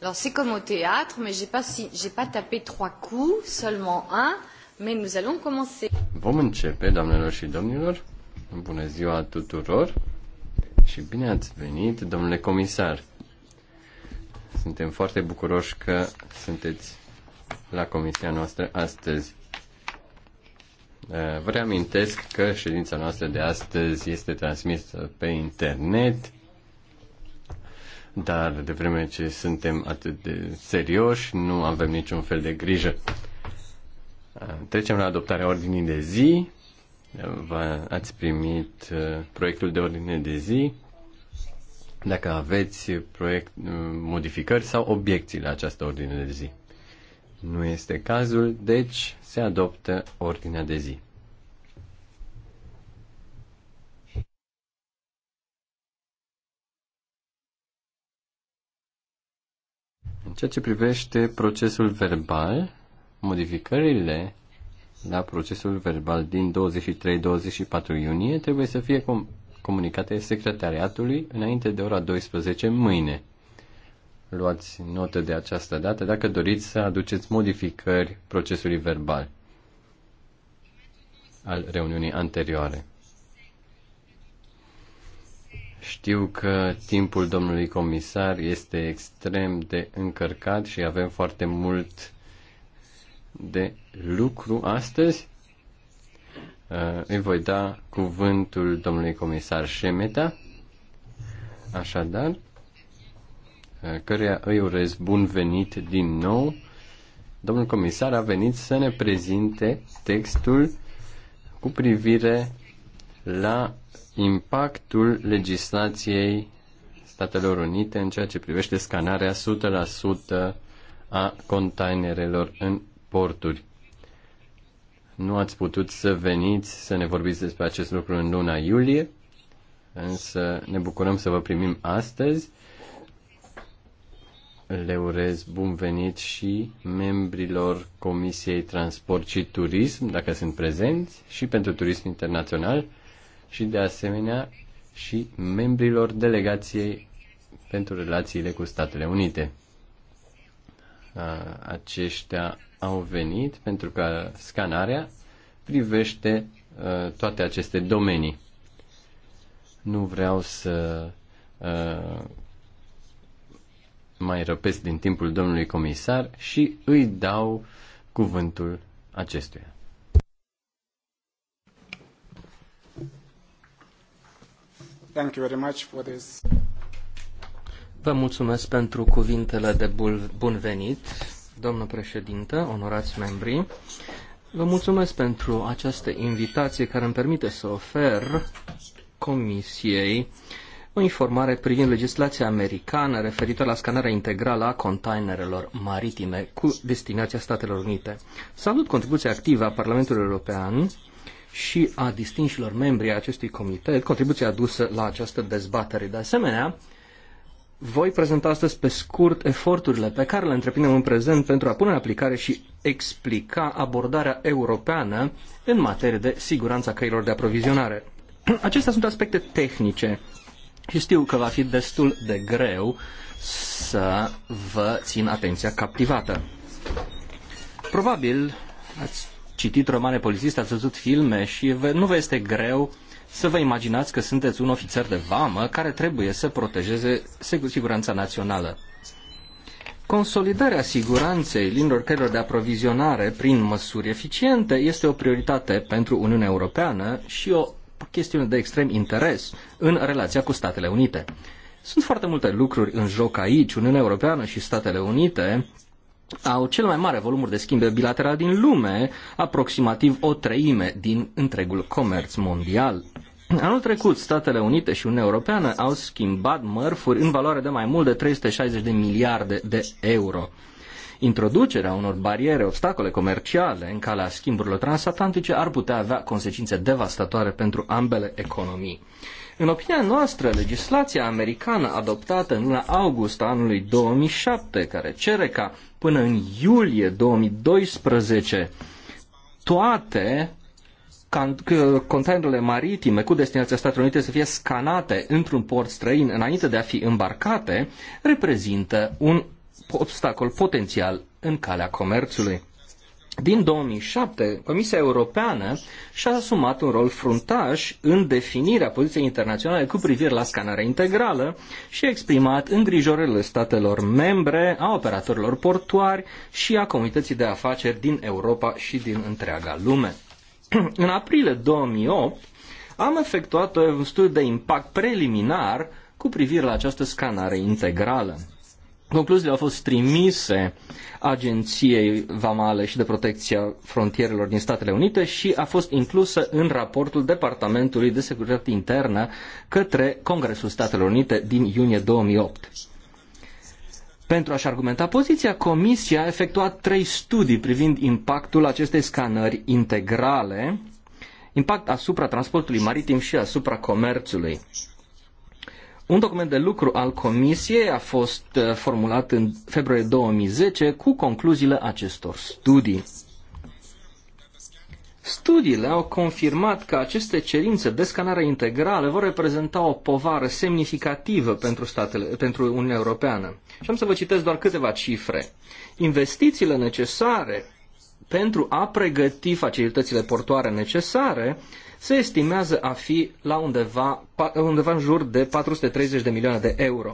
Alors c'est comme au théâtre, mais j'ai pas, si, pas tapé trois coups, seulement un, mais nous allons commencer. Vom începe, doamnelor și domnilor. Bună ziua tuturor și bine ați venit, domnule comisar. Suntem foarte bucuroși că sunteți la comisia noastră astăzi. Vă reamintesc că ședința noastră de astăzi este transmisă pe internet dar de vreme ce suntem atât de serioși, nu avem niciun fel de grijă. Trecem la adoptarea ordinii de zi. V- ați primit uh, proiectul de ordine de zi. Dacă aveți proiect, uh, modificări sau obiecții la această ordine de zi. Nu este cazul, deci se adoptă ordinea de zi. ceea ce privește procesul verbal, modificările la procesul verbal din 23-24 iunie trebuie să fie com- comunicate secretariatului înainte de ora 12 mâine. Luați notă de această dată dacă doriți să aduceți modificări procesului verbal al reuniunii anterioare. Știu că timpul domnului comisar este extrem de încărcat și avem foarte mult de lucru astăzi. Uh, îi voi da cuvântul domnului comisar Șemeta. Așadar, uh, căreia îi urez bun venit din nou. Domnul comisar a venit să ne prezinte textul cu privire la impactul legislației Statelor Unite în ceea ce privește scanarea 100% a containerelor în porturi. Nu ați putut să veniți să ne vorbiți despre acest lucru în luna iulie, însă ne bucurăm să vă primim astăzi. Le urez bun venit și membrilor Comisiei Transport și Turism, dacă sunt prezenți, și pentru Turism Internațional și de asemenea și membrilor delegației pentru relațiile cu Statele Unite. Aceștia au venit pentru că scanarea privește toate aceste domenii. Nu vreau să mai răpesc din timpul domnului comisar și îi dau cuvântul acestuia. Thank you very much for this. Vă mulțumesc pentru cuvintele de bun venit, doamnă președintă, onorați membri. Vă mulțumesc pentru această invitație care îmi permite să ofer Comisiei o informare privind legislația americană referitor la scanarea integrală a containerelor maritime cu destinația Statelor Unite. Salut contribuția activă a Parlamentului European și a distinșilor membri acestui comitet, contribuția adusă la această dezbatere. De asemenea, voi prezenta astăzi pe scurt eforturile pe care le întreprindem în prezent pentru a pune în aplicare și explica abordarea europeană în materie de siguranța căilor de aprovizionare. Acestea sunt aspecte tehnice și știu că va fi destul de greu să vă țin atenția captivată. Probabil ați citit romane polițiste, ați văzut filme și nu vă este greu să vă imaginați că sunteți un ofițer de vamă care trebuie să protejeze siguranța națională. Consolidarea siguranței linilor căilor de aprovizionare prin măsuri eficiente este o prioritate pentru Uniunea Europeană și o chestiune de extrem interes în relația cu Statele Unite. Sunt foarte multe lucruri în joc aici. Uniunea Europeană și Statele Unite au cel mai mare volum de schimb bilateral din lume, aproximativ o treime din întregul comerț mondial. Anul trecut, Statele Unite și Uniunea Europeană au schimbat mărfuri în valoare de mai mult de 360 de miliarde de euro. Introducerea unor bariere, obstacole comerciale în calea schimburilor transatlantice ar putea avea consecințe devastatoare pentru ambele economii. În opinia noastră, legislația americană adoptată în luna august anului 2007, care cere ca până în iulie 2012 toate containerele maritime cu destinația Statelor Unite să fie scanate într-un port străin înainte de a fi îmbarcate, reprezintă un obstacol potențial în calea comerțului. Din 2007, Comisia Europeană și-a asumat un rol fruntaș în definirea poziției internaționale cu privire la scanarea integrală și a exprimat îngrijorările statelor membre, a operatorilor portuari și a comunității de afaceri din Europa și din întreaga lume. în aprilie 2008, am efectuat un studiu de impact preliminar cu privire la această scanare integrală. Concluziile au fost trimise Agenției Vamale și de Protecția Frontierelor din Statele Unite și a fost inclusă în raportul Departamentului de Securitate Internă către Congresul Statelor Unite din iunie 2008. Pentru a-și argumenta poziția, Comisia a efectuat trei studii privind impactul acestei scanări integrale, impact asupra transportului maritim și asupra comerțului. Un document de lucru al Comisiei a fost uh, formulat în februarie 2010 cu concluziile acestor studii. Studiile au confirmat că aceste cerințe de scanare integrală vor reprezenta o povară semnificativă pentru, statele, pentru Uniunea Europeană. Și am să vă citesc doar câteva cifre. Investițiile necesare pentru a pregăti facilitățile portoare necesare, se estimează a fi la undeva, undeva în jur de 430 de milioane de euro.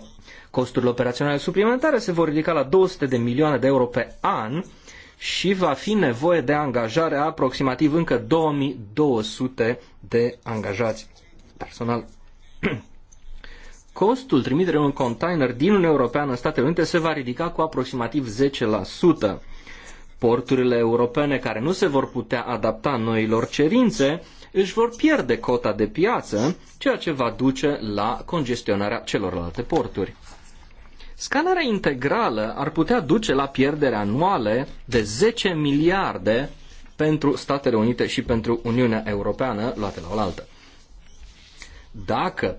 Costurile operaționale suplimentare se vor ridica la 200 de milioane de euro pe an și va fi nevoie de angajare a aproximativ încă 2200 de angajați personal. Costul trimiterii un container din Uniunea Europeană în Statele Unite se va ridica cu aproximativ 10% porturile europene care nu se vor putea adapta noilor cerințe își vor pierde cota de piață, ceea ce va duce la congestionarea celorlalte porturi. Scanarea integrală ar putea duce la pierderi anuale de 10 miliarde pentru Statele Unite și pentru Uniunea Europeană luate la oaltă. Dacă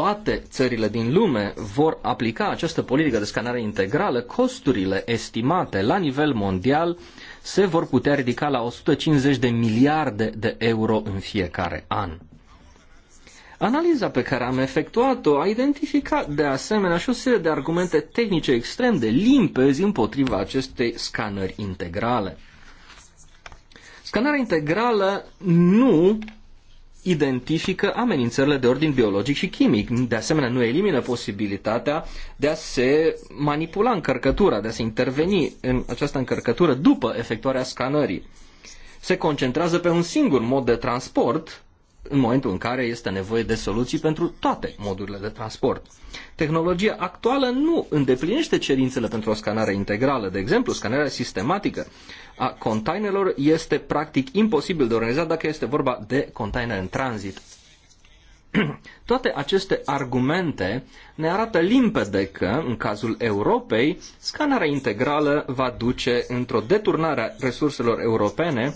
toate țările din lume vor aplica această politică de scanare integrală, costurile estimate la nivel mondial se vor putea ridica la 150 de miliarde de euro în fiecare an. Analiza pe care am efectuat-o a identificat de asemenea și o serie de argumente tehnice extrem de limpezi împotriva acestei scanări integrale. Scanarea integrală nu identifică amenințările de ordin biologic și chimic. De asemenea, nu elimină posibilitatea de a se manipula încărcătura, de a se interveni în această încărcătură după efectuarea scanării. Se concentrează pe un singur mod de transport în momentul în care este nevoie de soluții pentru toate modurile de transport. Tehnologia actuală nu îndeplinește cerințele pentru o scanare integrală. De exemplu, scanarea sistematică a containerelor este practic imposibil de organizat dacă este vorba de container în tranzit. Toate aceste argumente ne arată limpede că, în cazul Europei, scanarea integrală va duce într-o deturnare a resurselor europene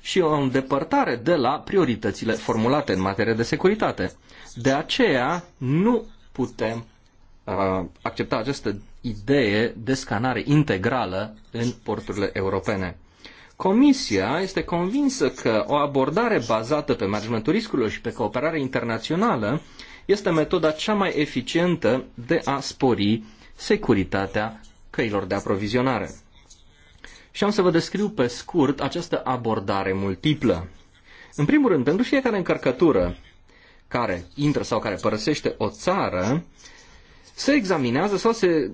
și o îndepărtare de la prioritățile formulate în materie de securitate. De aceea nu putem uh, accepta această idee de scanare integrală în porturile europene. Comisia este convinsă că o abordare bazată pe managementul riscurilor și pe cooperare internațională este metoda cea mai eficientă de a spori securitatea căilor de aprovizionare. Și am să vă descriu pe scurt această abordare multiplă. În primul rând, pentru fiecare încărcătură care intră sau care părăsește o țară, se examinează sau se,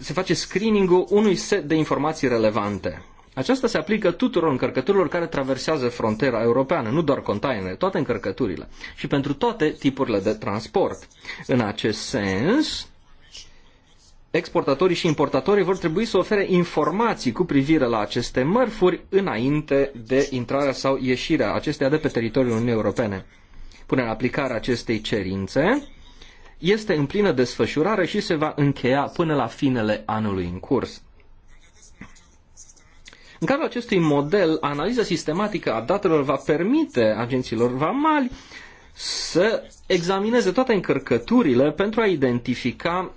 se face screening-ul unui set de informații relevante. Aceasta se aplică tuturor încărcăturilor care traversează frontiera europeană, nu doar containere, toate încărcăturile și pentru toate tipurile de transport. În acest sens, exportatorii și importatorii vor trebui să ofere informații cu privire la aceste mărfuri înainte de intrarea sau ieșirea acesteia de pe teritoriul Uniunii Europene. Punerea în aplicare acestei cerințe este în plină desfășurare și se va încheia până la finele anului în curs. În cadrul acestui model, analiza sistematică a datelor va permite agenților vamali să examineze toate încărcăturile pentru a identifica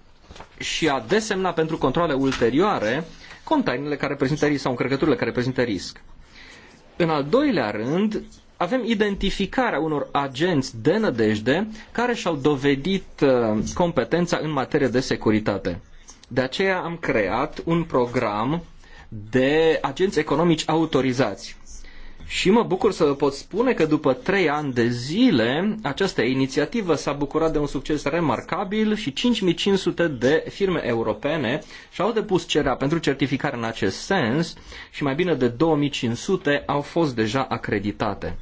și a desemna pentru controle ulterioare containerele care prezintă risc sau încărcăturile care prezintă risc. În al doilea rând, avem identificarea unor agenți de nădejde care și-au dovedit uh, competența în materie de securitate. De aceea am creat un program de agenți economici autorizați. Și mă bucur să vă pot spune că după trei ani de zile, această inițiativă s-a bucurat de un succes remarcabil și 5500 de firme europene și-au depus cererea pentru certificare în acest sens și mai bine de 2500 au fost deja acreditate.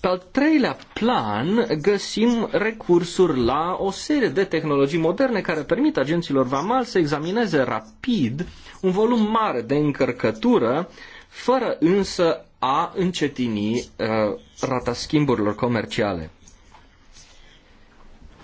Pe al treilea plan găsim recursuri la o serie de tehnologii moderne care permit agenților vamal să examineze rapid un volum mare de încărcătură fără însă a încetini uh, rata schimburilor comerciale.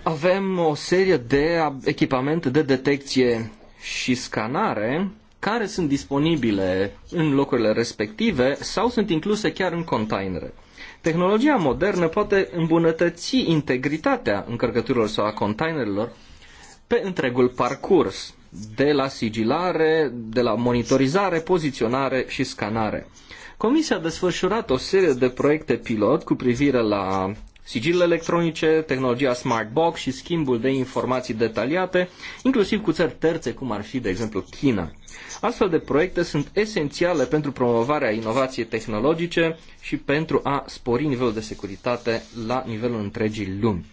Avem o serie de echipamente de detecție și scanare care sunt disponibile în locurile respective sau sunt incluse chiar în containere. Tehnologia modernă poate îmbunătăți integritatea încărcăturilor sau a containerelor pe întregul parcurs de la sigilare, de la monitorizare, poziționare și scanare. Comisia a desfășurat o serie de proiecte pilot cu privire la sigilele electronice, tehnologia Smart Box și schimbul de informații detaliate, inclusiv cu țări terțe, cum ar fi, de exemplu, China. Astfel de proiecte sunt esențiale pentru promovarea inovației tehnologice și pentru a spori nivelul de securitate la nivelul întregii lumi.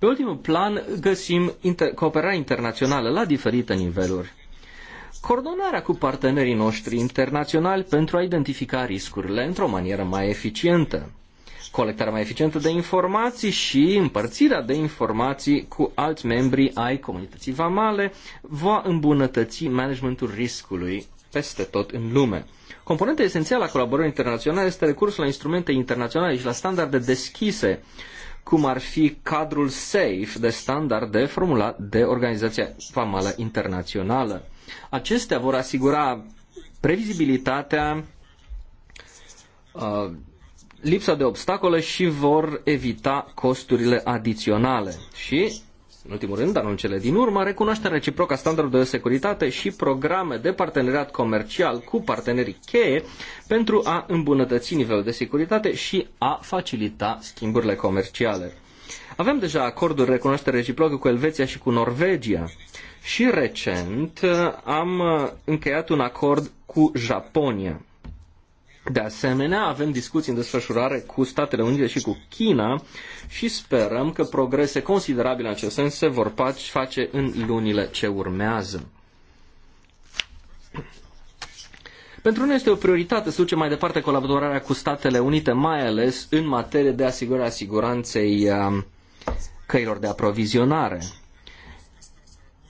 Pe ultimul plan găsim inter- cooperarea internațională la diferite niveluri. Coordonarea cu partenerii noștri internaționali pentru a identifica riscurile într-o manieră mai eficientă colectarea mai eficientă de informații și împărțirea de informații cu alți membri ai comunității vamale va îmbunătăți managementul riscului peste tot în lume. Componenta esențială a colaborării internaționale este recursul la instrumente internaționale și la standarde deschise cum ar fi cadrul SAFE de standarde formulat de Organizația Famală Internațională. Acestea vor asigura previzibilitatea, uh, lipsa de obstacole și vor evita costurile adiționale. Și în ultimul rând, dar nu în cele din urmă, recunoașterea reciprocă a standardelor de securitate și programe de parteneriat comercial cu partenerii cheie pentru a îmbunătăți nivelul de securitate și a facilita schimburile comerciale. Avem deja acorduri de recunoaștere reciprocă cu Elveția și cu Norvegia și recent am încheiat un acord cu Japonia. De asemenea, avem discuții în desfășurare cu Statele Unite și cu China și sperăm că progrese considerabile în acest sens se vor face în lunile ce urmează. Pentru noi este o prioritate să ducem mai departe colaborarea cu Statele Unite, mai ales în materie de asigurare a siguranței um, căilor de aprovizionare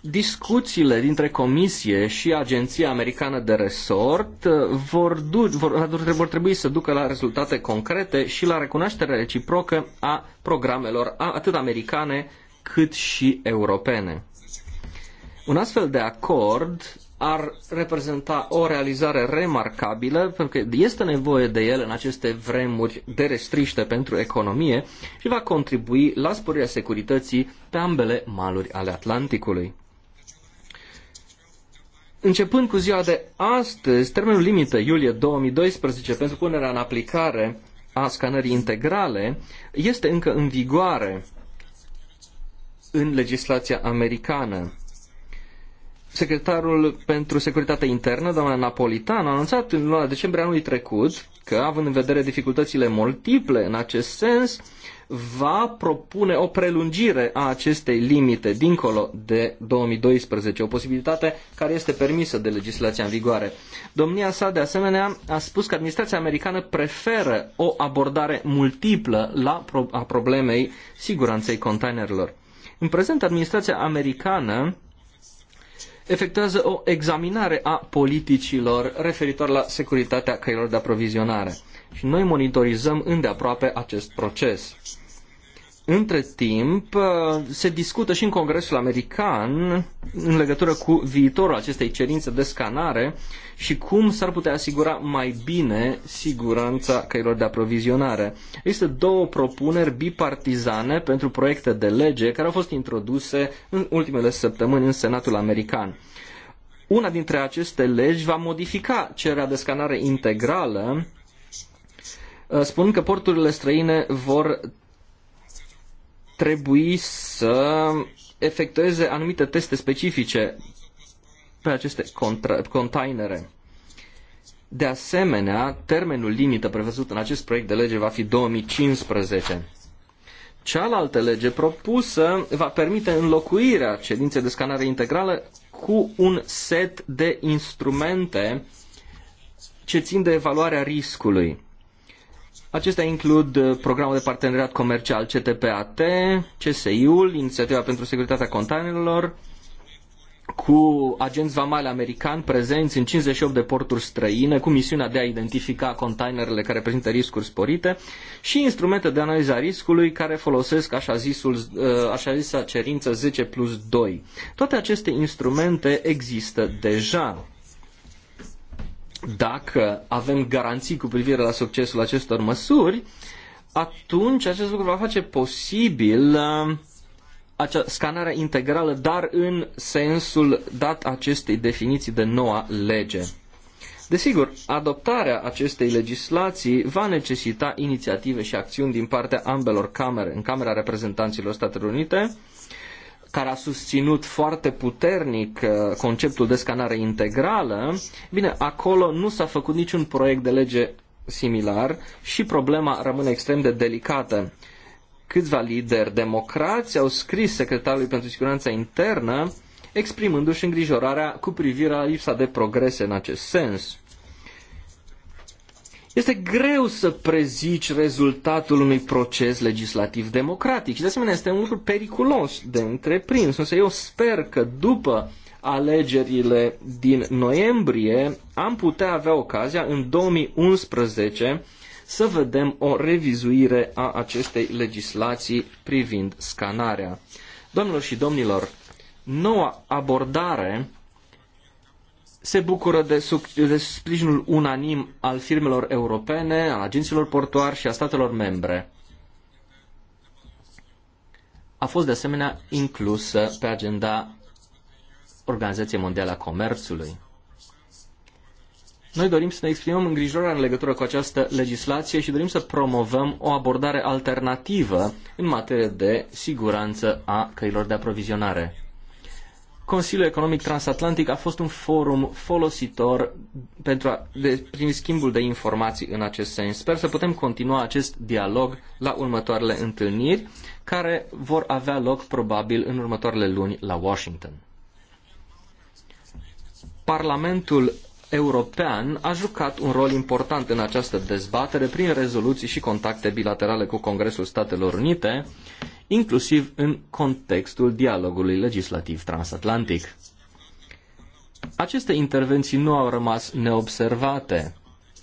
discuțiile dintre Comisie și Agenția Americană de Resort uh, vor, du vor, vor trebui să ducă la rezultate concrete și la recunoașterea reciprocă a programelor atât americane cât și europene. Un astfel de acord ar reprezenta o realizare remarcabilă, pentru că este nevoie de el în aceste vremuri de restriște pentru economie și va contribui la sporirea securității pe ambele maluri ale Atlanticului. Începând cu ziua de astăzi, termenul limită iulie 2012 pentru punerea în aplicare a scanării integrale este încă în vigoare în legislația americană. Secretarul pentru Securitate Internă, doamna Napolitan, a anunțat în luna decembrie anului trecut că, având în vedere dificultățile multiple în acest sens, va propune o prelungire a acestei limite dincolo de 2012, o posibilitate care este permisă de legislația în vigoare. Domnia sa, de asemenea, a spus că administrația americană preferă o abordare multiplă la pro- a problemei siguranței containerelor. În prezent, administrația americană efectuează o examinare a politicilor referitor la securitatea căilor de aprovizionare și noi monitorizăm îndeaproape acest proces. Între timp, uh, se discută și în Congresul American în legătură cu viitorul acestei cerințe de scanare și cum s-ar putea asigura mai bine siguranța căilor de aprovizionare. Există două propuneri bipartizane pentru proiecte de lege care au fost introduse în ultimele săptămâni în Senatul American. Una dintre aceste legi va modifica cererea de scanare integrală uh, spun că porturile străine vor trebui să efectueze anumite teste specifice pe aceste containere. De asemenea, termenul limită prevăzut în acest proiect de lege va fi 2015. Cealaltă lege propusă va permite înlocuirea cedinței de scanare integrală cu un set de instrumente ce țin de evaluarea riscului. Acestea includ uh, programul de parteneriat comercial CTPAT, CSI-ul, Inițiativa pentru Securitatea Containerelor, cu agenți vamali americani prezenți în 58 de porturi străine, cu misiunea de a identifica containerele care prezintă riscuri sporite și instrumente de analiză a riscului care folosesc așa, zisul, uh, așa zisa cerință 10 plus 2. Toate aceste instrumente există deja dacă avem garanții cu privire la succesul acestor măsuri, atunci acest lucru va face posibil um, acea scanare integrală, dar în sensul dat acestei definiții de noua lege. Desigur, adoptarea acestei legislații va necesita inițiative și acțiuni din partea ambelor camere, în Camera Reprezentanților Statelor Unite care a susținut foarte puternic uh, conceptul de scanare integrală, bine, acolo nu s-a făcut niciun proiect de lege similar și problema rămâne extrem de delicată. Câțiva lideri democrați au scris secretarului pentru siguranța internă exprimându-și îngrijorarea cu privire la lipsa de progrese în acest sens. Este greu să prezici rezultatul unui proces legislativ democratic și de asemenea este un lucru periculos de întreprins. Însă eu sper că după alegerile din noiembrie am putea avea ocazia în 2011 să vedem o revizuire a acestei legislații privind scanarea. Domnilor și domnilor, noua abordare se bucură de, sub, de sprijinul unanim al firmelor europene, al agenților portuari și a statelor membre. A fost de asemenea inclusă pe agenda Organizației Mondiale a Comerțului. Noi dorim să ne exprimăm îngrijorarea în legătură cu această legislație și dorim să promovăm o abordare alternativă în materie de siguranță a căilor de aprovizionare. Consiliul Economic Transatlantic a fost un forum folositor pentru a, de, prin schimbul de informații în acest sens. Sper să putem continua acest dialog la următoarele întâlniri, care vor avea loc probabil în următoarele luni la Washington. Parlamentul european a jucat un rol important în această dezbatere prin rezoluții și contacte bilaterale cu Congresul Statelor Unite inclusiv în contextul dialogului legislativ transatlantic. Aceste intervenții nu au rămas neobservate.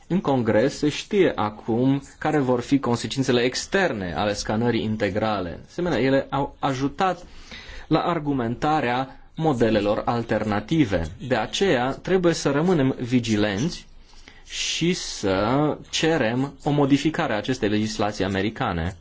În Congres se știe acum care vor fi consecințele externe ale scanării integrale. Asemenea, ele au ajutat la argumentarea modelelor alternative. De aceea trebuie să rămânem vigilenți și să cerem o modificare a acestei legislații americane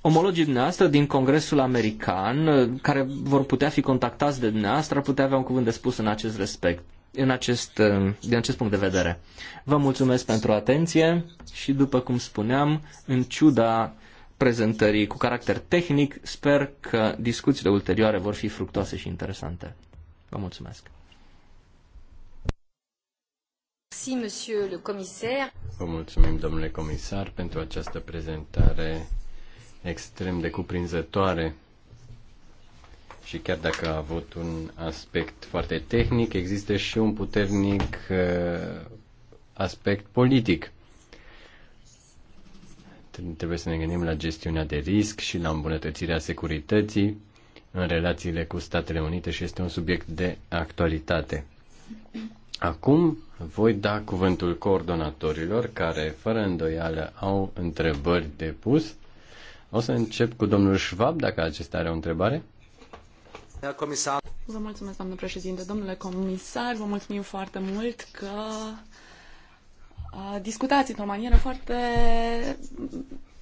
omologii dumneavoastră din Congresul American, care vor putea fi contactați de dumneavoastră, ar putea avea un cuvânt de spus în acest respect, în acest, uh, din acest punct de vedere. Vă mulțumesc pentru atenție și, după cum spuneam, în ciuda prezentării cu caracter tehnic, sper că discuțiile ulterioare vor fi fructoase și interesante. Vă mulțumesc! Vă mulțumim, domnule comisar, pentru această prezentare extrem de cuprinzătoare și chiar dacă a avut un aspect foarte tehnic, există și un puternic uh, aspect politic. Trebuie să ne gândim la gestiunea de risc și la îmbunătățirea securității în relațiile cu Statele Unite și este un subiect de actualitate. Acum voi da cuvântul coordonatorilor care, fără îndoială, au întrebări de pus o să încep cu domnul Schwab, dacă acesta are o întrebare. Comisar. Vă mulțumesc, doamnă președinte. Domnule comisar, vă mulțumim foarte mult că discutați într-o manieră foarte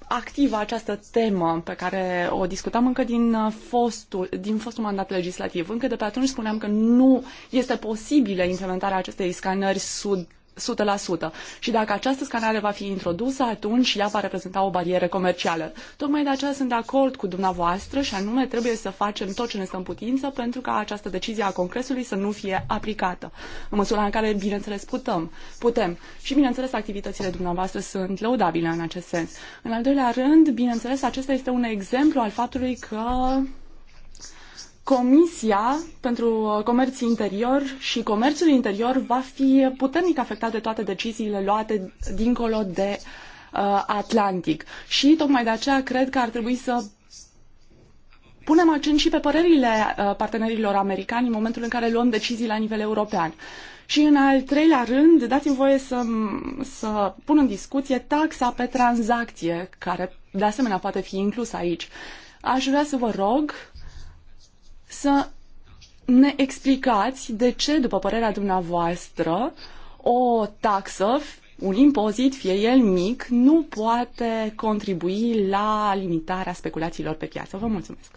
activă această temă pe care o discutam încă din fostul, din fostul mandat legislativ. Încă de pe atunci spuneam că nu este posibilă implementarea acestei scanări sud 100%. Și dacă această scanare va fi introdusă, atunci ea va reprezenta o barieră comercială. Tocmai de aceea sunt de acord cu dumneavoastră și anume trebuie să facem tot ce ne stă în putință pentru ca această decizie a Congresului să nu fie aplicată. În măsura în care, bineînțeles, putem. putem. Și, bineînțeles, activitățile dumneavoastră sunt lăudabile în acest sens. În al doilea rând, bineînțeles, acesta este un exemplu al faptului că Comisia pentru Comerț Interior și Comerțul Interior va fi puternic afectat de toate deciziile luate dincolo de uh, Atlantic. Și tocmai de aceea cred că ar trebui să punem accent și pe părerile uh, partenerilor americani în momentul în care luăm decizii la nivel european. Și în al treilea rând, dați-mi voie să, să pun în discuție taxa pe tranzacție, care de asemenea poate fi inclusă aici. Aș vrea să vă rog să ne explicați de ce, după părerea dumneavoastră, o taxă, un impozit, fie el mic, nu poate contribui la limitarea speculațiilor pe piață. Vă mulțumesc!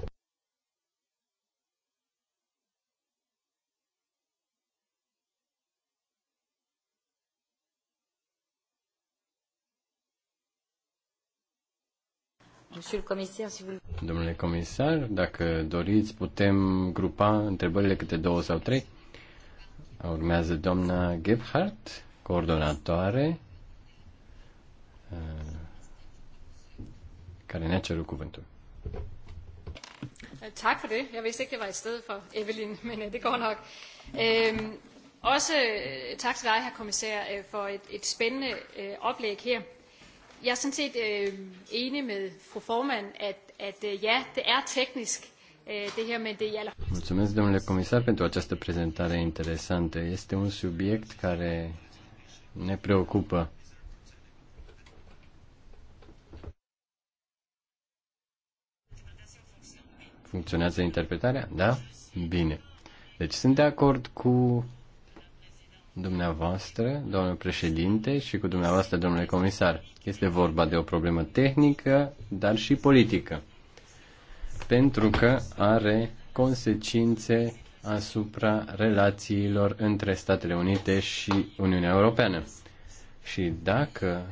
Domnule comisar, dacă doriți, putem grupa întrebările câte două sau trei. Urmează doamna Gebhardt, coordonatoare, eh, care ne-a cerut cuvântul. Eh, tak for det. Jeg vidste ikke, jeg var i stedet for Evelyn, men eh, det går nok. Øhm, også tak til dig, herr kommissær, for et, et spændende øh, oplæg her jeg er sådan set øh, enig med fru formand, at, at øh, ja, det er teknisk, øh, er Mulțumesc, domnule comisar, pentru această prezentare interesantă. Este un subiect care ne preocupă. Funcționează interpretarea? Da? Bine. Deci sunt de acord cu dumneavoastră, domnule președinte, și cu dumneavoastră, domnule comisar. Este vorba de o problemă tehnică, dar și politică, pentru că are consecințe asupra relațiilor între Statele Unite și Uniunea Europeană. Și dacă,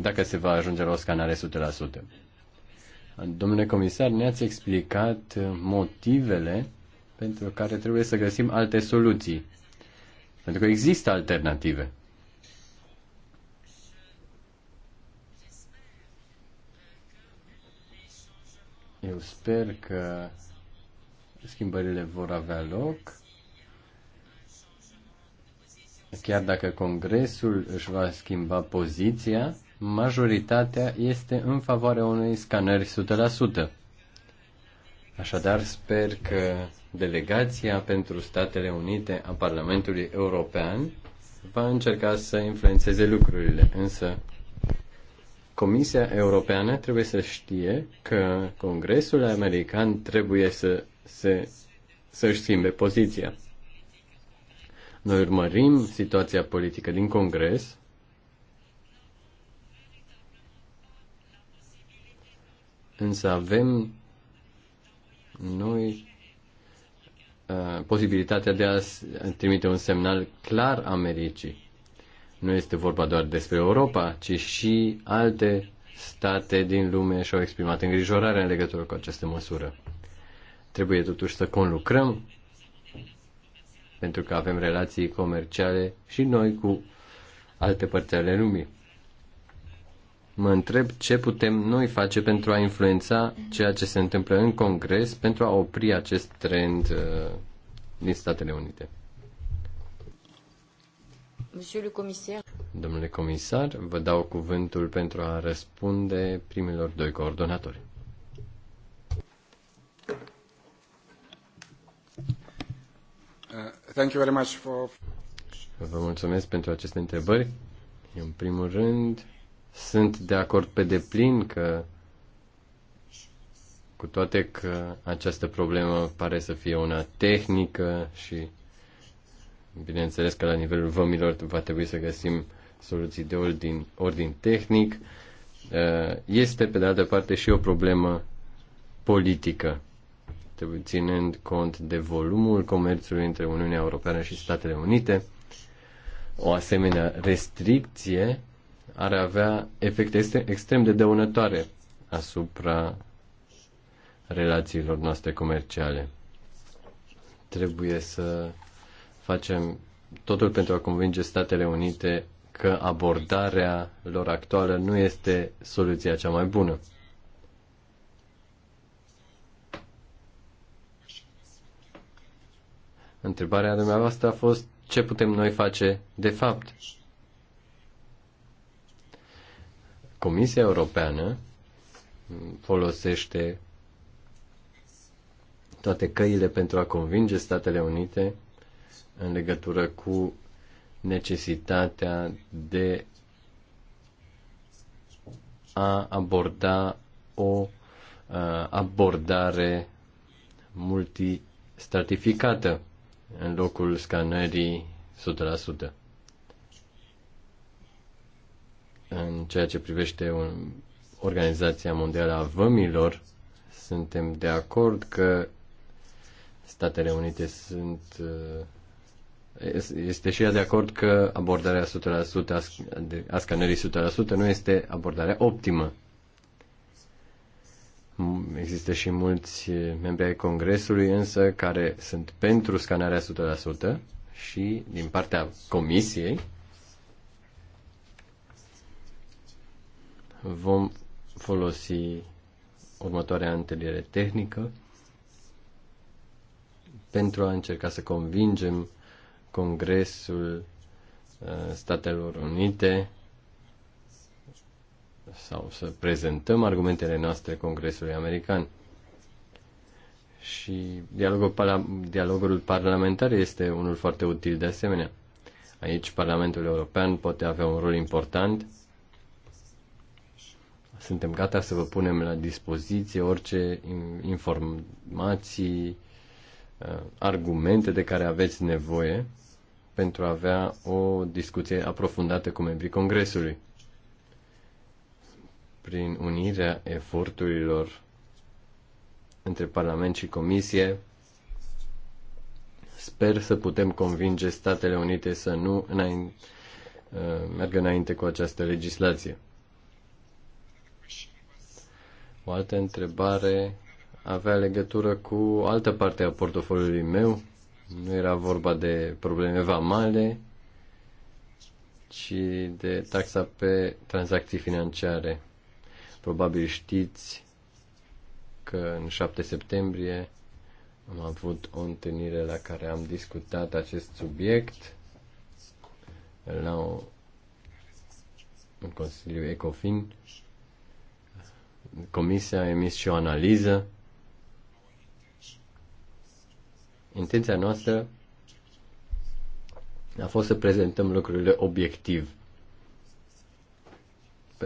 dacă se va ajunge la o scanare 100%. Domnule comisar, ne-ați explicat motivele pentru care trebuie să găsim alte soluții pentru că există alternative. Eu sper că schimbările vor avea loc. Chiar dacă Congresul își va schimba poziția, majoritatea este în favoarea unei scanări 100%. Așadar, sper că delegația pentru Statele Unite a Parlamentului European va încerca să influențeze lucrurile, însă Comisia Europeană trebuie să știe că Congresul American trebuie să se, să și schimbe poziția. Noi urmărim situația politică din Congres însă avem noi uh, posibilitatea de a trimite un semnal clar Americii. Nu este vorba doar despre Europa, ci și alte state din lume și-au exprimat îngrijorarea în legătură cu această măsură. Trebuie totuși să conlucrăm pentru că avem relații comerciale și noi cu alte părți ale lumii mă întreb ce putem noi face pentru a influența ceea ce se întâmplă în Congres pentru a opri acest trend uh, din Statele Unite. Domnule comisar, vă dau cuvântul pentru a răspunde primilor doi coordonatori. Uh, thank you very much for... Vă mulțumesc pentru aceste întrebări. În primul rând, sunt de acord pe deplin că, cu toate că această problemă pare să fie una tehnică și, bineînțeles că la nivelul vămilor va trebui să găsim soluții de ordin, ordin tehnic, uh, este, pe de altă parte, și o problemă politică, ținând cont de volumul comerțului între Uniunea Europeană și Statele Unite. O asemenea restricție ar avea efecte extrem de dăunătoare asupra relațiilor noastre comerciale. Trebuie să facem totul pentru a convinge Statele Unite că abordarea lor actuală nu este soluția cea mai bună. Întrebarea dumneavoastră a fost ce putem noi face de fapt Comisia Europeană folosește toate căile pentru a convinge Statele Unite în legătură cu necesitatea de a aborda o uh, abordare multistratificată în locul scanării 100%. În ceea ce privește Organizația Mondială a Vămilor, suntem de acord că Statele Unite sunt este și ea de acord că abordarea 100% a scanării 100% nu este abordarea optimă. Există și mulți membri ai Congresului însă care sunt pentru scanarea 100% și din partea Comisiei vom folosi următoarea întâlnire tehnică pentru a încerca să convingem Congresul uh, Statelor Unite sau să prezentăm argumentele noastre Congresului American. Și dialogul, dialogul parlamentar este unul foarte util de asemenea. Aici Parlamentul European poate avea un rol important suntem gata să vă punem la dispoziție orice informații, uh, argumente de care aveți nevoie pentru a avea o discuție aprofundată cu membrii Congresului. Prin unirea eforturilor între Parlament și Comisie, sper să putem convinge Statele Unite să nu înainte, uh, meargă înainte cu această legislație. O altă întrebare avea legătură cu altă parte a portofoliului meu. Nu era vorba de probleme vamale, ci de taxa pe tranzacții financiare. Probabil știți că în 7 septembrie am avut o întâlnire la care am discutat acest subiect la un Consiliu Ecofin Comisia a emis și o analiză. Intenția noastră a fost să prezentăm lucrurile obiectiv,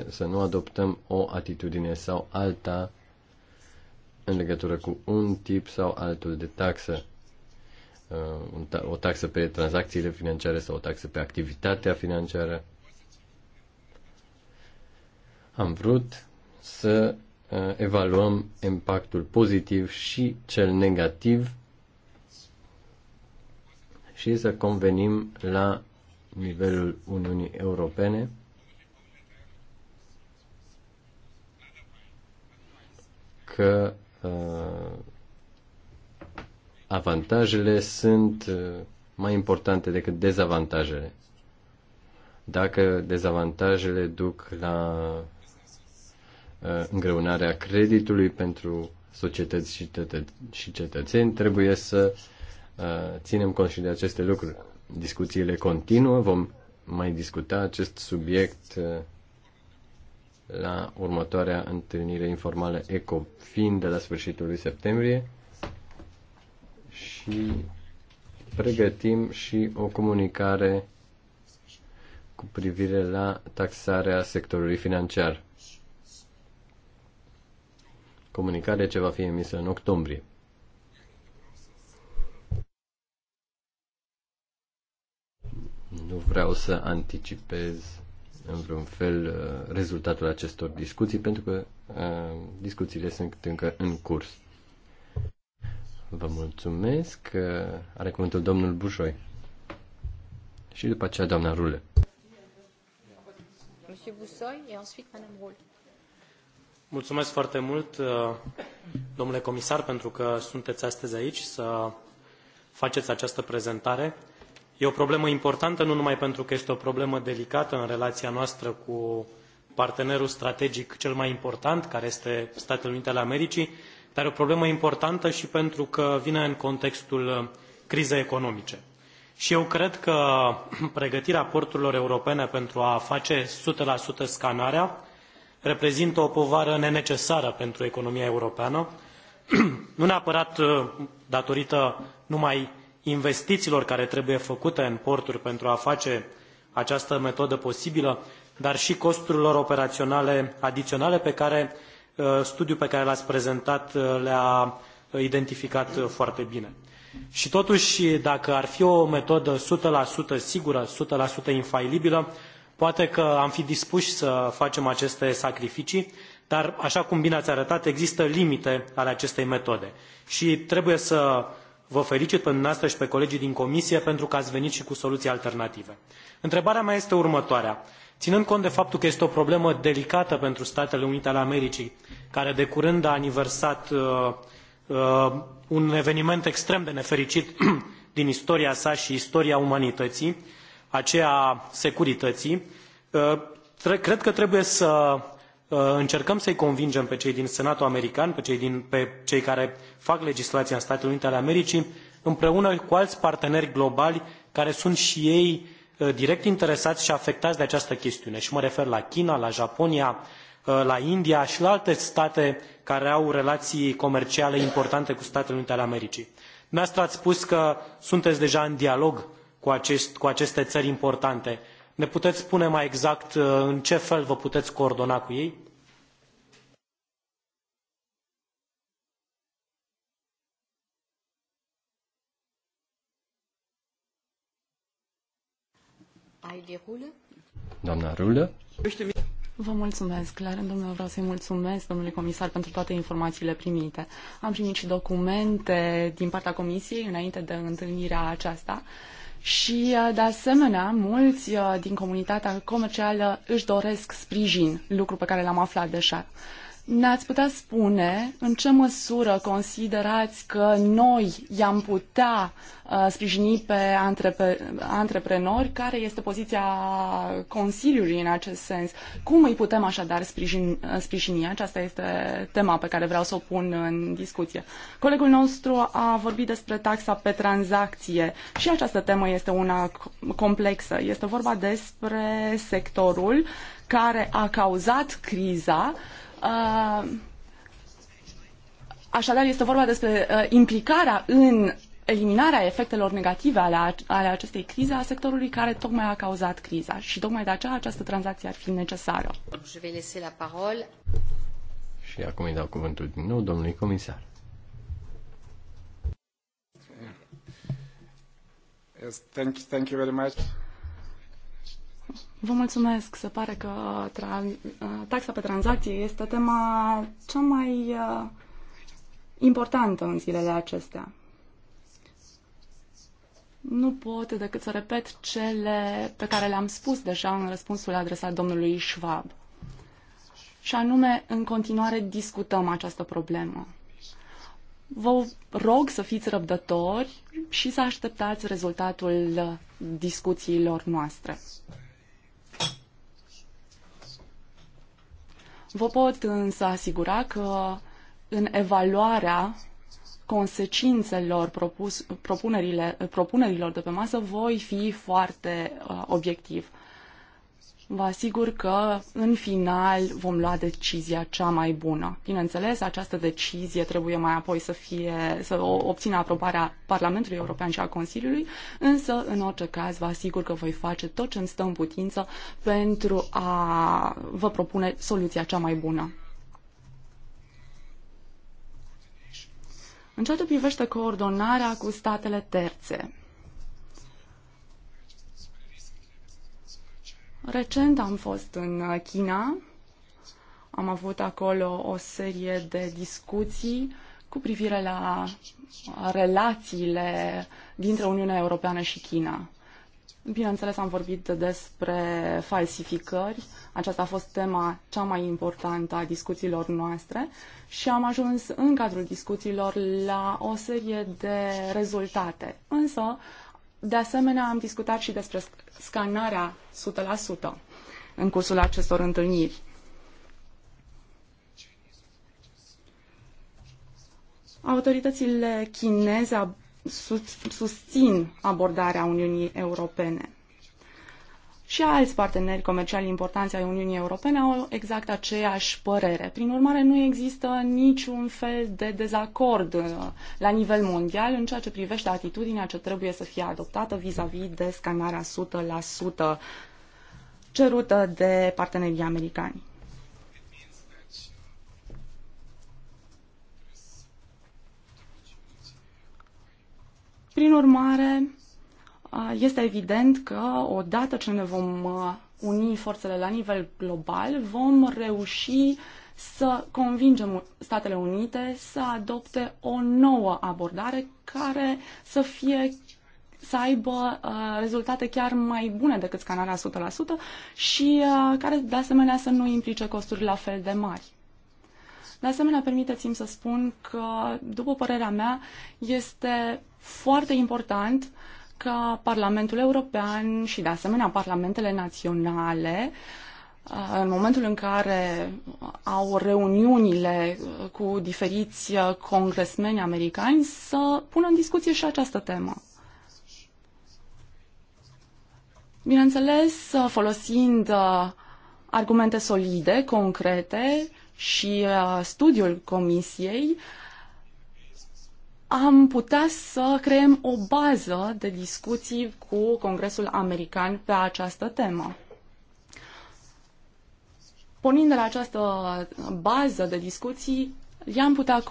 să nu adoptăm o atitudine sau alta în legătură cu un tip sau altul de taxă, uh, o taxă pe tranzacțiile financiare sau o taxă pe activitatea financiară. Am vrut să uh, evaluăm impactul pozitiv și cel negativ și să convenim la nivelul Uniunii Europene că uh, avantajele sunt uh, mai importante decât dezavantajele. Dacă dezavantajele duc la Uh, îngreunarea creditului pentru societăți și, tătă- și cetățeni. Trebuie să uh, ținem cont și de aceste lucruri. Discuțiile continuă, vom mai discuta acest subiect uh, la următoarea întâlnire informală ECOFIN de la sfârșitul lui septembrie și pregătim și o comunicare cu privire la taxarea sectorului financiar comunicare ce va fi emisă în octombrie. Nu vreau să anticipez în vreun fel uh, rezultatul acestor discuții, pentru că uh, discuțiile sunt încă în curs. Vă mulțumesc. Uh, are cuvântul domnul Bușoi. Și după aceea doamna Rule. Monsieur Boussoy et ensuite madame Rule. Mulțumesc foarte mult, uh, domnule comisar, pentru că sunteți astăzi aici să faceți această prezentare. E o problemă importantă, nu numai pentru că este o problemă delicată în relația noastră cu partenerul strategic cel mai important, care este Statele Unite ale Americii, dar o problemă importantă și pentru că vine în contextul crizei economice. Și eu cred că pregătirea porturilor europene pentru a face 100% scanarea reprezintă o povară nenecesară pentru economia europeană nu neapărat uh, datorită numai investițiilor care trebuie făcute în porturi pentru a face această metodă posibilă dar și costurilor operaționale adiționale pe care uh, studiul pe care l ați prezentat uh, le a identificat foarte bine. Și totuși, dacă ar fi o metodă 100% sigură, 100% infailibilă, Poate că am fi dispuși să facem aceste sacrificii, dar, așa cum bine ați arătat, există limite ale acestei metode. Și trebuie să vă felicit pe dumneavoastră și pe colegii din comisie pentru că ați venit și cu soluții alternative. Întrebarea mea este următoarea. Ținând cont de faptul că este o problemă delicată pentru Statele Unite ale Americii, care de curând a aniversat uh, uh, un eveniment extrem de nefericit din istoria sa și istoria umanității, uh, aceea a securității, uh, cred că trebuie să uh, încercăm să-i convingem pe cei din Senatul American, pe cei, din, pe cei care fac legislația în Statele Unite ale Americii, împreună cu alți parteneri globali care sunt și ei uh, direct interesați și afectați de această chestiune. Și mă refer la China, la Japonia, la India și la alte state care au relații comerciale importante cu Statele Unite ale Americii. Dumneavoastră ați spus că sunteți deja în dialog cu, acest, cu aceste țări importante. Ne puteți spune mai exact uh, în ce fel vă puteți coordona cu ei? Doamna Rulă. Vă mulțumesc. La rândul meu vreau să-i mulțumesc, domnule comisar, pentru toate informațiile primite. Am primit și documente din partea comisiei înainte de întâlnirea aceasta. Uh, și, uh, de asemenea, mulți uh, din comunitatea comercială își doresc sprijin, lucru pe care l-am aflat deja. Ne-ați putea spune în ce măsură considerați că noi i-am putea uh, sprijini pe antrepe- antreprenori? Care este poziția Consiliului în acest sens? Cum îi putem așadar sprijin, uh, sprijini? Aceasta este tema pe care vreau să o pun în discuție. Colegul nostru a vorbit despre taxa pe tranzacție și această temă este una complexă. Este vorba despre sectorul care a cauzat criza, Uh, așadar, este vorba despre uh, implicarea în eliminarea efectelor negative ale, ale acestei crize a sectorului care tocmai a cauzat criza și tocmai de aceea această tranzacție ar fi necesară. Și acum îi dau cuvântul din nou domnului comisar. thank you very much. Vă mulțumesc. Se pare că taxa pe tranzacție este tema cea mai uh, importantă în zilele acestea. Nu pot decât să repet cele pe care le-am spus deja în răspunsul adresat domnului Schwab. Și anume, în continuare discutăm această problemă. Vă rog să fiți răbdători și să așteptați rezultatul uh, discuțiilor noastre. Vă pot însă asigura că în evaluarea consecințelor propus, propunerile, propunerilor de pe masă voi fi foarte uh, obiectiv. Vă asigur că în final vom lua decizia cea mai bună. Bineînțeles, această decizie trebuie mai apoi să, fie, să obțină aprobarea Parlamentului European și a Consiliului, însă, în orice caz, vă asigur că voi face tot ce îmi stă în putință pentru a vă propune soluția cea mai bună. În ceea ce privește coordonarea cu statele terțe, Recent am fost în uh, China, am avut acolo o serie de discuții cu privire la uh, relațiile dintre Uniunea Europeană și China. Bineînțeles, am vorbit despre falsificări. Aceasta a fost tema cea mai importantă a discuțiilor noastre și am ajuns în cadrul discuțiilor la o serie de rezultate. Însă, de asemenea, am discutat și despre scanarea 100% în cursul acestor întâlniri. Autoritățile chineze susțin abordarea Uniunii Europene și alți parteneri comerciali importanți ai Uniunii Europene au exact aceeași părere. Prin urmare, nu există niciun fel de dezacord uh, la nivel mondial în ceea ce privește atitudinea ce trebuie să fie adoptată vis-a-vis -vis de scanarea 100% cerută de partenerii americani. Prin urmare, Ah, este evident că odată ce ne vom uh, uni forțele la nivel global, vom reuși să convingem Statele Unite să adopte o nouă abordare care să fie să aibă uh, rezultate chiar mai bune decât scanarea 100% și uh, care de asemenea să nu implice costuri la fel de mari. De asemenea, permiteți-mi să spun că, după părerea mea, este foarte important uh, ca Parlamentul European și de asemenea Parlamentele Naționale uh, în momentul în care au reuniunile uh, cu diferiți uh, congresmeni americani să pună în discuție și această temă. Bineînțeles, folosind argumente solide, concrete și studiul comisiei, am putea să creăm o bază de discuții cu Congresul American pe această temă. Pornind de la această bază de discuții, i-am putea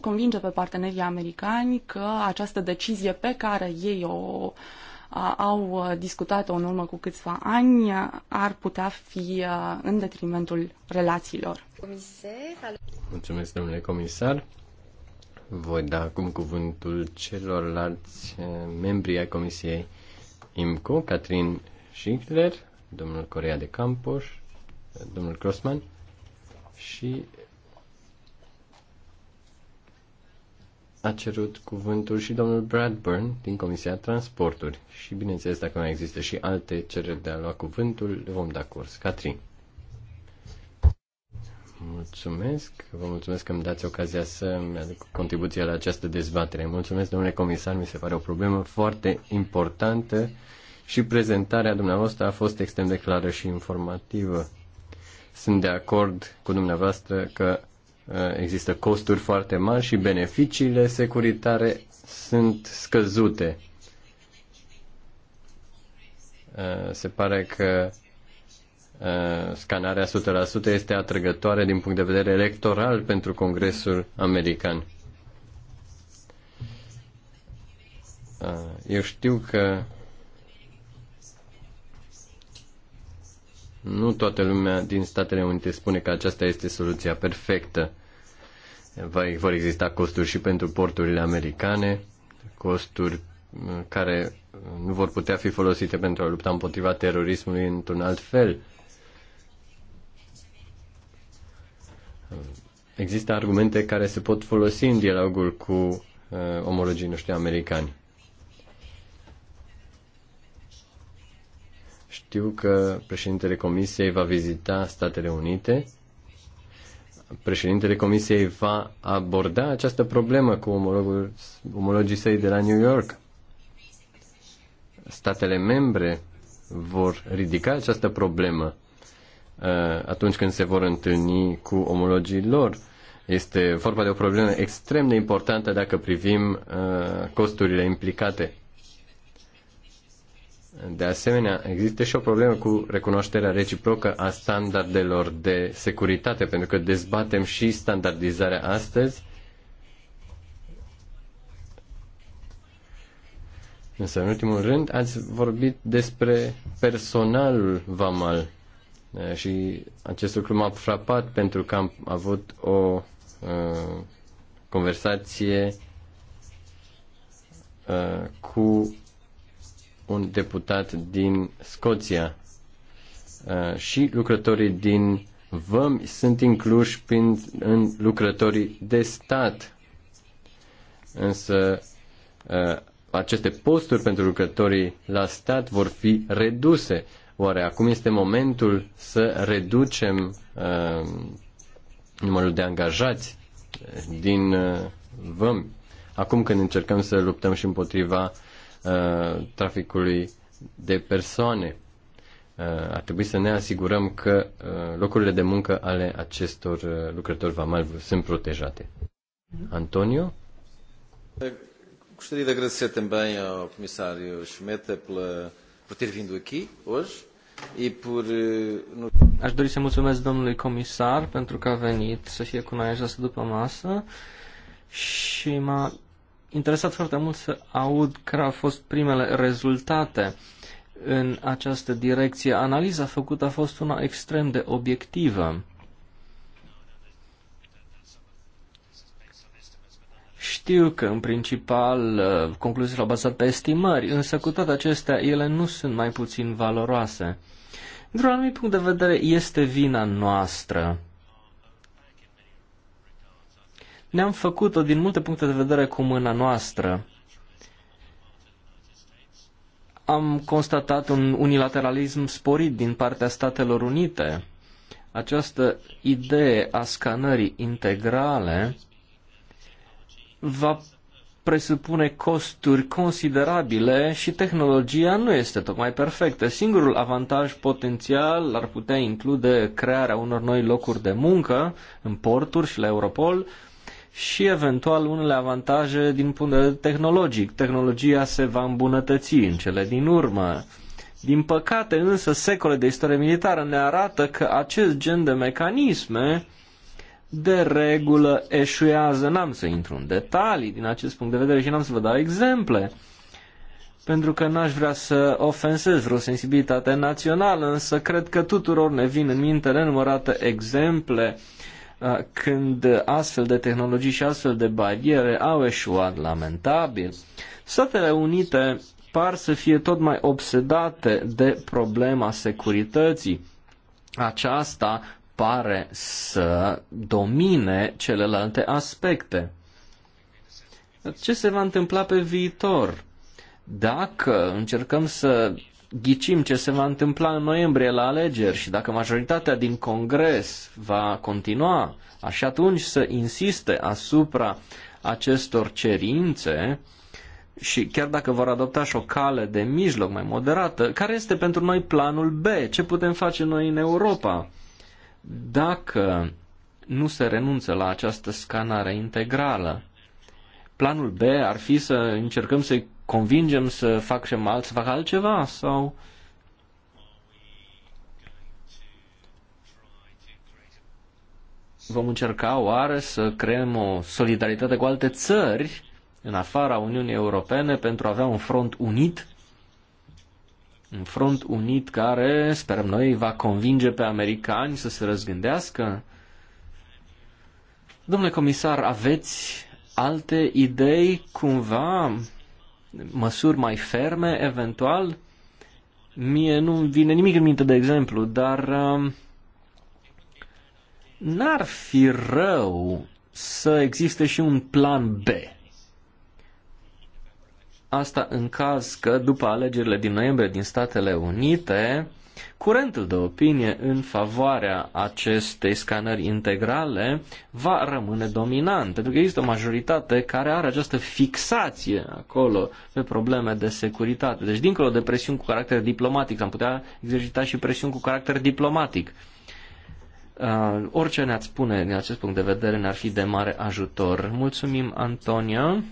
convinge pe partenerii americani că această decizie pe care ei o au discutat-o în urmă cu câțiva ani ar putea fi în detrimentul relațiilor. Comisar. Mulțumesc, domnule comisar. Voi da acum cuvântul celorlalți eh, membri ai Comisiei IMCO, Catrin Schinkler, domnul Corea de Campos, eh, domnul Crossman și a cerut cuvântul și domnul Bradburn din Comisia Transporturi și, bineînțeles, dacă mai există și alte cereri de a lua cuvântul, le vom da curs. Catrin. Mulțumesc, vă mulțumesc că îmi dați ocazia să mi aduc contribuția la această dezbatere. Mulțumesc, domnule comisar, mi se pare o problemă foarte importantă și prezentarea dumneavoastră a fost extrem de clară și informativă. Sunt de acord cu dumneavoastră că uh, există costuri foarte mari și beneficiile securitare sunt scăzute. Uh, se pare că Uh, scanarea 100% este atrăgătoare din punct de vedere electoral pentru Congresul American. Uh, eu știu că nu toată lumea din Statele Unite spune că aceasta este soluția perfectă. Vor exista costuri și pentru porturile americane, costuri uh, care nu vor putea fi folosite pentru a lupta împotriva terorismului într-un alt fel există argumente care se pot folosi în dialogul cu uh, omologii noștri americani. Știu că președintele Comisiei va vizita Statele Unite. Președintele Comisiei va aborda această problemă cu omologul, omologii săi de la New York. Statele membre vor ridica această problemă Uh, atunci când se vor întâlni cu omologii lor. Este vorba de o problemă extrem de importantă dacă privim uh, costurile implicate. De asemenea, există și o problemă cu recunoașterea reciprocă a standardelor de securitate, pentru că dezbatem și standardizarea astăzi. Însă, în ultimul rând, ați vorbit despre personalul vamal și acest lucru m-a frapat pentru că am avut o uh, conversație uh, cu un deputat din Scoția uh, și lucrătorii din vămi sunt incluși prin, în lucrătorii de stat. Însă uh, aceste posturi pentru lucrătorii la stat vor fi reduse Oare acum este momentul să reducem uh, numărul de angajați din uh, vămi? Acum când încercăm să luptăm și împotriva uh, traficului de persoane, uh, ar trebui să ne asigurăm că uh, locurile de muncă ale acestor uh, lucrători vamali sunt protejate. Antonio? Gostaria de agradecer também ao Comissário Schmetter por ter vindo aqui hoje Aș dori să mulțumesc domnului comisar pentru că a venit să fie cu noi această după masă și m-a interesat foarte mult să aud care au fost primele rezultate în această direcție. Analiza făcută a fost una extrem de obiectivă. Știu că, în principal, uh, concluziile au bazat pe estimări, însă cu toate acestea, ele nu sunt mai puțin valoroase. Într-un anumit punct de vedere, este vina noastră. Ne-am făcut-o din multe puncte de vedere cu mâna noastră. Am constatat un unilateralism sporit din partea Statelor Unite. Această idee a scanării integrale va presupune costuri considerabile și tehnologia nu este tocmai perfectă. Singurul avantaj potențial ar putea include crearea unor noi locuri de muncă în porturi și la Europol și eventual unele avantaje din punct de vedere tehnologic. Tehnologia se va îmbunătăți în cele din urmă. Din păcate însă secole de istorie militară ne arată că acest gen de mecanisme de regulă eșuează. N-am să intru în detalii din acest punct de vedere și n-am să vă dau exemple, pentru că n-aș vrea să ofensez vreo sensibilitate națională, însă cred că tuturor ne vin în minte nenumărate exemple uh, când astfel de tehnologii și astfel de bariere au eșuat lamentabil. Statele Unite par să fie tot mai obsedate de problema securității. Aceasta pare să domine celelalte aspecte. Ce se va întâmpla pe viitor? Dacă încercăm să ghicim ce se va întâmpla în noiembrie la alegeri și dacă majoritatea din Congres va continua, așa atunci să insiste asupra acestor cerințe și chiar dacă vor adopta și o cale de mijloc mai moderată, care este pentru noi planul B? Ce putem face noi în Europa? dacă nu se renunță la această scanare integrală. Planul B ar fi să încercăm să-i convingem să facem alt, să facă altceva sau vom încerca oare să creăm o solidaritate cu alte țări în afara Uniunii Europene pentru a avea un front unit un front unit care, sperăm noi, va convinge pe americani să se răzgândească? Domnule comisar, aveți alte idei cumva, măsuri mai ferme eventual? Mie nu vine nimic în minte de exemplu, dar um, n-ar fi rău să existe și un plan B Asta în caz că după alegerile din noiembrie din Statele Unite, curentul de opinie în favoarea acestei scanări integrale va rămâne dominant, pentru că există o majoritate care are această fixație acolo pe probleme de securitate. Deci, dincolo de presiuni cu caracter diplomatic, am putea exercita și presiuni cu caracter diplomatic. Uh, orice ne-ați spune din acest punct de vedere ne-ar fi de mare ajutor. Mulțumim, Antonia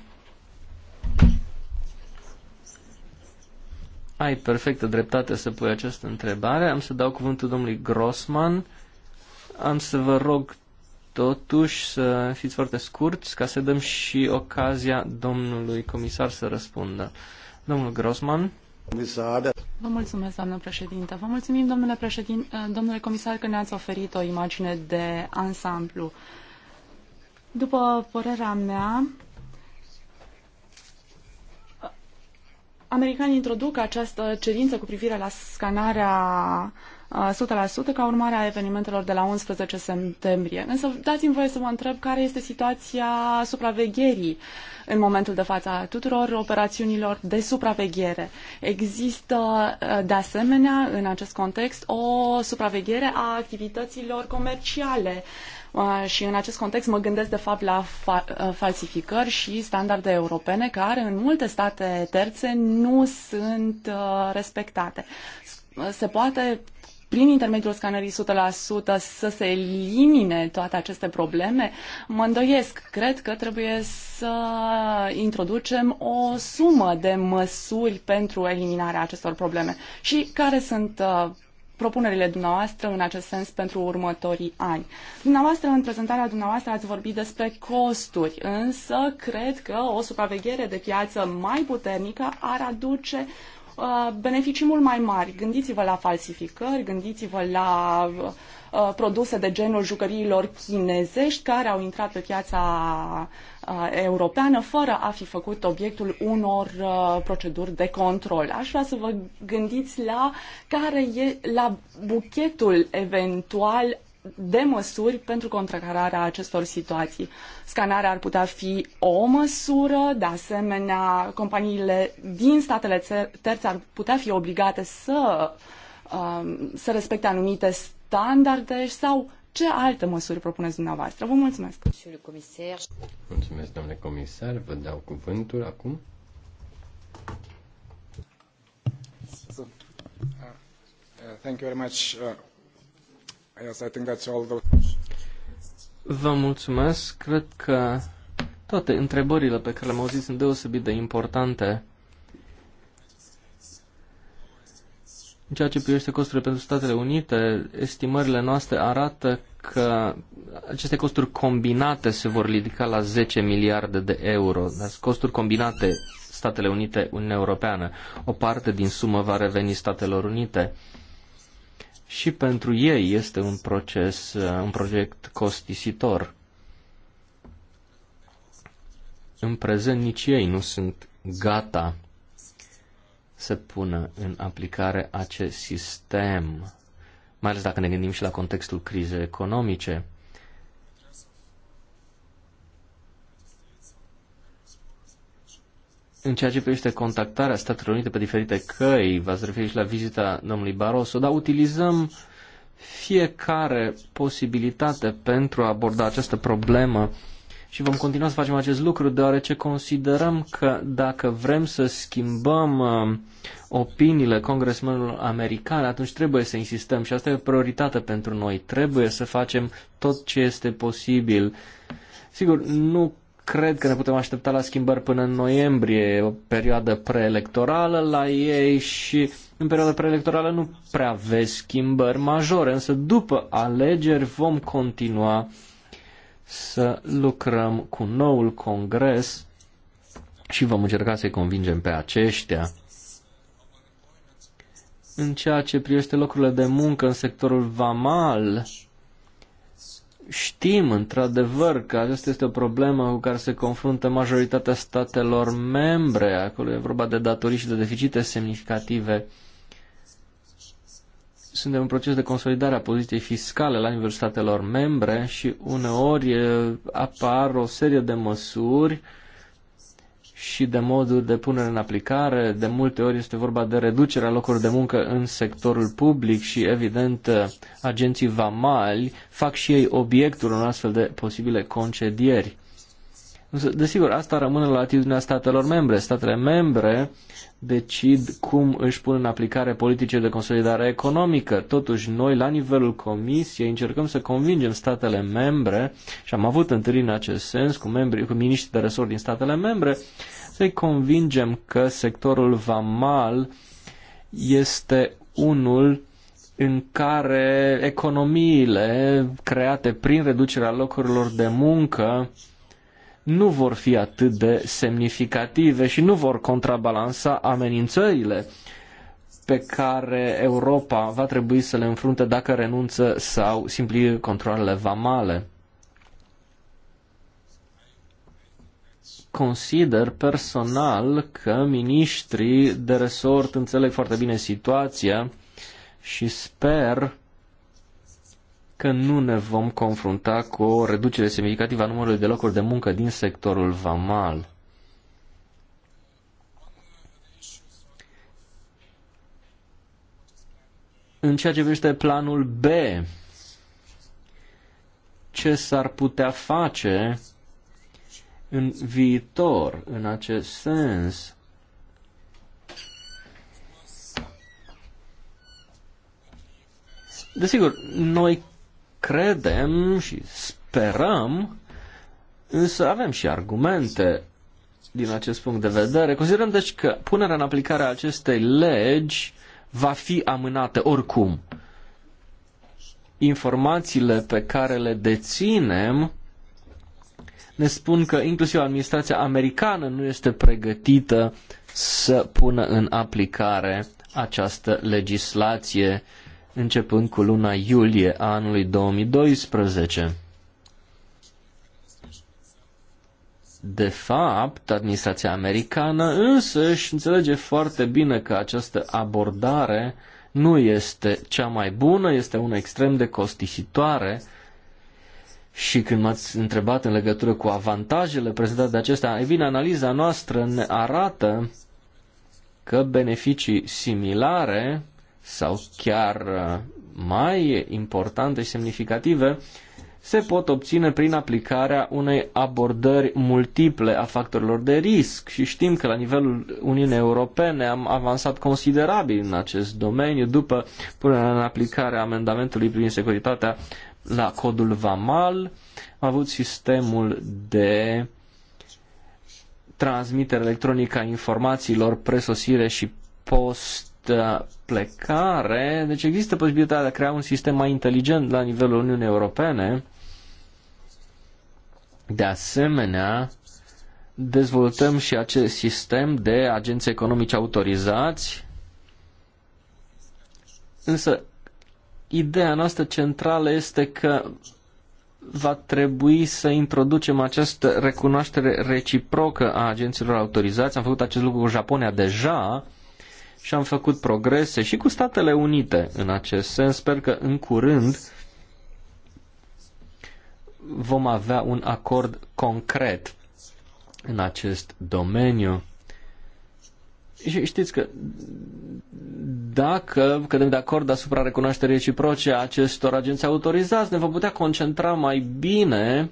ai perfectă dreptate să pui această întrebare. Am să dau cuvântul domnului Grossman. Am să vă rog totuși să fiți foarte scurți ca să dăm și ocazia domnului comisar să răspundă. Domnul Grossman. Vă mulțumesc, doamnă președinte. Vă mulțumim, domnule, președinte, domnule comisar, că ne-ați oferit o imagine de ansamblu. După părerea mea, americanii introduc această cerință cu privire la scanarea 100% uh, ca urmare a evenimentelor de la 11 septembrie. Însă dați-mi voie să mă întreb care este situația supravegherii în momentul de față a tuturor operațiunilor de supraveghere. Există uh, de asemenea în acest context o supraveghere a activităților comerciale uh, Uh, și în acest context mă gândesc de fapt la fa- uh, falsificări și standarde europene care în multe state terțe nu sunt uh, respectate. Se poate prin intermediul scanării 100% să se elimine toate aceste probleme, mă îndoiesc. Cred că trebuie să introducem o sumă de măsuri pentru eliminarea acestor probleme. Și care sunt propunerile dumneavoastră în acest sens pentru următorii ani. Dumneavoastră, în prezentarea dumneavoastră, ați vorbit despre costuri, însă cred că o supraveghere de piață mai puternică ar aduce uh, beneficii mult mai mari. Gândiți-vă la falsificări, gândiți-vă la uh, Uh, produse de genul jucăriilor chinezești care au intrat pe piața uh, europeană fără a fi făcut obiectul unor uh, proceduri de control. Aș vrea să vă gândiți la care e la buchetul eventual de măsuri pentru contracararea acestor situații. Scanarea ar putea fi o măsură, de asemenea, companiile din statele terțe ar putea fi obligate să, um, să respecte anumite standarde sau ce alte măsuri propuneți dumneavoastră? Vă mulțumesc! Mulțumesc, domnule comisar. Vă dau cuvântul acum. Thank you very much. Uh, yes, I think that's all the... Vă mulțumesc. Cred că toate întrebările pe care le-am auzit sunt deosebit de importante. În ceea ce privește costurile pentru Statele Unite, estimările noastre arată că aceste costuri combinate se vor ridica la 10 miliarde de euro. Dar deci costuri combinate Statele Unite, Uniunea Europeană. O parte din sumă va reveni Statelor Unite. Și pentru ei este un proces, un proiect costisitor. În prezent nici ei nu sunt gata să pună în aplicare acest sistem, mai ales dacă ne gândim și la contextul crizei economice. În ceea ce privește contactarea Statelor Unite pe diferite căi, v-ați referit și la vizita domnului Barroso, dar utilizăm fiecare posibilitate pentru a aborda această problemă și vom continua să facem acest lucru deoarece considerăm că dacă vrem să schimbăm uh, opiniile congresmenilor americane, atunci trebuie să insistăm și asta e o prioritate pentru noi. Trebuie să facem tot ce este posibil. Sigur, nu cred că ne putem aștepta la schimbări până în noiembrie, o perioadă preelectorală la ei și în perioada preelectorală nu prea vezi schimbări majore, însă după alegeri vom continua să lucrăm cu noul congres și vom încerca să-i convingem pe aceștia. În ceea ce privește locurile de muncă în sectorul vamal, știm într-adevăr că aceasta este o problemă cu care se confruntă majoritatea statelor membre. Acolo e vorba de datorii și de deficite semnificative suntem în proces de consolidare a poziției fiscale la nivelul statelor membre și uneori apar o serie de măsuri și de moduri de punere în aplicare. De multe ori este vorba de reducerea locurilor de muncă în sectorul public și, evident, agenții vamali fac și ei obiectul unor astfel de posibile concedieri. Desigur, asta rămâne la atitudinea statelor membre. Statele membre decid cum își pun în aplicare politice de consolidare economică. Totuși, noi, la nivelul Comisiei, încercăm să convingem statele membre, și am avut întâlniri în acest sens cu, membri, cu miniștri de resort din statele membre, să-i convingem că sectorul vamal este unul în care economiile create prin reducerea locurilor de muncă nu vor fi atât de semnificative și nu vor contrabalansa amenințările pe care Europa va trebui să le înfrunte dacă renunță sau simpli controlele vamale. Consider personal că ministrii de resort înțeleg foarte bine situația și sper că nu ne vom confrunta cu o reducere semnificativă a numărului de locuri de muncă din sectorul vamal. În ceea ce privește planul B, ce s-ar putea face în viitor în acest sens? Desigur, noi Credem și sperăm, însă avem și argumente din acest punct de vedere. Considerăm deci că punerea în aplicare a acestei legi va fi amânată oricum. Informațiile pe care le deținem ne spun că inclusiv administrația americană nu este pregătită să pună în aplicare această legislație începând cu luna iulie a anului 2012. De fapt, administrația americană însă își înțelege foarte bine că această abordare nu este cea mai bună, este una extrem de costisitoare și când m-ați întrebat în legătură cu avantajele prezentate de acestea, e bine, analiza noastră ne arată că beneficii similare sau chiar uh, mai importante și semnificative se pot obține prin aplicarea unei abordări multiple a factorilor de risc și știm că la nivelul Uniunii Europene am avansat considerabil în acest domeniu după punerea în aplicare a amendamentului privind securitatea la codul VAMAL, am avut sistemul de transmitere electronică a informațiilor, presosire și post Uh, plecare, deci există posibilitatea de a crea un sistem mai inteligent la nivelul Uniunii Europene. De asemenea, dezvoltăm și acest sistem de agenți economici autorizați, însă ideea noastră centrală este că va trebui să introducem această recunoaștere reciprocă a agenților autorizați. Am făcut acest lucru cu Japonia deja, și am făcut progrese și cu Statele Unite în acest sens. Sper că în curând vom avea un acord concret în acest domeniu. Și știți că dacă cădem de acord asupra recunoașterii reciproce a acestor agenții autorizați, ne vom putea concentra mai bine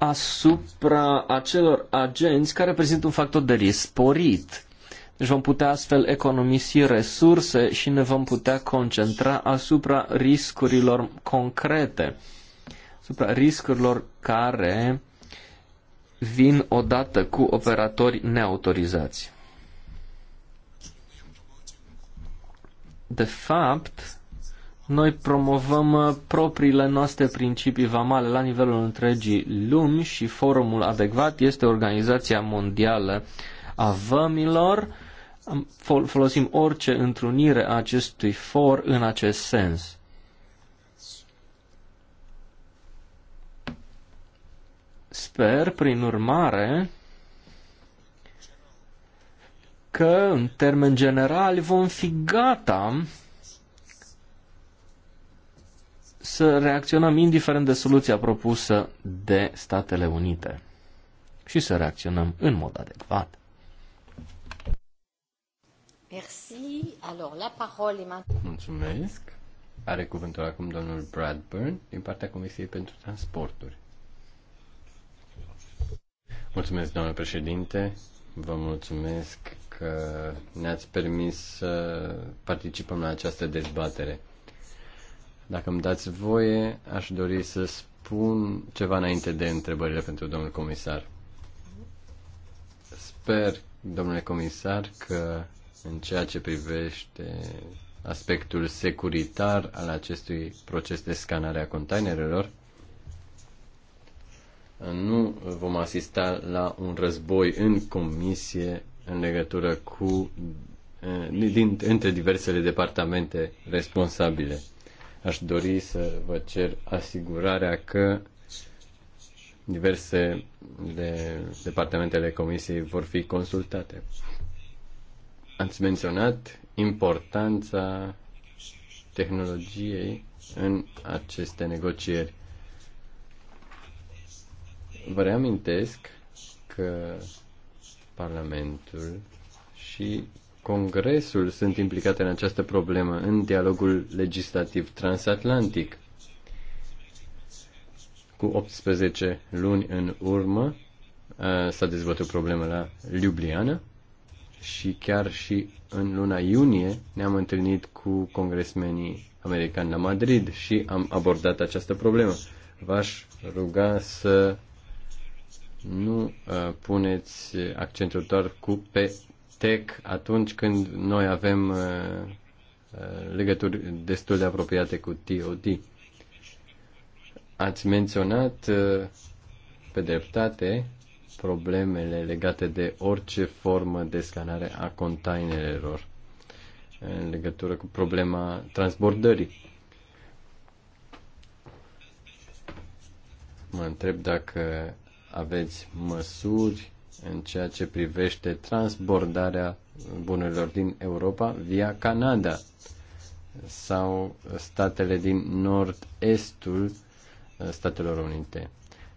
asupra acelor agenți care prezintă un factor de risc sporit. Deci vom putea astfel economisi resurse și ne vom putea concentra asupra riscurilor concrete, asupra riscurilor care vin odată cu operatori neautorizați. De fapt, noi promovăm uh, propriile noastre principii vamale la nivelul întregii lumi și forumul adecvat este Organizația Mondială a Vămilor. Folosim orice întrunire a acestui for în acest sens. Sper, prin urmare, că, în termen general, vom fi gata să reacționăm indiferent de soluția propusă de Statele Unite și să reacționăm în mod adecvat. Merci. Alors, la parole est Mulțumesc. Are cuvântul acum domnul Bradburn din partea Comisiei pentru Transporturi. Mulțumesc, domnule președinte. Vă mulțumesc că ne-ați permis să participăm la această dezbatere. Dacă îmi dați voie, aș dori să spun ceva înainte de întrebările pentru domnul comisar. Sper, domnule comisar, că în ceea ce privește aspectul securitar al acestui proces de scanare a containerelor, nu vom asista la un război în comisie în legătură cu din, între diversele departamente responsabile. Aș dori să vă cer asigurarea că diverse de departamentele comisiei vor fi consultate. Ați menționat importanța tehnologiei în aceste negocieri. Vă reamintesc că Parlamentul și Congresul sunt implicate în această problemă, în dialogul legislativ transatlantic. Cu 18 luni în urmă s-a o problema la Ljubljana și chiar și în luna iunie ne-am întâlnit cu congresmenii americani la Madrid și am abordat această problemă. V-aș ruga să nu uh, puneți accentul doar cu pe TEC atunci când noi avem uh, uh, legături destul de apropiate cu TOD. Ați menționat uh, pe dreptate problemele legate de orice formă de scanare a containerelor în legătură cu problema transbordării. Mă întreb dacă aveți măsuri în ceea ce privește transbordarea bunurilor din Europa via Canada sau statele din nord-estul uh, Statelor Unite.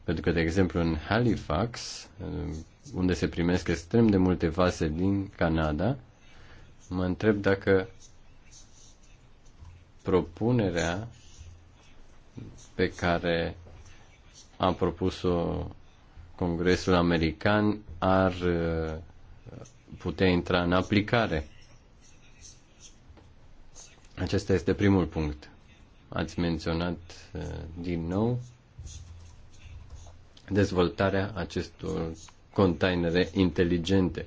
Pentru că, de exemplu, în Halifax, uh, unde se primesc extrem de multe vase din Canada, mă întreb dacă propunerea pe care am propus-o Congresul American ar uh, putea intra în aplicare. Acesta este primul punct. Ați menționat uh, din nou dezvoltarea acestor containere inteligente.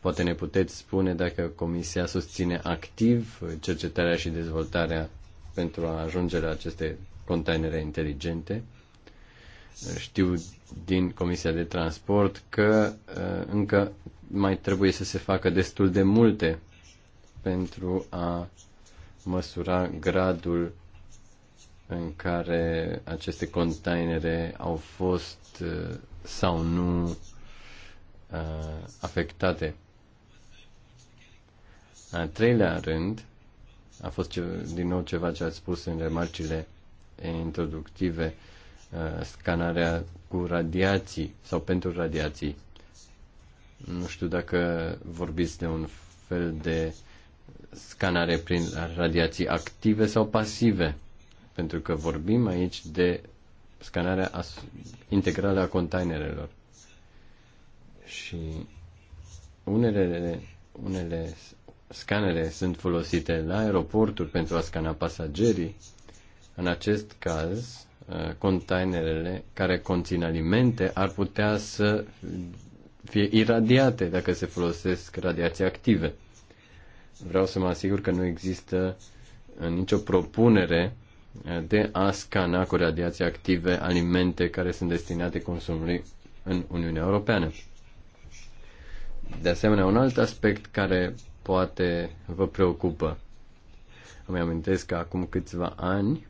Poate ne puteți spune dacă Comisia susține activ cercetarea și dezvoltarea pentru a ajunge la aceste containere inteligente. Știu din Comisia de Transport că uh, încă mai trebuie să se facă destul de multe pentru a măsura gradul în care aceste containere au fost uh, sau nu uh, afectate. A treilea rând, a fost ce, din nou ceva ce ați spus în remarcile introductive, scanarea cu radiații sau pentru radiații. Nu știu dacă vorbiți de un fel de scanare prin radiații active sau pasive, pentru că vorbim aici de scanarea integrală a containerelor. Și unele, unele scanere sunt folosite la aeroporturi pentru a scana pasagerii. În acest caz, Uh, containerele care conțin alimente ar putea să fie iradiate dacă se folosesc radiații active. Vreau să mă asigur că nu există uh, nicio propunere uh, de a scana cu radiații active alimente care sunt destinate consumului în Uniunea Europeană. De asemenea, un alt aspect care poate vă preocupă. Îmi amintesc că acum câțiva ani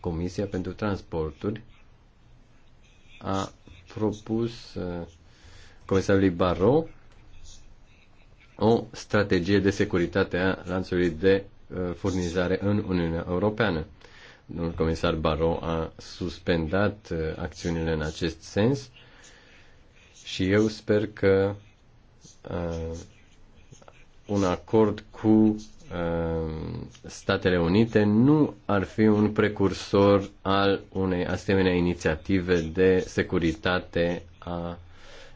Comisia pentru Transporturi a propus uh, comisarului Barrow o strategie de securitate a lanțului de uh, furnizare în Uniunea Europeană. Domnul comisar Barrow a suspendat uh, acțiunile în acest sens și eu sper că un acord cu Uh, Statele Unite nu ar fi un precursor al unei asemenea inițiative de securitate a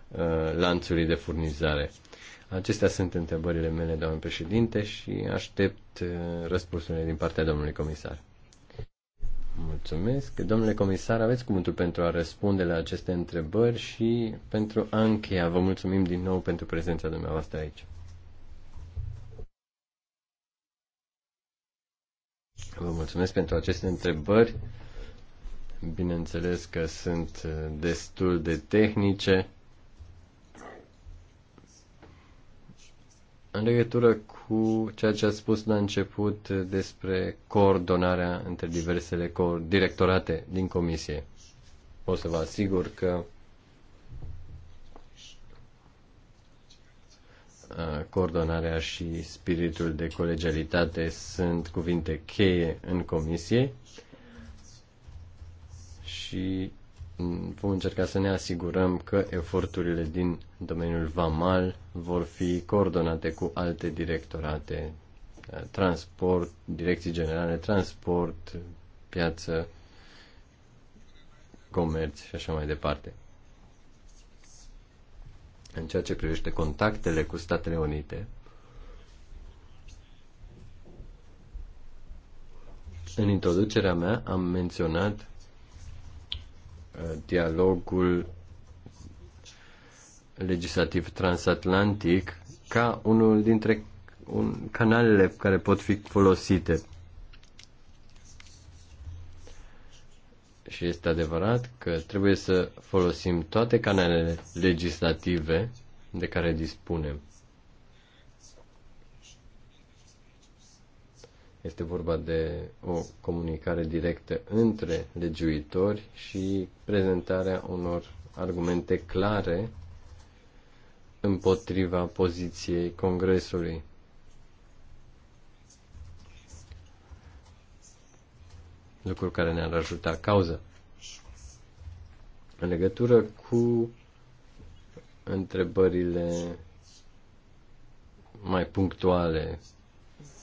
uh, lanțului de furnizare. Acestea sunt întrebările mele, doamnă președinte, și aștept uh, răspunsurile din partea domnului comisar. Mulțumesc. Domnule comisar, aveți cuvântul pentru a răspunde la aceste întrebări și pentru a încheia. Vă mulțumim din nou pentru prezența dumneavoastră aici. Vă mulțumesc pentru aceste întrebări. Bineînțeles că sunt uh, destul de tehnice. În legătură cu ceea ce a spus la început uh, despre coordonarea între diversele directorate din comisie, o să vă asigur că coordonarea și spiritul de colegialitate sunt cuvinte cheie în comisie și vom încerca să ne asigurăm că eforturile din domeniul VAMAL vor fi coordonate cu alte directorate, transport, direcții generale, transport, piață, comerț și așa mai departe în ceea ce privește contactele cu Statele Unite, în introducerea mea am menționat uh, dialogul legislativ transatlantic ca unul dintre un, canalele care pot fi folosite și este adevărat că trebuie să folosim toate canalele legislative de care dispunem. Este vorba de o comunicare directă între legiuitori și prezentarea unor argumente clare împotriva poziției Congresului. lucru care ne-ar ajuta cauza. În legătură cu întrebările mai punctuale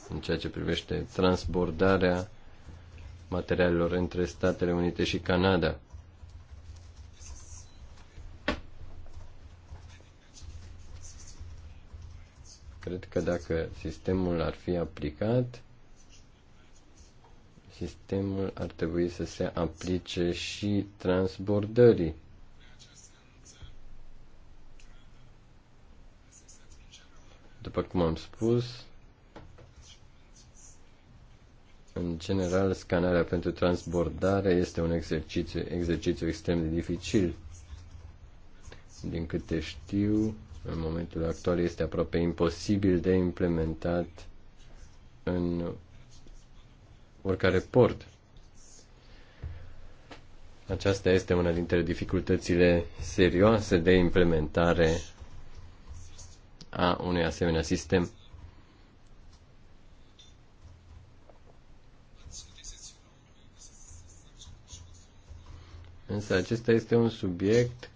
în ceea ce privește transbordarea materialelor între Statele Unite și Canada. Cred că dacă sistemul ar fi aplicat, sistemul ar trebui să se aplice și transbordării. După cum am spus, în general, scanarea pentru transbordare este un exercițiu, exercițiu extrem de dificil. Din câte știu, în momentul actual este aproape imposibil de implementat în oricare port. Aceasta este una dintre dificultățile serioase de implementare a unui asemenea sistem. Însă acesta este un subiect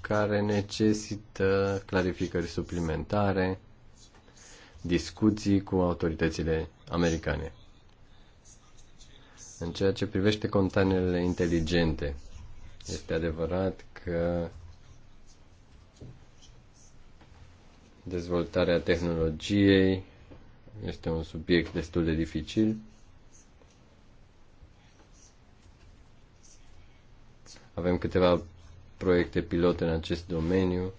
care necesită clarificări suplimentare, discuții cu autoritățile americane. În ceea ce privește containerele inteligente, este adevărat că dezvoltarea tehnologiei este un subiect destul de dificil. Avem câteva proiecte pilot în acest domeniu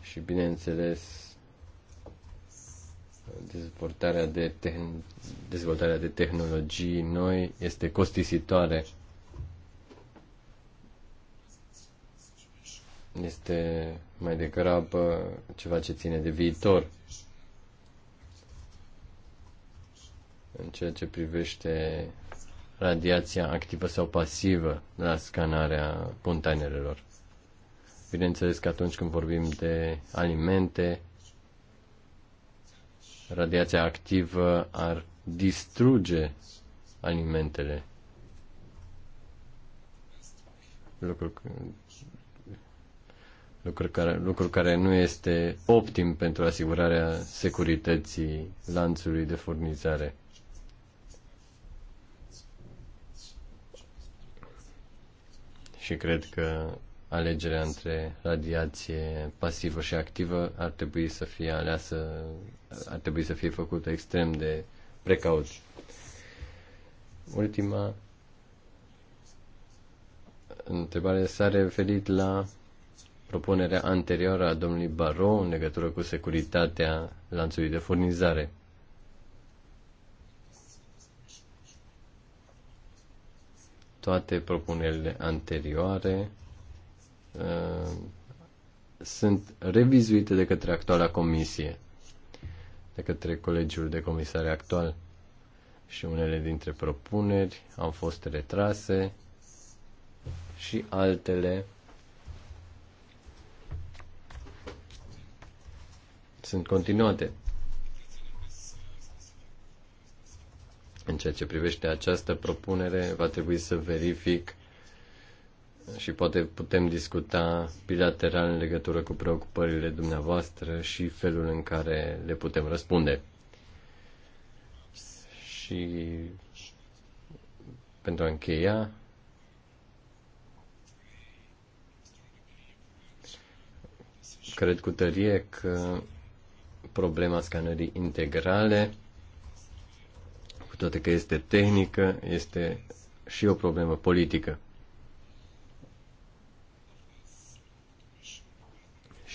și, bineînțeles, dezvoltarea de, te- dezvoltarea de tehnologii noi este costisitoare. Este mai degrabă ceva ce ține de viitor. În ceea ce privește radiația activă sau pasivă la scanarea containerelor. Bineînțeles că atunci când vorbim de alimente, radiația activă ar distruge alimentele. Lucru, care, lucru care nu este optim pentru asigurarea securității lanțului de furnizare. Și cred că alegerea între radiație pasivă și activă ar trebui să fie aleasă, ar trebui să fie făcută extrem de precaut. Ultima întrebare s-a referit la propunerea anterioară a domnului Baro în legătură cu securitatea lanțului de furnizare. Toate propunerile anterioare Uh, sunt revizuite de către actuala comisie, de către colegiul de comisare actual și unele dintre propuneri au fost retrase și altele sunt continuate. În ceea ce privește această propunere, va trebui să verific și poate putem discuta bilateral în legătură cu preocupările dumneavoastră și felul în care le putem răspunde. Și pentru a încheia, cred cu tărie că problema scanării integrale, cu toate că este tehnică, este și o problemă politică.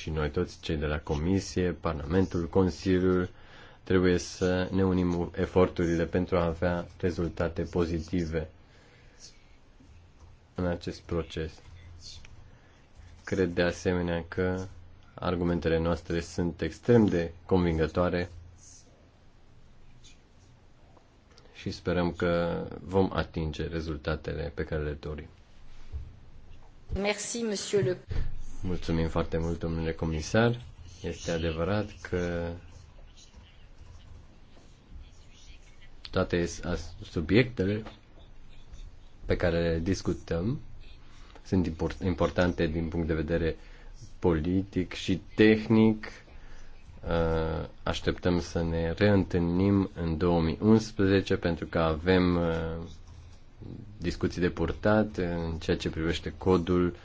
și noi toți cei de la Comisie, Parlamentul, Consiliul, trebuie să ne unim eforturile pentru a avea rezultate pozitive în acest proces. Cred de asemenea că argumentele noastre sunt extrem de convingătoare și sperăm că vom atinge rezultatele pe care le dorim. Merci, monsieur le... Mulțumim foarte mult, domnule comisar. Este adevărat că toate subiectele pe care le discutăm sunt importante din punct de vedere politic și tehnic. Uh, așteptăm să ne reîntâlnim în 2011 pentru că avem uh, discuții de purtat în ceea ce privește codul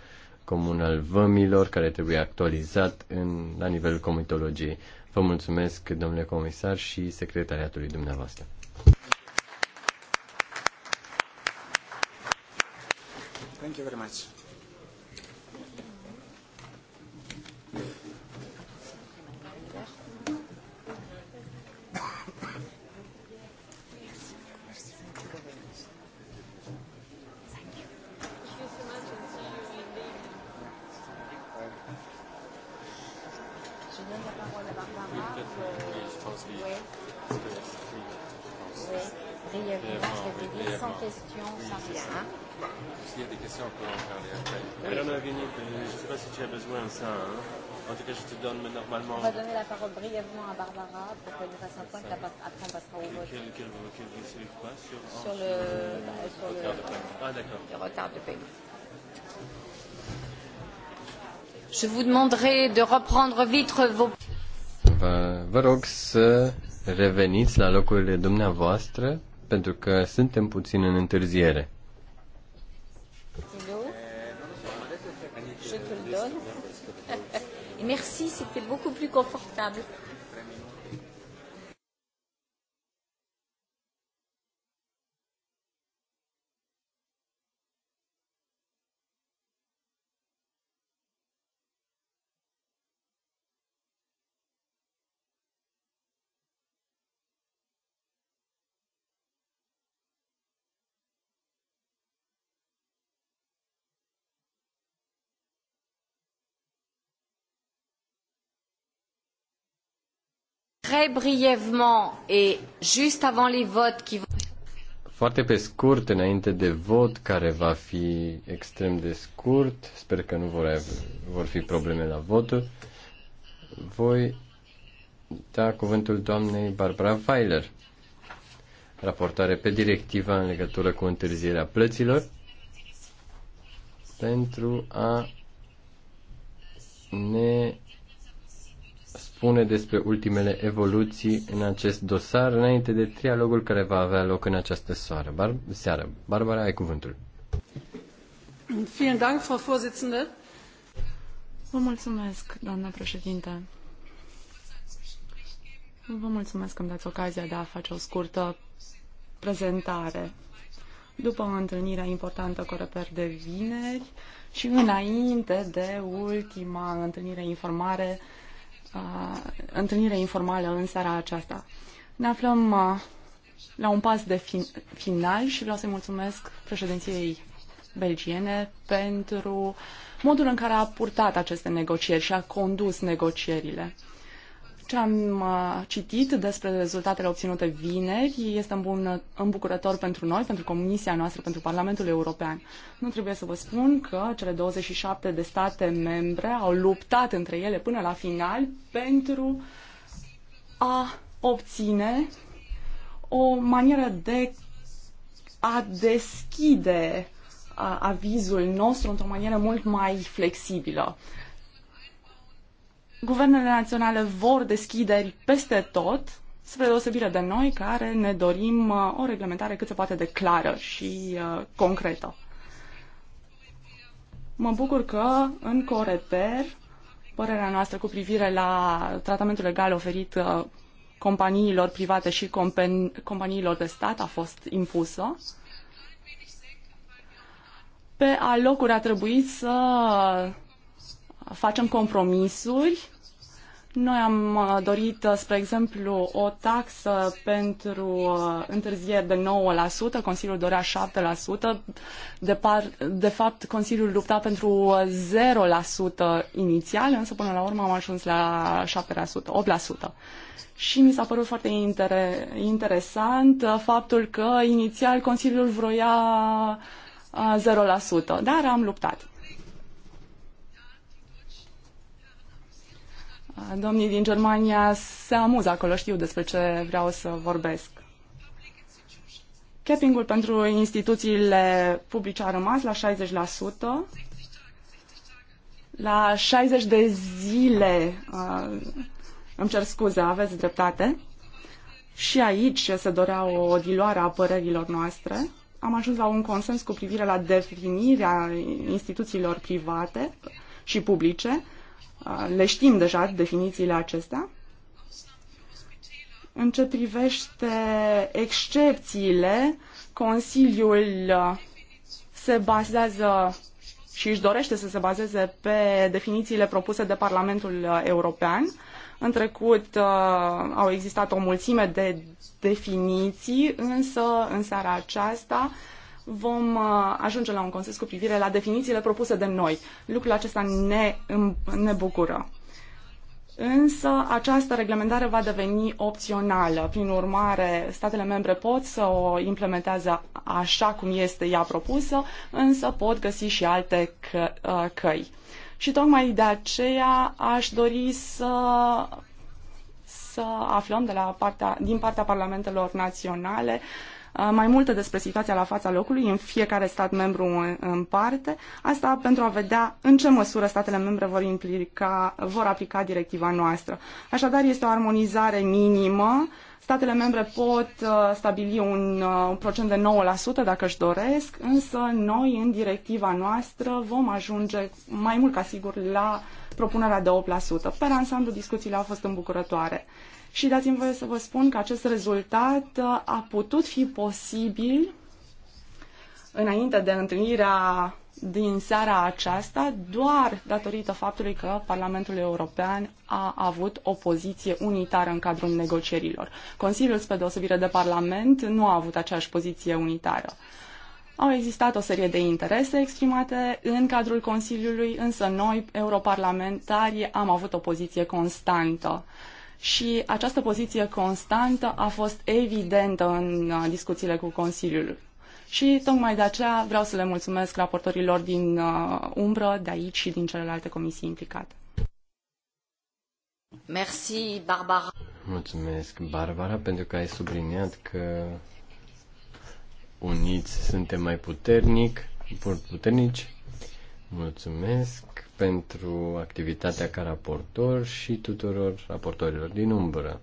comun al vămilor, care trebuie actualizat în, la nivelul comitologiei. Vă mulțumesc, domnule comisar și secretariatului dumneavoastră. Thank you very much. Je vous demanderai de reprendre vite vos... Vă, vă rog să reveniți la locurile dumneavoastră, pentru că suntem puțin în întârziere. Merci, c'était beaucoup plus confortable. très brièvement et juste avant les votes qui foarte pe scurt, înainte de vot, care va fi extrem de scurt, sper că nu vor, vor fi probleme la votul, voi da cuvântul doamnei Barbara Weiler, raportare pe directiva în legătură cu întârzierea plăților, pentru a ne spune despre ultimele evoluții în acest dosar înainte de trialogul care va avea loc în această soară. Bar- seară. Barbara, ai cuvântul. Vă mulțumesc, doamna președinte. Vă mulțumesc că îmi dați ocazia de a face o scurtă prezentare. După o întâlnire importantă reper de vineri și înainte de ultima întâlnire informare întâlnire informală în seara aceasta. Ne aflăm la un pas de fin- final și vreau să-i mulțumesc președinției belgiene pentru modul în care a purtat aceste negocieri și a condus negocierile. Ce am uh, citit despre rezultatele obținute vineri este îmbună, îmbucurător pentru noi, pentru Comisia noastră, pentru Parlamentul European. Nu trebuie să vă spun că cele 27 de state membre au luptat între ele până la final pentru a obține o manieră de a deschide uh, avizul nostru într-o manieră mult mai flexibilă. Guvernele naționale vor deschideri peste tot, spre deosebire de noi care ne dorim uh, o reglementare cât se poate de clară și uh, concretă. Mă bucur că în Coreper părerea noastră cu privire la tratamentul legal oferit uh, companiilor private și companiilor de stat a fost impusă. Pe alocuri a trebuit să facem compromisuri. Noi am uh, dorit, uh, spre exemplu, o taxă pentru uh, întârzieri de 9%, Consiliul dorea 7%, de, par, de fapt Consiliul lupta pentru 0% inițial, însă până la urmă am ajuns la 7%, 8%. Și mi s-a părut foarte inter- interesant faptul că inițial Consiliul vroia 0%, dar am luptat. Domnii din Germania se amuză acolo, știu despre ce vreau să vorbesc. Capping-ul pentru instituțiile publice a rămas la 60%. La 60 de zile, uh, îmi cer scuze, aveți dreptate. Și aici se dorea o diluare a părerilor noastre. Am ajuns la un consens cu privire la definirea instituțiilor private și publice le știm deja definițiile acestea. În ce privește excepțiile, Consiliul uh, se bazează și își dorește să se bazeze pe definițiile propuse de Parlamentul uh, European. În trecut uh, au existat o mulțime de definiții, însă în seara aceasta vom uh, ajunge la un consens cu privire la definițiile propuse de noi. Lucrul acesta ne, ne bucură. Însă această reglementare va deveni opțională. Prin urmare, statele membre pot să o implementeze așa cum este ea propusă, însă pot găsi și alte că, uh, căi. Și tocmai de aceea aș dori să să aflăm de la partea, din partea parlamentelor naționale uh, Uh, mai multe despre situația la fața locului în fiecare stat membru uh, în, parte, asta pentru a vedea în ce măsură statele membre vor, implica, vor aplica directiva noastră. Așadar, este o armonizare minimă Statele membre pot uh, stabili un procent de 9% dacă își doresc, însă noi în directiva noastră vom ajunge mai mult ca sigur la propunerea de 8%. Per ansamblu, discuțiile au fost îmbucurătoare. Și dați-mi voie să vă spun că acest rezultat uh, a putut fi posibil înainte de întâlnirea din seara aceasta doar datorită faptului că Parlamentul European a avut o poziție unitară în cadrul negocierilor. Consiliul, spre deosebire de Parlament, nu a avut aceeași poziție unitară. Au existat o serie de interese exprimate în cadrul Consiliului, însă noi, europarlamentarii, am avut o poziție constantă. Uh, și această poziție constantă a fost evidentă în uh, discuțiile cu Consiliul. Și tocmai de aceea vreau să le mulțumesc raportorilor din uh, umbră, de aici și din celelalte comisii implicate. Merci, Barbara. Mulțumesc, Barbara, pentru că ai subliniat că uniți suntem mai puternic, puternici. Mulțumesc pentru activitatea ca raportor și tuturor raportorilor din umbră.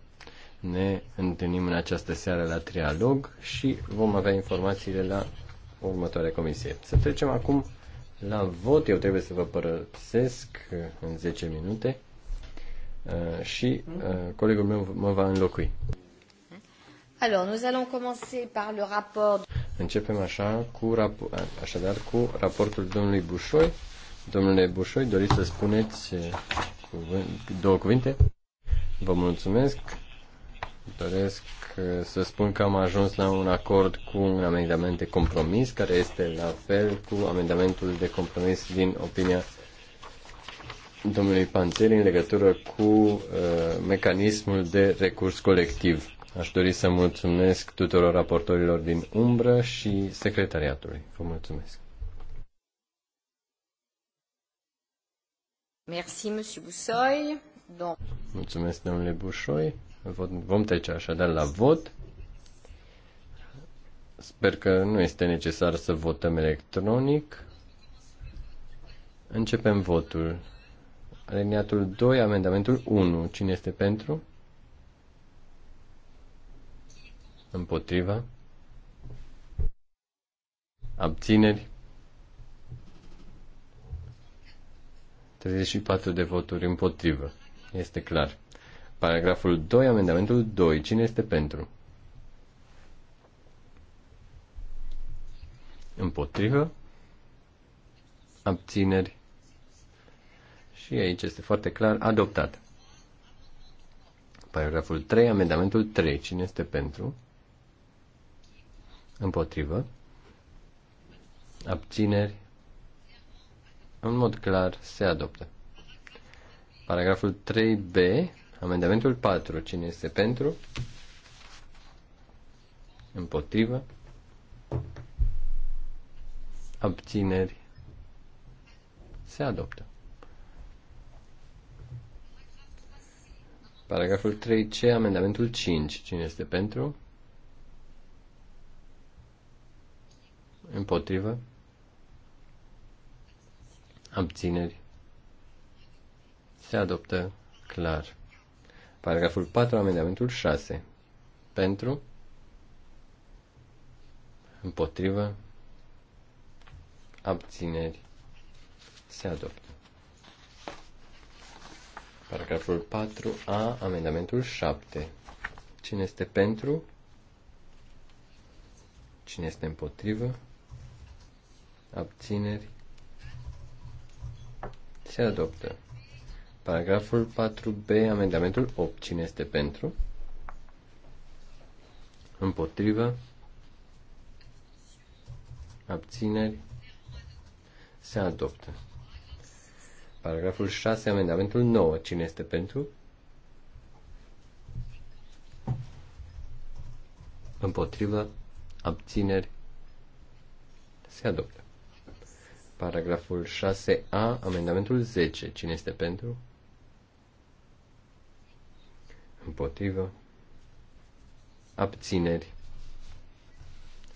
Ne întâlnim în această seară la trialog și vom avea informațiile la următoarea comisie. Să trecem acum la vot. Eu trebuie să vă părăsesc în 10 minute uh, și uh, colegul meu mă va înlocui. Alors, nous allons commencer par le rapport. Începem așa cu, așadar cu raportul domnului Bușoi Domnule Bușoi, doriți să spuneți eh, două cuvinte? Vă mulțumesc. Doresc eh, să spun că am ajuns la un acord cu un amendament de compromis, care este la fel cu amendamentul de compromis din opinia domnului Panțeri în legătură cu uh, mecanismul de recurs colectiv. Aș dori să mulțumesc tuturor raportorilor din umbră și secretariatului. Vă mulțumesc. Merci, Monsieur Donc... Mulțumesc, domnule Bușoi. Vom trece așadar la vot. Sper că nu este necesar să votăm electronic. Începem votul. Aliniatul 2, amendamentul 1. Cine este pentru? Împotriva? Abțineri? 34 de voturi împotrivă. Este clar. Paragraful 2, amendamentul 2. Cine este pentru? Împotrivă. Abțineri. Și aici este foarte clar adoptat. Paragraful 3, amendamentul 3. Cine este pentru? Împotrivă. Abțineri în mod clar se adoptă. Paragraful 3b, amendamentul 4. Cine este pentru? Împotrivă? Abțineri? Se adoptă. Paragraful 3c, amendamentul 5. Cine este pentru? Împotrivă? abțineri, se adoptă clar. Paragraful 4, amendamentul 6. Pentru, împotrivă, abțineri, se adoptă. Paragraful 4a, amendamentul 7. Cine este pentru? Cine este împotrivă? Abțineri? Se adoptă. Paragraful 4b, amendamentul 8. Cine este pentru? Împotrivă? Abțineri? Se adoptă. Paragraful 6, amendamentul 9. Cine este pentru? Împotrivă? Abțineri? Se adoptă. Paragraful 6a, amendamentul 10. Cine este pentru? Împotrivă. Abțineri.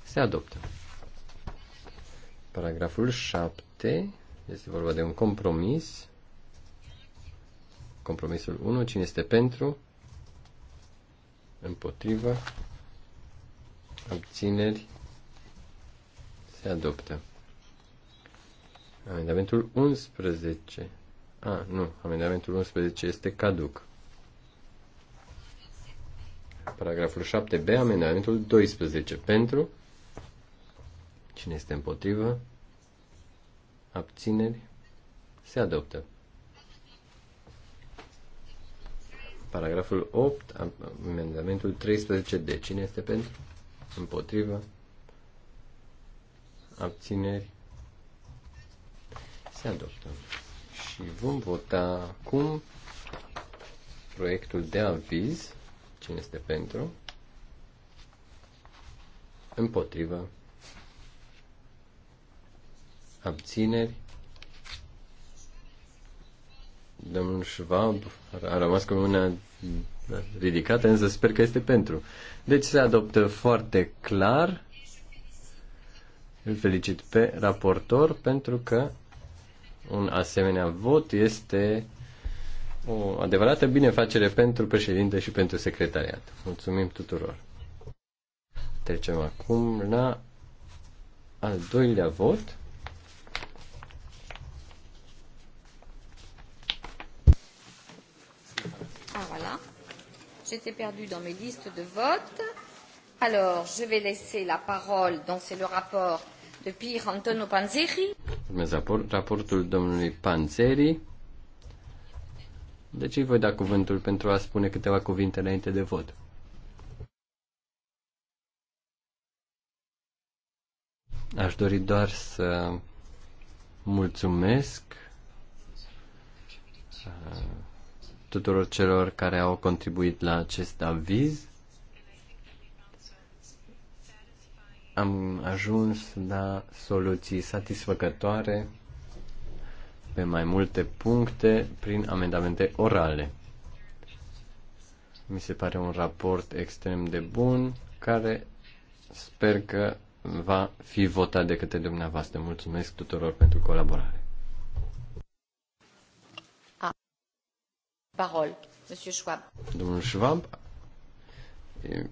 Se adoptă. Paragraful 7. Este vorba de un compromis. Compromisul 1. Cine este pentru? Împotrivă. Abțineri. Se adoptă. Amendamentul 11. A, nu, amendamentul 11 este caduc. Paragraful 7b, amendamentul 12. Pentru? Cine este împotrivă? Abțineri? Se adoptă. Paragraful 8, amendamentul 13 De Cine este pentru? Împotrivă? Abțineri? se adoptă. Și vom vota acum proiectul de aviz. Cine este pentru? Împotrivă. Abțineri. Domnul Schwab a rămas cu mâna ridicată, însă sper că este pentru. Deci se adoptă foarte clar. Îl felicit pe raportor pentru că un asemenea vot este o adevărată binefacere pentru președinte și pentru secretariat. Mulțumim tuturor. Trecem acum la al doilea vot. Ah, voilà. J'étais perdu dans mes listes de vote. Alors, je vais laisser la parole, donc c'est le rapport de Pierre Antonio Panzeri. Urmează raport, raportul domnului Panzeri. Deci îi voi da cuvântul pentru a spune câteva cuvinte înainte de vot. Aș dori doar să mulțumesc uh, tuturor celor care au contribuit la acest aviz. am ajuns la soluții satisfăcătoare pe mai multe puncte prin amendamente orale. Mi se pare un raport extrem de bun care sper că va fi votat de către dumneavoastră. Mulțumesc tuturor pentru colaborare. Ah. Parol, Monsieur Schwab. Domnul Schwab,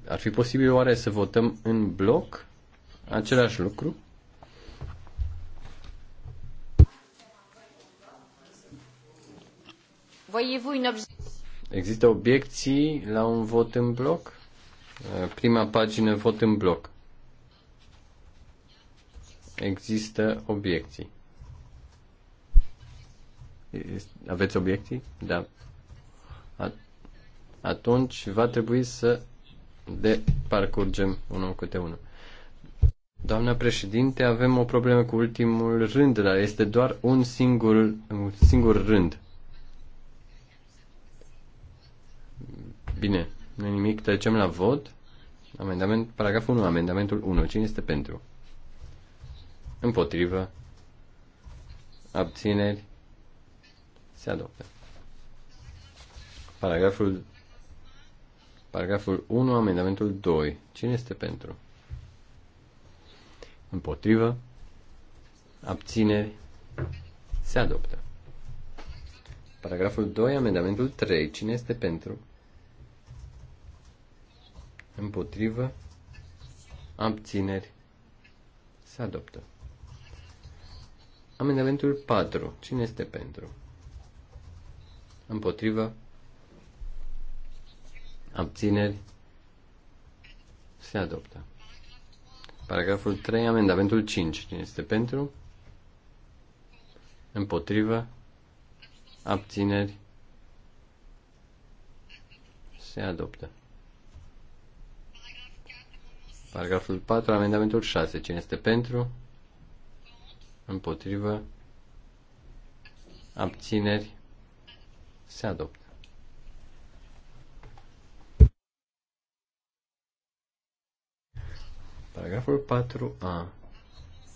ar fi posibil oare să votăm în bloc Același lucru. Există obiecții la un vot în bloc? Prima pagină, vot în bloc. Există obiecții. Aveți obiecții? Da. Atunci va trebui să de parcurgem unul câte unul. Doamna președinte, avem o problemă cu ultimul rând, dar este doar un singur, un singur rând. Bine, nu nimic, trecem la vot. Amendament, paragraful 1, amendamentul 1. Cine este pentru? Împotrivă. Abțineri. Se adoptă. Paragraful, paragraful 1, amendamentul 2. Cine este pentru? Împotrivă. Abțineri. Se adoptă. Paragraful 2, amendamentul 3. Cine este pentru? Împotrivă. Abțineri. Se adoptă. Amendamentul 4. Cine este pentru? Împotrivă. Abțineri. Se adoptă. Paragraful 3, amendamentul 5. Cine este pentru? Împotrivă? Abțineri? Se adoptă. Paragraful 4, amendamentul 6. Cine este pentru? Împotrivă? Abțineri? Se adoptă. Paragraful 4a.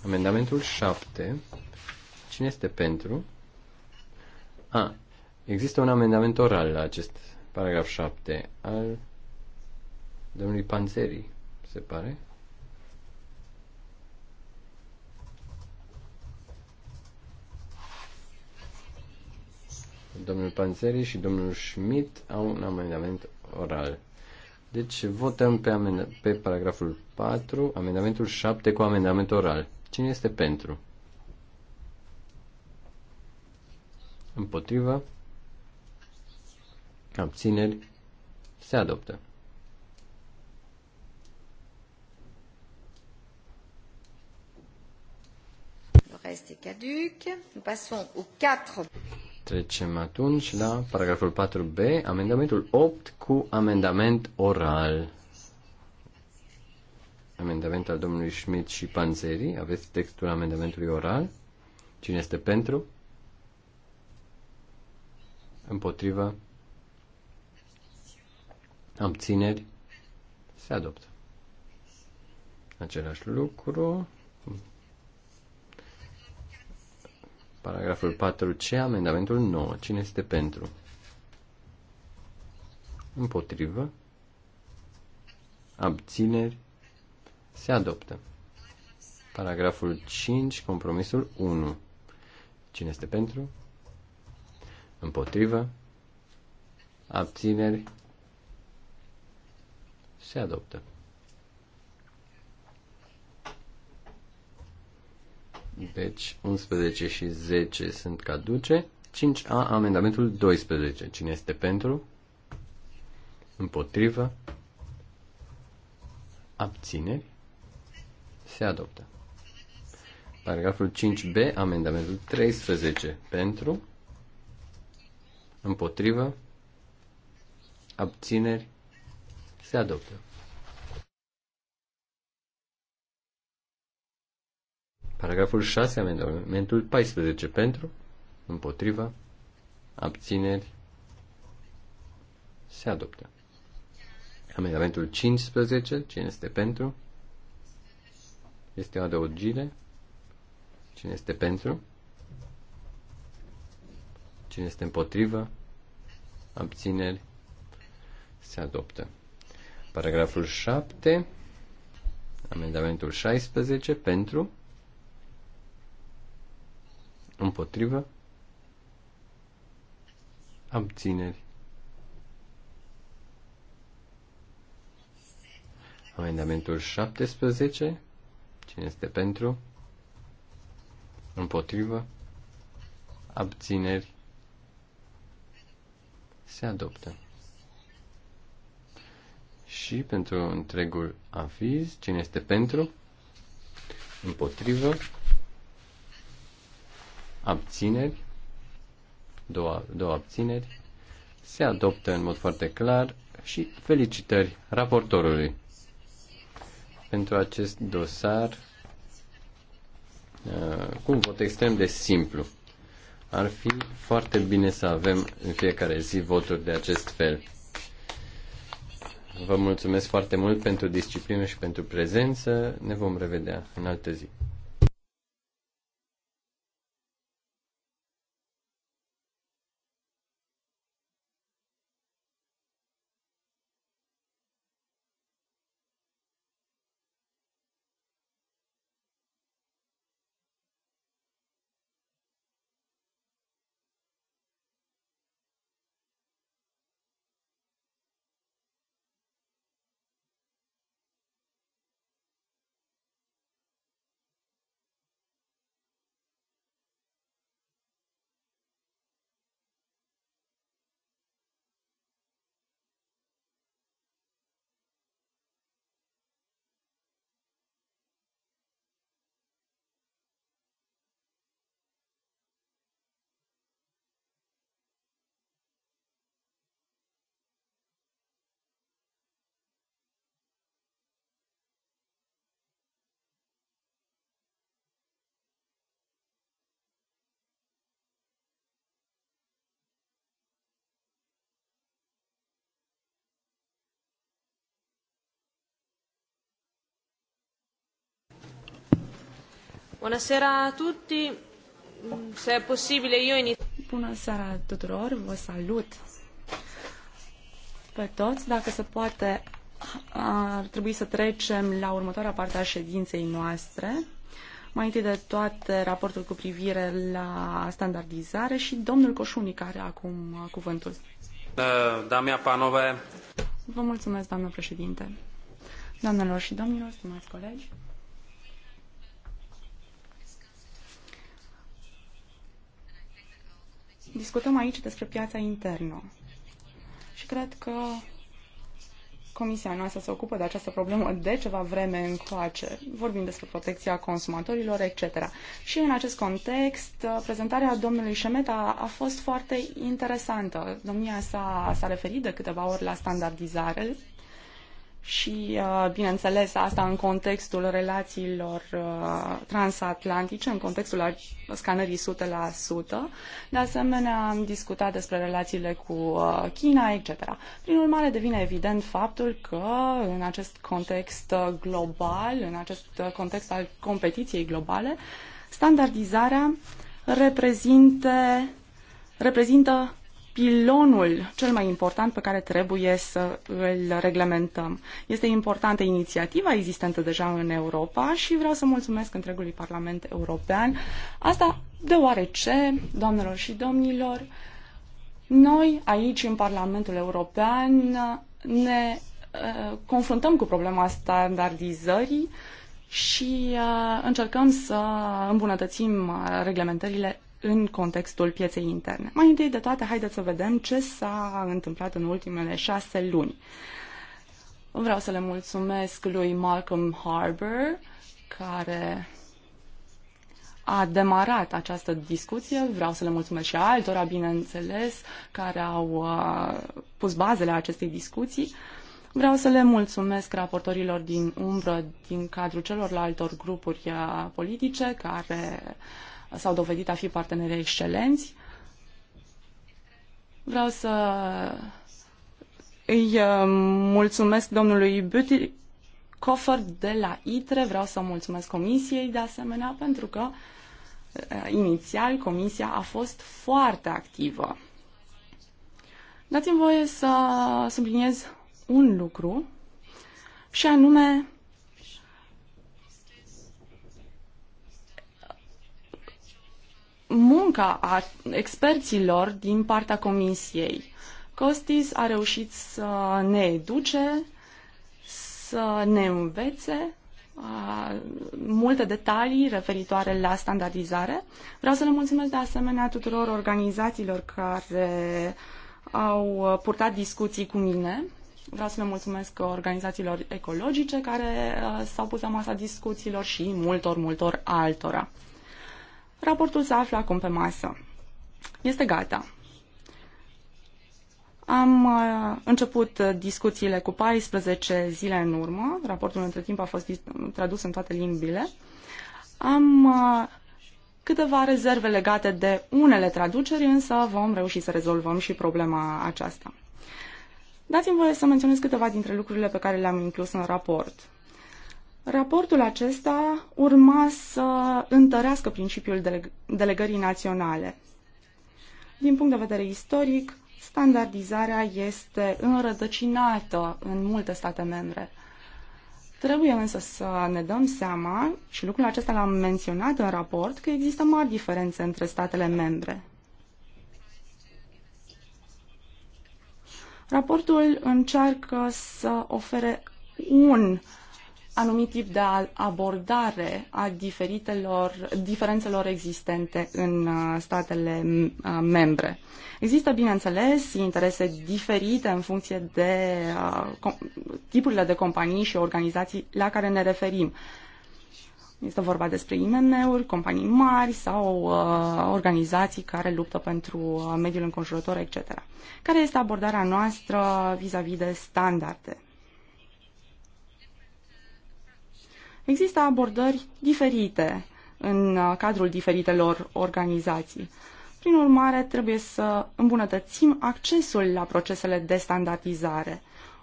Amendamentul 7. Cine este pentru? A. Există un amendament oral la acest paragraf 7 al domnului Panzeri, se pare. Domnul Panzeri și domnul Schmidt au un amendament oral. Deci votăm pe, amend- pe paragraful 4, amendamentul 7 cu amendament oral. Cine este pentru? Împotrivă? Abțineri? Se adoptă. Le reste caduc. Nous passons au 4. Trecem atunci la paragraful 4b, amendamentul 8 cu amendament oral. Amendament al domnului Schmidt și Panzeri. Aveți textul amendamentului oral? Cine este pentru? Împotriva? Abțineri? Se adoptă. Același lucru. Paragraful 4C, amendamentul 9. Cine este pentru? Împotrivă. Abțineri. Se adoptă. Paragraful 5, compromisul 1. Cine este pentru? Împotrivă. Abțineri. Se adoptă. Deci 11 și 10 sunt caduce. 5A, amendamentul 12. Cine este pentru? Împotrivă? Abțineri? Se adoptă. Paragraful 5B, amendamentul 13. Pentru? Împotrivă? Abțineri? Se adoptă. Paragraful 6, amendamentul 14 pentru, împotriva, abțineri, se adoptă. Amendamentul 15, cine este pentru? Este o adăugire. Cine este pentru? Cine este împotrivă? Abțineri, se adoptă. Paragraful 7, amendamentul 16, pentru? Împotrivă. Abțineri. Amendamentul 17. Cine este pentru? Împotrivă. Abțineri. Se adoptă. Și pentru întregul aviz, cine este pentru? Împotrivă abțineri, două, două abțineri, se adoptă în mod foarte clar și felicitări raportorului pentru acest dosar uh, cu un vot extrem de simplu. Ar fi foarte bine să avem în fiecare zi voturi de acest fel. Vă mulțumesc foarte mult pentru disciplină și pentru prezență. Ne vom revedea în altă zi. Buonasera a tutti. Se inizio. Bună seara tuturor, vă salut pe toți. Dacă se poate, ar trebui să trecem la următoarea parte a ședinței noastre. Mai întâi de toate, raportul cu privire la standardizare și domnul Coșunic are acum cuvântul. Da, Damia Panove. Vă mulțumesc, doamnă președinte. Doamnelor și domnilor, stimați colegi. Discutăm aici despre piața internă și cred că Comisia noastră se ocupă de această problemă de ceva vreme încoace. Vorbim despre protecția consumatorilor, etc. Și în acest context, prezentarea domnului Șemeta a fost foarte interesantă. Domnia s-a, referit de câteva ori la standardizare, și, uh, bineînțeles, asta în contextul relațiilor uh, transatlantice, în contextul scanării 100%. De asemenea, am discutat despre relațiile cu uh, China, etc. Prin urmare, devine evident faptul că în acest context global, în acest context al competiției globale, standardizarea reprezintă pilonul cel mai important pe care trebuie să îl reglementăm. Este importantă inițiativa existentă deja în Europa și vreau să mulțumesc întregului Parlament European. Asta deoarece, doamnelor și domnilor, noi aici în Parlamentul European ne uh, confruntăm cu problema standardizării și uh, încercăm să îmbunătățim uh, reglementările în contextul pieței interne. Mai întâi de toate, haideți să vedem ce s-a întâmplat în ultimele șase luni. Vreau să le mulțumesc lui Malcolm Harbour, care a demarat această discuție. Vreau să le mulțumesc și altora, bineînțeles, care au uh, pus bazele acestei discuții. Vreau să le mulțumesc raportorilor din umbră, din cadrul celorlaltor grupuri uh, politice care s-au dovedit a fi parteneri excelenți. Vreau să îi uh, mulțumesc domnului Buti Cofer de la ITRE, vreau să mulțumesc comisiei de asemenea, pentru că uh, inițial comisia a fost foarte activă. Dați-mi voie să subliniez un lucru și anume munca a experților din partea comisiei. Costis a reușit să ne educe, să ne învețe a, multe detalii referitoare la standardizare. Vreau să le mulțumesc de asemenea tuturor organizațiilor care au purtat discuții cu mine. Vreau să le mulțumesc organizațiilor ecologice care s-au pus la masa discuțiilor și multor, multor altora. Raportul se află acum pe masă. Este gata. Am uh, început discuțiile cu 14 zile în urmă. Raportul între timp a fost tradus în toate limbile. Am uh, câteva rezerve legate de unele traduceri, însă vom reuși să rezolvăm și problema aceasta. Dați-mi voie să menționez câteva dintre lucrurile pe care le-am inclus în raport. Raportul acesta urma să întărească principiul deleg delegării naționale. Din punct de vedere istoric, standardizarea este înrădăcinată în multe state membre. Trebuie însă să ne dăm seama, și lucrul acesta l-am menționat în raport, că există mari diferențe între statele membre. Raportul încearcă să ofere un uh, anumit tip de abordare a diferitelor, diferențelor existente în uh, statele uh, membre. Există, bineînțeles, interese diferite în funcție de uh, tipurile de companii și organizații la care ne referim. Este vorba despre IMM-uri, companii mari sau uh, organizații care luptă pentru mediul înconjurător, etc. Care este abordarea noastră vis-a-vis -vis de standarde? Există abordări diferite în uh, cadrul diferitelor organizații. Prin urmare, trebuie să îmbunătățim accesul la procesele de standardizare.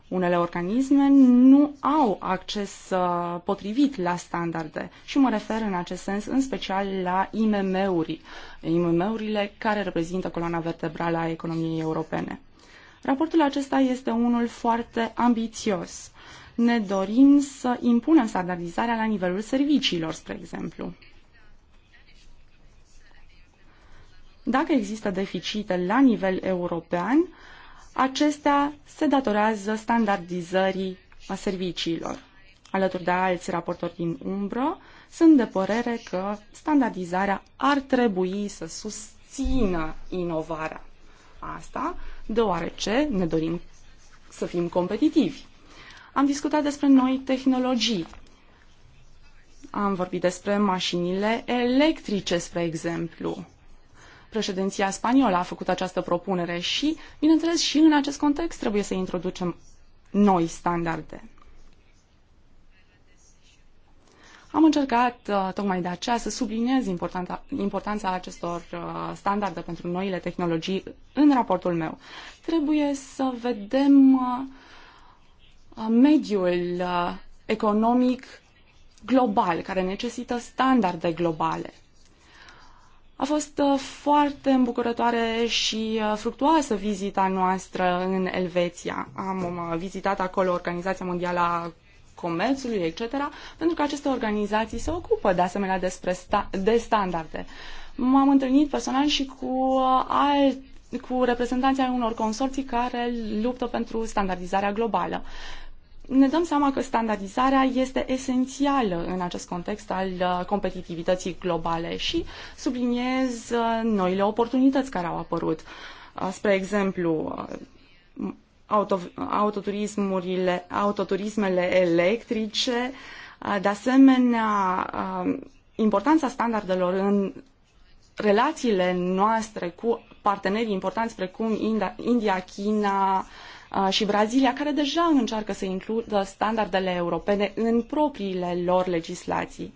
Unele organisme nu au acces uh, potrivit la standarde și mă refer în acest sens în special la IMM-uri, IMM-urile care reprezintă coloana vertebrală a economiei europene. Raportul acesta este unul foarte ambițios ne dorim să impunem standardizarea la nivelul serviciilor, spre exemplu. Dacă există deficite la nivel european, acestea se datorează standardizării a serviciilor. Alături de alți raportori din umbră, sunt de părere că standardizarea ar trebui să susțină inovarea. Asta deoarece ne dorim să fim competitivi. Am discutat despre noi tehnologii. Am vorbit despre mașinile electrice, spre exemplu. Președinția spaniolă a făcut această propunere și, bineînțeles, și în acest context trebuie să introducem noi standarde. Am încercat uh, tocmai de aceea să subliniez importanța acestor uh, standarde pentru noile tehnologii în raportul meu. Trebuie să vedem uh, Uh, mediul uh, economic global, care necesită standarde globale. A fost uh, foarte îmbucurătoare și fructuoasă vizita noastră în Elveția. Am vizitat acolo Organizația Mondială a Comerțului, etc., pentru că aceste organizații se ocupă de asemenea despre sta- de standarde. M-am întâlnit personal și cu alt cu reprezentanții unor consorții care luptă pentru standardizarea globală ne dăm seama că standardizarea este esențială în acest context al uh, competitivității globale și subliniez uh, noile oportunități care au apărut. Uh, spre exemplu, auto, autoturismurile, autoturismele electrice, de asemenea, importanța standardelor în relațiile noastre cu partenerii importanți precum India, China, și Brazilia, care deja încearcă să includă standardele europene în propriile lor legislații.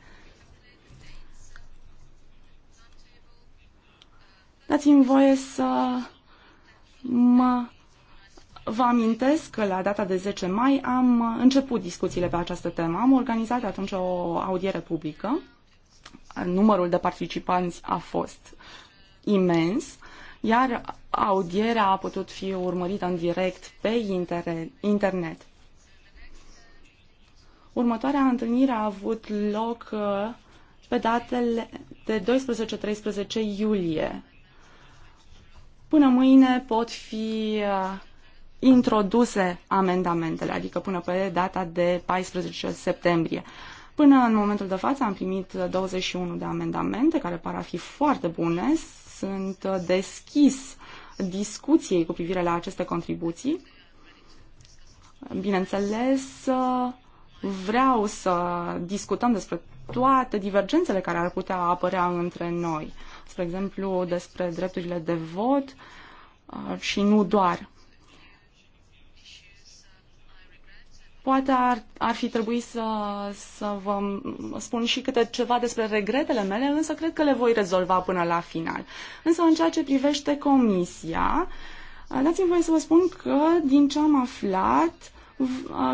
Dați-mi voie să mă Vă amintesc că la data de 10 mai am început discuțiile pe această temă. Am organizat atunci o audiere publică. Numărul de participanți a fost imens iar audierea a putut fi urmărită în direct pe internet. Următoarea întâlnire a avut loc uh, pe datele de 12-13 iulie. Până mâine pot fi uh, introduse amendamentele, adică până pe data de 14 septembrie. Până în momentul de față am primit 21 de amendamente care par a fi foarte bune sunt deschis discuției cu privire la aceste contribuții. Bineînțeles, vreau să discutăm despre toate divergențele care ar putea apărea între noi, spre exemplu despre drepturile de vot uh, și nu doar. Poate ar, ar fi trebuit să, să vă spun și câte ceva despre regretele mele, însă cred că le voi rezolva până la final. Însă în ceea ce privește comisia, dați-mi voie să vă spun că din ce am aflat,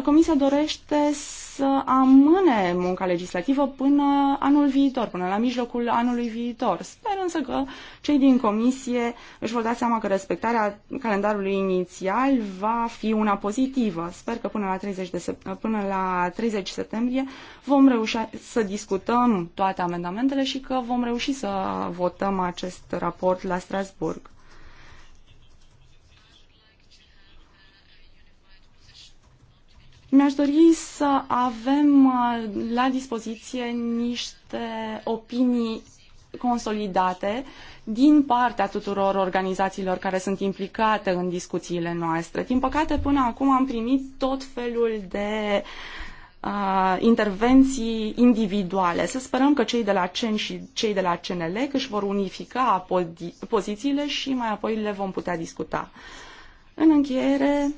Comisia dorește să amâne munca legislativă până anul viitor, până la mijlocul anului viitor. Sper însă că cei din Comisie își vor da seama că respectarea calendarului inițial va fi una pozitivă. Sper că până la 30, de sept- până la 30 septembrie vom reuși să discutăm toate amendamentele și că vom reuși să votăm acest raport la Strasburg. Mi-aș dori să avem uh, la dispoziție niște opinii consolidate din partea tuturor organizațiilor care sunt implicate în discuțiile noastre. Din păcate, până acum am primit tot felul de uh, intervenții individuale. Să sperăm că cei de la CEN și cei de la CNL își vor unifica pozițiile și mai apoi le vom putea discuta. În încheiere,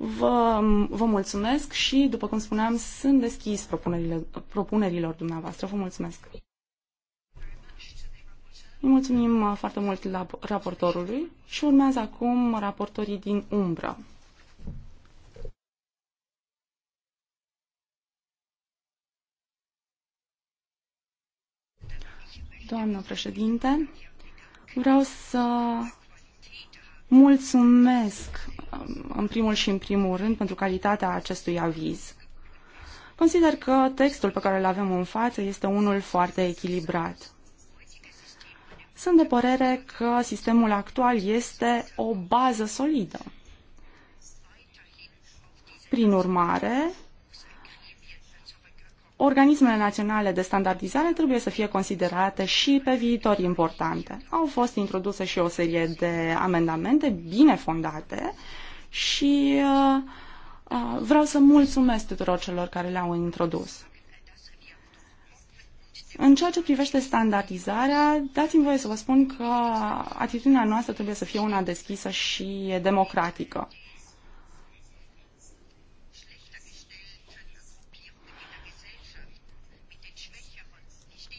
Vă, vă mulțumesc și, după cum spuneam, sunt deschis propunerile, propunerilor dumneavoastră. Vă mulțumesc. Îi mulțumim uh, foarte mult la raportorului și urmează acum raportorii din umbră. Doamnă președinte, vreau să mulțumesc în primul și în primul rând pentru calitatea acestui aviz. Consider că textul pe care îl avem în față este unul foarte echilibrat. Sunt de părere că sistemul actual este o bază solidă. Prin urmare, organismele naționale de standardizare trebuie să fie considerate și pe viitor importante. Au fost introduse și o serie de amendamente bine fondate și uh, uh, vreau să mulțumesc tuturor celor care le-au introdus. În ceea ce privește standardizarea, dați-mi voie să vă spun că atitudinea noastră trebuie să fie una deschisă și democratică.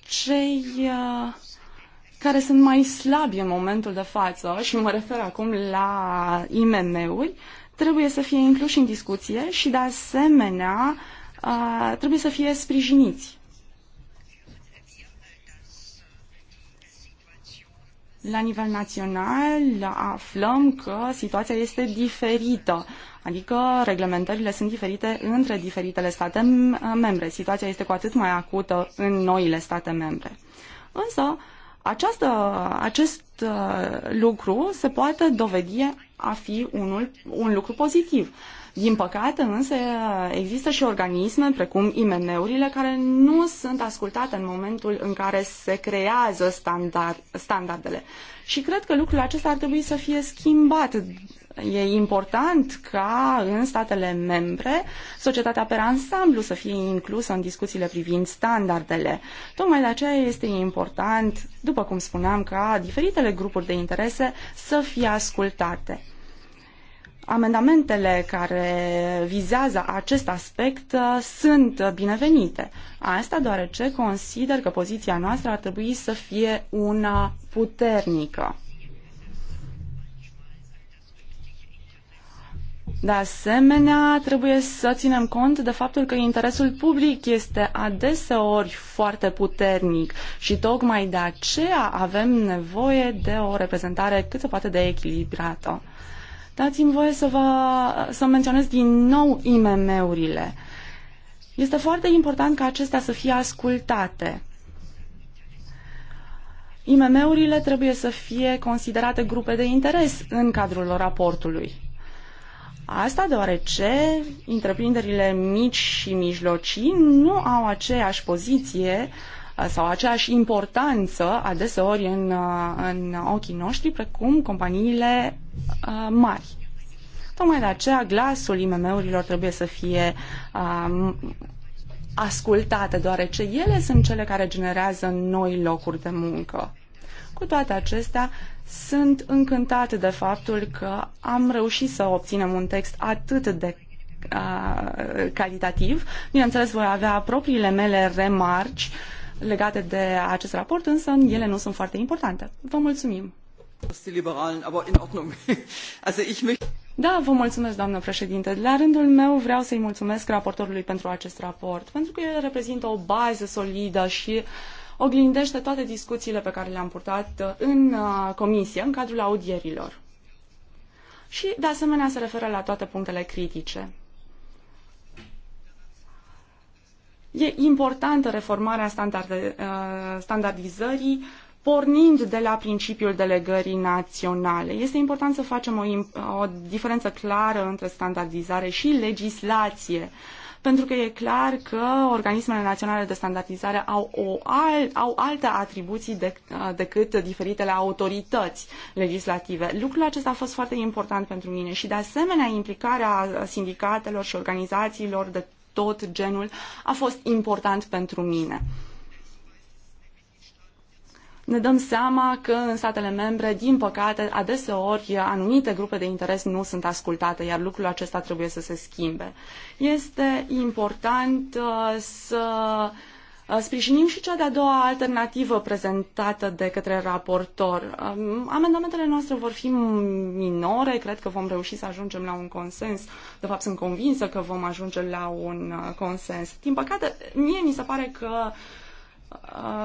cei uh, care sunt mai slabi în momentul de față, și mă refer acum la IMM-uri, trebuie să fie incluși în discuție și, de asemenea, uh, trebuie să fie sprijiniți. La nivel național aflăm că situația este diferită, adică reglementările sunt diferite între diferitele state membre. Situația este cu atât mai acută în noile state membre. Însă, această, acest uh, lucru se poate dovedi a fi unul, un lucru pozitiv. Din păcate, însă, există și organisme, precum IMM-urile, care nu sunt ascultate în momentul în care se creează standard, standardele. Și cred că lucrul acesta ar trebui să fie schimbat. E important ca în statele membre societatea pe ansamblu să fie inclusă în discuțiile privind standardele. Tocmai de aceea este important, după cum spuneam, ca diferitele grupuri de interese să fie ascultate. Amendamentele care vizează acest aspect uh, sunt binevenite. Asta deoarece consider că poziția noastră ar trebui să fie una puternică. De asemenea, trebuie să ținem cont de faptul că interesul public este adeseori foarte puternic și tocmai de aceea avem nevoie de o reprezentare cât se poate de echilibrată. Dați-mi voie să, vă, să menționez din nou IMM-urile. Este foarte important ca acestea să fie ascultate. IMM-urile trebuie să fie considerate grupe de interes în cadrul raportului. Asta deoarece întreprinderile mici și mijlocii nu au aceeași poziție uh, sau aceeași importanță adeseori în, uh, în ochii noștri precum companiile Uh, mari. Tocmai de aceea glasul IMM-urilor trebuie să fie um, ascultat, deoarece ele sunt cele care generează noi locuri de muncă. Cu toate acestea, sunt încântat de faptul că am reușit să obținem un text atât de uh, calitativ. Bineînțeles, voi avea propriile mele remarci legate de acest raport, însă ele nu sunt foarte importante. Vă mulțumim! Da, vă mulțumesc, doamnă președinte. La rândul meu vreau să-i mulțumesc raportorului pentru acest raport, pentru că el reprezintă o bază solidă și oglindește toate discuțiile pe care le-am purtat uh, în uh, comisie, în cadrul audierilor. Și, de asemenea, se referă la toate punctele critice. E importantă reformarea standarde, uh, standardizării pornind de la principiul delegării naționale. Este important să facem o, o diferență clară între standardizare și legislație pentru că e clar că organismele naționale de standardizare au, o al, au alte atribuții de, decât diferitele autorități legislative. Lucrul acesta a fost foarte important pentru mine și, de asemenea, implicarea sindicatelor și organizațiilor de tot genul a fost important pentru mine ne dăm seama că în statele membre, din păcate, adeseori anumite grupe de interes nu sunt ascultate, iar lucrul acesta trebuie să se schimbe. Este important uh, să uh, Sprijinim și cea de-a doua alternativă prezentată de către raportor. Um, amendamentele noastre vor fi minore, cred că vom reuși să ajungem la un consens. De fapt, sunt convinsă că vom ajunge la un uh, consens. Din păcate, mie mi se pare că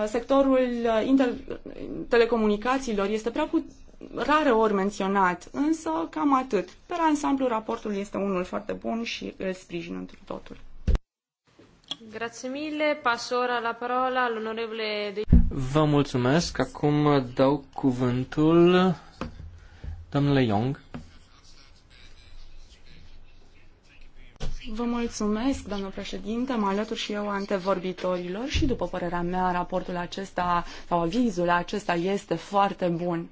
sectorul inter- telecomunicațiilor este prea put- rare ori menționat, însă cam atât. Per ansamblu, raportul este unul foarte bun și îl sprijin într totul. Grazie mille, la parola all'onorevole De... Vă mulțumesc. Acum dau cuvântul domnule Young. Vă mulțumesc, doamnă președinte, mă alătur și eu antevorbitorilor și, după părerea mea, raportul acesta sau avizul acesta este foarte bun.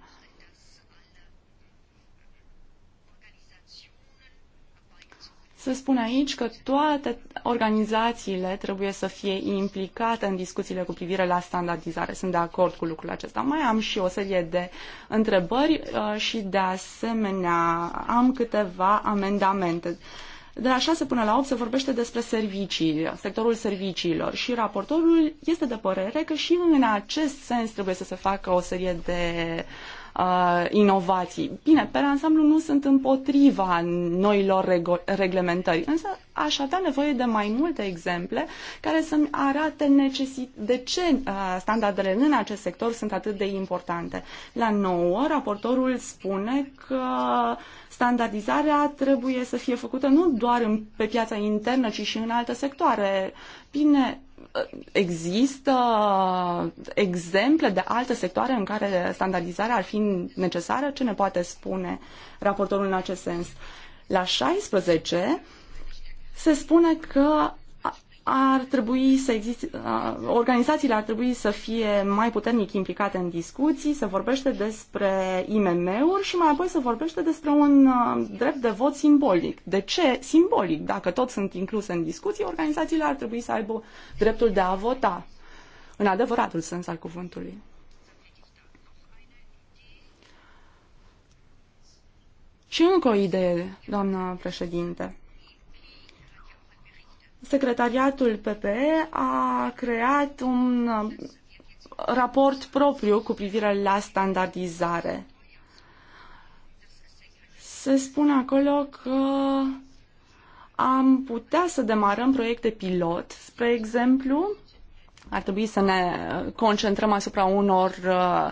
Se spune aici că toate organizațiile trebuie să fie implicate în discuțiile cu privire la standardizare. Sunt de acord cu lucrul acesta. Mai am și o serie de întrebări uh, și, de asemenea, am câteva amendamente. De la 6 până la 8 se vorbește despre servicii, sectorul serviciilor și raportorul este de părere că și în acest sens trebuie să se facă o serie de uh, inovații. Bine, pe ansamblu nu sunt împotriva noilor reglementări, însă aș avea nevoie de mai multe exemple care să-mi arate necesi- de ce uh, standardele în acest sector sunt atât de importante. La nouă, raportorul spune că uh, standardizarea trebuie să fie făcută nu doar în, pe piața internă, ci și în alte sectoare. Bine, există exemple de alte sectoare în care standardizarea ar fi necesară? Ce ne poate spune raportorul în acest sens? La 16 se spune că ar trebui să existe, organizațiile ar trebui să fie mai puternic implicate în discuții, să vorbește despre IMM-uri și mai apoi să vorbește despre un drept de vot simbolic. De ce simbolic? Dacă toți sunt incluse în discuții, organizațiile ar trebui să aibă dreptul de a vota, în adevăratul sens al cuvântului. Și încă o idee, doamnă președinte. Secretariatul PPE a creat un um, raport propriu cu privire la standardizare. Se spune acolo că am putea să demarăm proiecte pilot, spre exemplu, ar trebui să ne concentrăm asupra unor uh,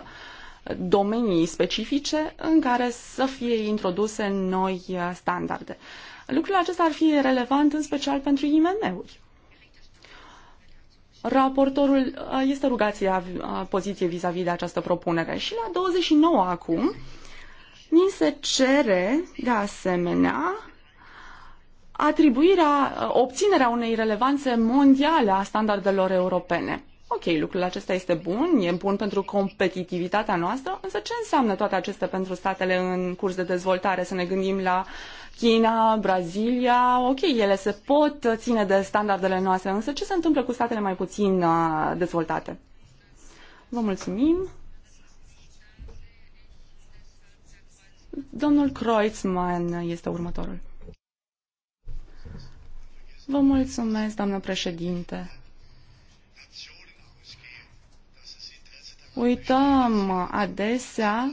domenii specifice în care să fie introduse noi uh, standarde. Lucrul acesta ar fi relevant în special pentru IMM-uri. Raportorul este rugat să ia poziție vis-a-vis -vis de această propunere și la 29 acum ni se cere de asemenea atribuirea, obținerea unei relevanțe mondiale a standardelor europene. Ok, lucrul acesta este bun, e bun pentru competitivitatea noastră, însă ce înseamnă toate acestea pentru statele în curs de dezvoltare? Să ne gândim la uh, China, Brazilia, ok, ele se pot ține de standardele noastre, însă ce se întâmplă cu statele mai puțin uh, dezvoltate? Vă mulțumim. Domnul Kreutzmann este următorul. Vă mulțumesc, doamnă președinte. Uităm adesea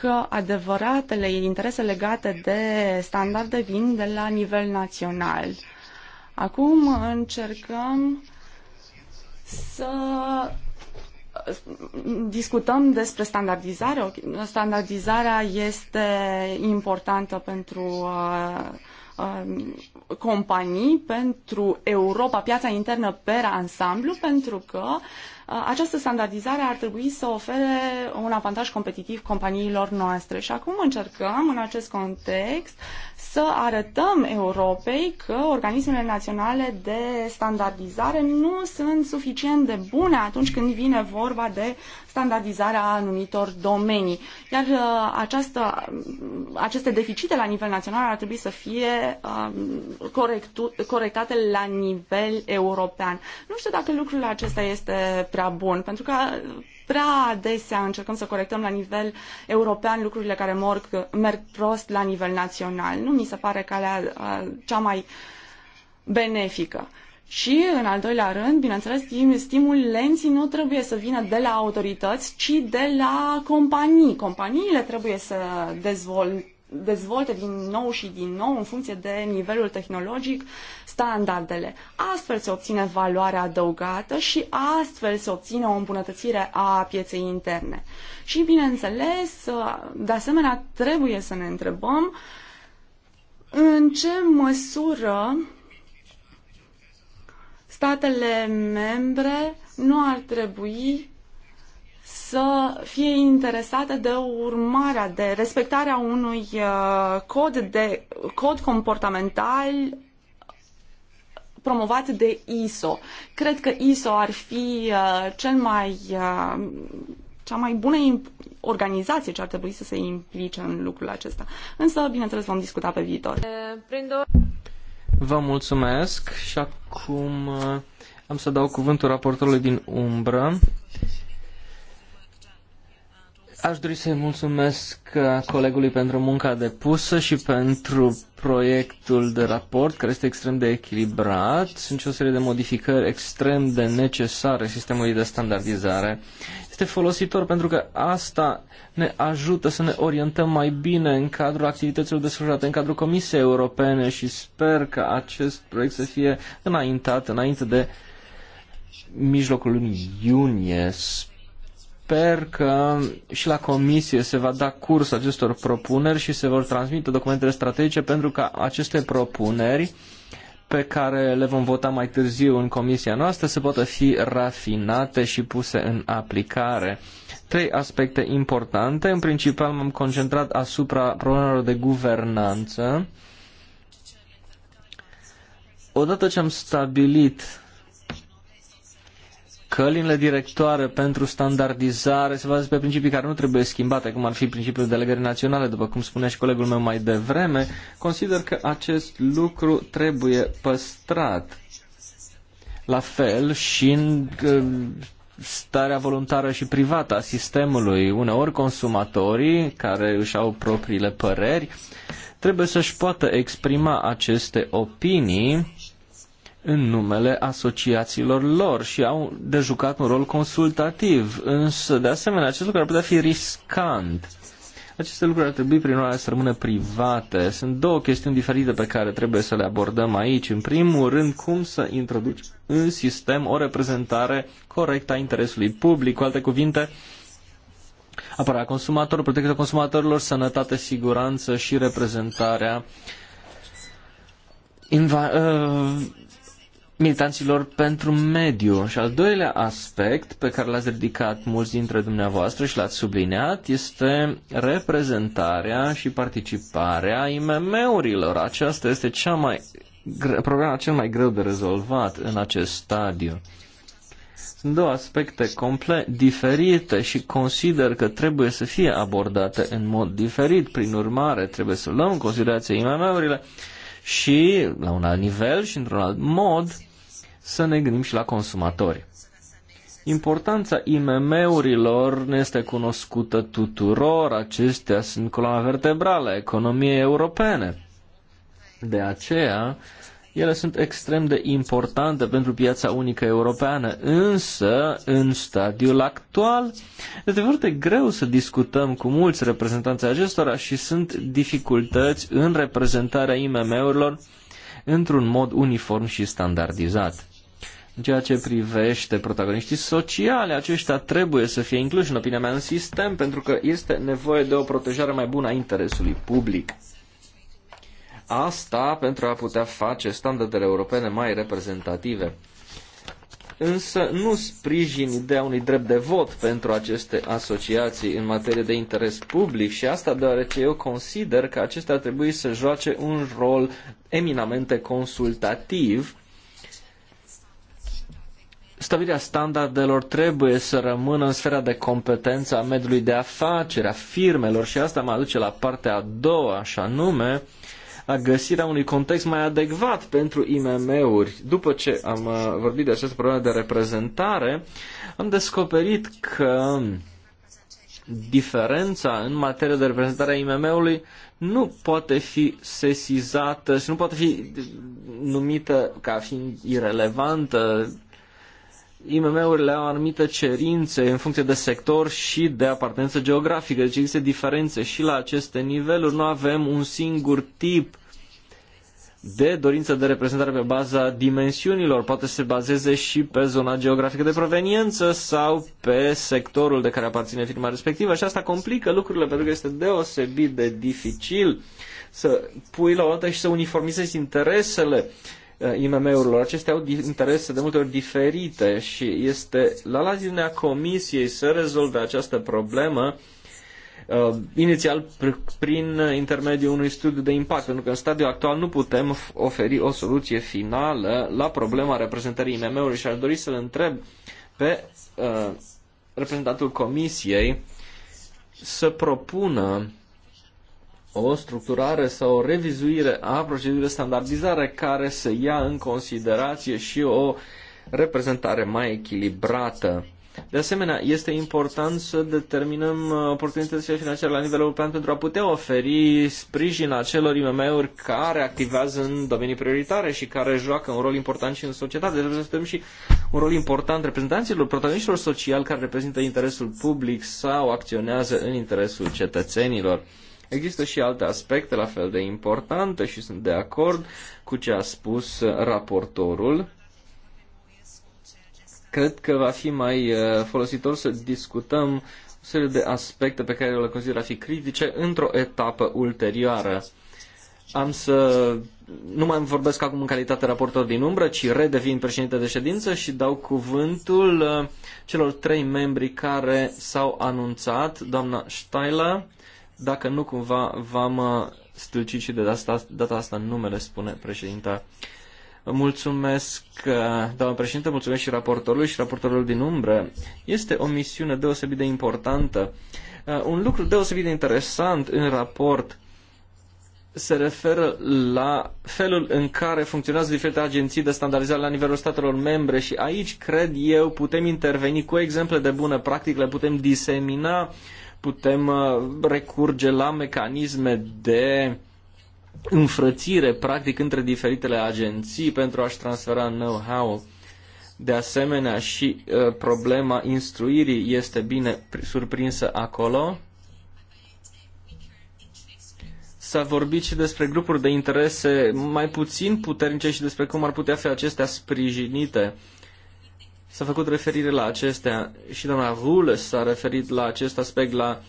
că adevăratele interese legate de standarde vin de la nivel național. Acum încercăm să discutăm despre standardizare. Standardizarea este importantă pentru uh, uh, companii, pentru Europa, piața internă per ansamblu, pentru că această standardizare ar trebui să ofere un avantaj competitiv companiilor noastre și acum încercăm în acest context să arătăm Europei că organismele naționale de standardizare nu sunt suficient de bune atunci când vine vorba de standardizarea anumitor domenii. Iar uh, această, mm, aceste deficite la nivel național ar trebui să fie um, corectu, corectate la nivel european. Nu știu dacă lucrul acesta este prea bun, pentru că prea adesea încercăm să corectăm la nivel european lucrurile care morg, merg prost la nivel național. Nu mi se pare calea cea mai benefică. Și, în al doilea rând, bineînțeles, stimulenții nu trebuie să vină de la autorități, ci de la companii. Companiile trebuie să dezvolte dezvolte din nou și din nou în funcție de nivelul tehnologic standardele. Astfel se obține valoarea adăugată și astfel se obține o îmbunătățire a pieței interne. Și bineînțeles, de asemenea, trebuie să ne întrebăm în ce măsură statele membre nu ar trebui să fie interesată de urmarea, de respectarea unui uh, cod, de, cod comportamental promovat de ISO. Cred că ISO ar fi uh, cel mai, uh, cea mai bună organizație ce ar trebui să se implice în lucrul acesta. Însă, bineînțeles, vom discuta pe viitor. Vă mulțumesc și acum am să dau cuvântul raportorului din umbră, Aș dori să-i mulțumesc uh, colegului pentru munca depusă și pentru proiectul de raport, care este extrem de echilibrat. Sunt și o serie de modificări extrem de necesare sistemului de standardizare. Este folositor pentru că asta ne ajută să ne orientăm mai bine în cadrul activităților desfășurate în cadrul Comisiei Europene și sper că acest proiect să fie înaintat înainte de mijlocul lunii iunie. Sper sper că și la comisie se va da curs acestor propuneri și se vor transmite documentele strategice pentru ca aceste propuneri pe care le vom vota mai târziu în comisia noastră să poată fi rafinate și puse în aplicare. Trei aspecte importante. În principal m-am concentrat asupra problemelor de guvernanță. Odată ce am stabilit Că călinile directoare pentru standardizare se bazează pe principii care nu trebuie schimbate, cum ar fi principiul delegării naționale, după cum spunea și colegul meu mai devreme, consider că acest lucru trebuie păstrat. La fel și în uh, starea voluntară și privată a sistemului. Uneori consumatorii care își au propriile păreri trebuie să-și poată exprima aceste opinii în numele asociațiilor lor și au de jucat un rol consultativ. Însă, de asemenea, acest lucru ar putea fi riscant. Aceste lucruri ar trebui, prin urmare, să rămână private. Sunt două chestiuni diferite pe care trebuie să le abordăm aici. În primul rând, cum să introduci în sistem o reprezentare corectă a interesului public. Cu alte cuvinte, apărarea consumatorilor, protecția consumatorilor, sănătate, siguranță și reprezentarea inva- uh, militanților pentru mediu. Și al doilea aspect pe care l-ați ridicat mulți dintre dumneavoastră și l-ați subliniat este reprezentarea și participarea IMM-urilor. Aceasta este cea mai problema cel mai greu de rezolvat în acest stadiu. Sunt două aspecte complet diferite și consider că trebuie să fie abordate în mod diferit. Prin urmare, trebuie să luăm în considerație IMM-urile și la un alt nivel și într-un alt mod să ne gândim și la consumatori. Importanța IMM-urilor ne este cunoscută tuturor, acestea sunt coloana vertebrală a economiei europene. De aceea, ele sunt extrem de importante pentru piața unică europeană, însă, în stadiul actual, este foarte greu să discutăm cu mulți reprezentanți acestora și sunt dificultăți în reprezentarea IMM-urilor într-un mod uniform și standardizat. În ceea ce privește protagoniștii sociale, aceștia trebuie să fie incluși, în opinia mea, în sistem, pentru că este nevoie de o protejare mai bună a interesului public. Asta pentru a putea face standardele europene mai reprezentative. Însă nu sprijin ideea unui drept de vot pentru aceste asociații în materie de interes public și asta deoarece eu consider că acestea ar trebui să joace un rol eminamente consultativ Stabilirea standardelor trebuie să rămână în sfera de competență a mediului de afaceri, a firmelor și asta mă aduce la partea a doua, așa nume, a găsirea unui context mai adecvat pentru IMM-uri. După ce am uh, vorbit de această problemă de reprezentare, am descoperit că diferența în materie de reprezentare a IMM-ului nu poate fi sesizată și nu poate fi numită ca fiind irelevantă IMM-urile au anumite cerințe în funcție de sector și de apartență geografică, deci există diferențe și la aceste niveluri. Nu avem un singur tip de dorință de reprezentare pe baza dimensiunilor. Poate se bazeze și pe zona geografică de proveniență sau pe sectorul de care aparține firma respectivă și asta complică lucrurile pentru că este deosebit de dificil să pui la o dată și să uniformizezi interesele Uh, IMM-urilor. Acestea au interese de multe ori diferite și este la latitudinea comisiei să rezolve această problemă uh, inițial prin intermediul unui studiu de impact, pentru că în stadiul actual nu putem oferi o soluție finală la problema reprezentării IMM-ului și aș dori să-l întreb pe uh, reprezentantul comisiei să propună o structurare sau o revizuire a procedurii de standardizare care să ia în considerație și o reprezentare mai echilibrată. De asemenea, este important să determinăm uh, oportunitățile financiare la nivel european pentru a putea oferi sprijin acelor IMM-uri care activează în domenii prioritare și care joacă un rol important și în societate. Deci reprezentăm și un rol important reprezentanților, protagoniștilor sociali care reprezintă interesul public sau acționează în interesul cetățenilor. Există și alte aspecte la fel de importante și sunt de acord cu ce a spus raportorul. Cred că va fi mai uh, folositor să discutăm o serie de aspecte pe care le consider a fi critice într-o etapă ulterioară. Am să nu mai vorbesc acum în calitate raportor din umbră, ci redevin președinte de ședință și dau cuvântul uh, celor trei membri care s-au anunțat, doamna Steiler, dacă nu cumva v-am uh, stâlcit și de data, data asta numele, spune președinta. Mulțumesc, uh, doamnă președinte, mulțumesc și raportorului și raportorul din umbră. Este o misiune deosebit de importantă. Uh, un lucru deosebit de interesant în raport se referă la felul în care funcționează diferite agenții de standardizare la nivelul statelor membre și aici, cred eu, putem interveni cu exemple de bună practică, le putem disemina putem uh, recurge la mecanisme de înfrățire, practic, între diferitele agenții pentru a-și transfera know-how. De asemenea, și uh, problema instruirii este bine surprinsă acolo. S-a vorbit și despre grupuri de interese mai puțin puternice și despre cum ar putea fi acestea sprijinite. Uh, S-a făcut referire la acestea și doamna Rule s-a referit la acest aspect, la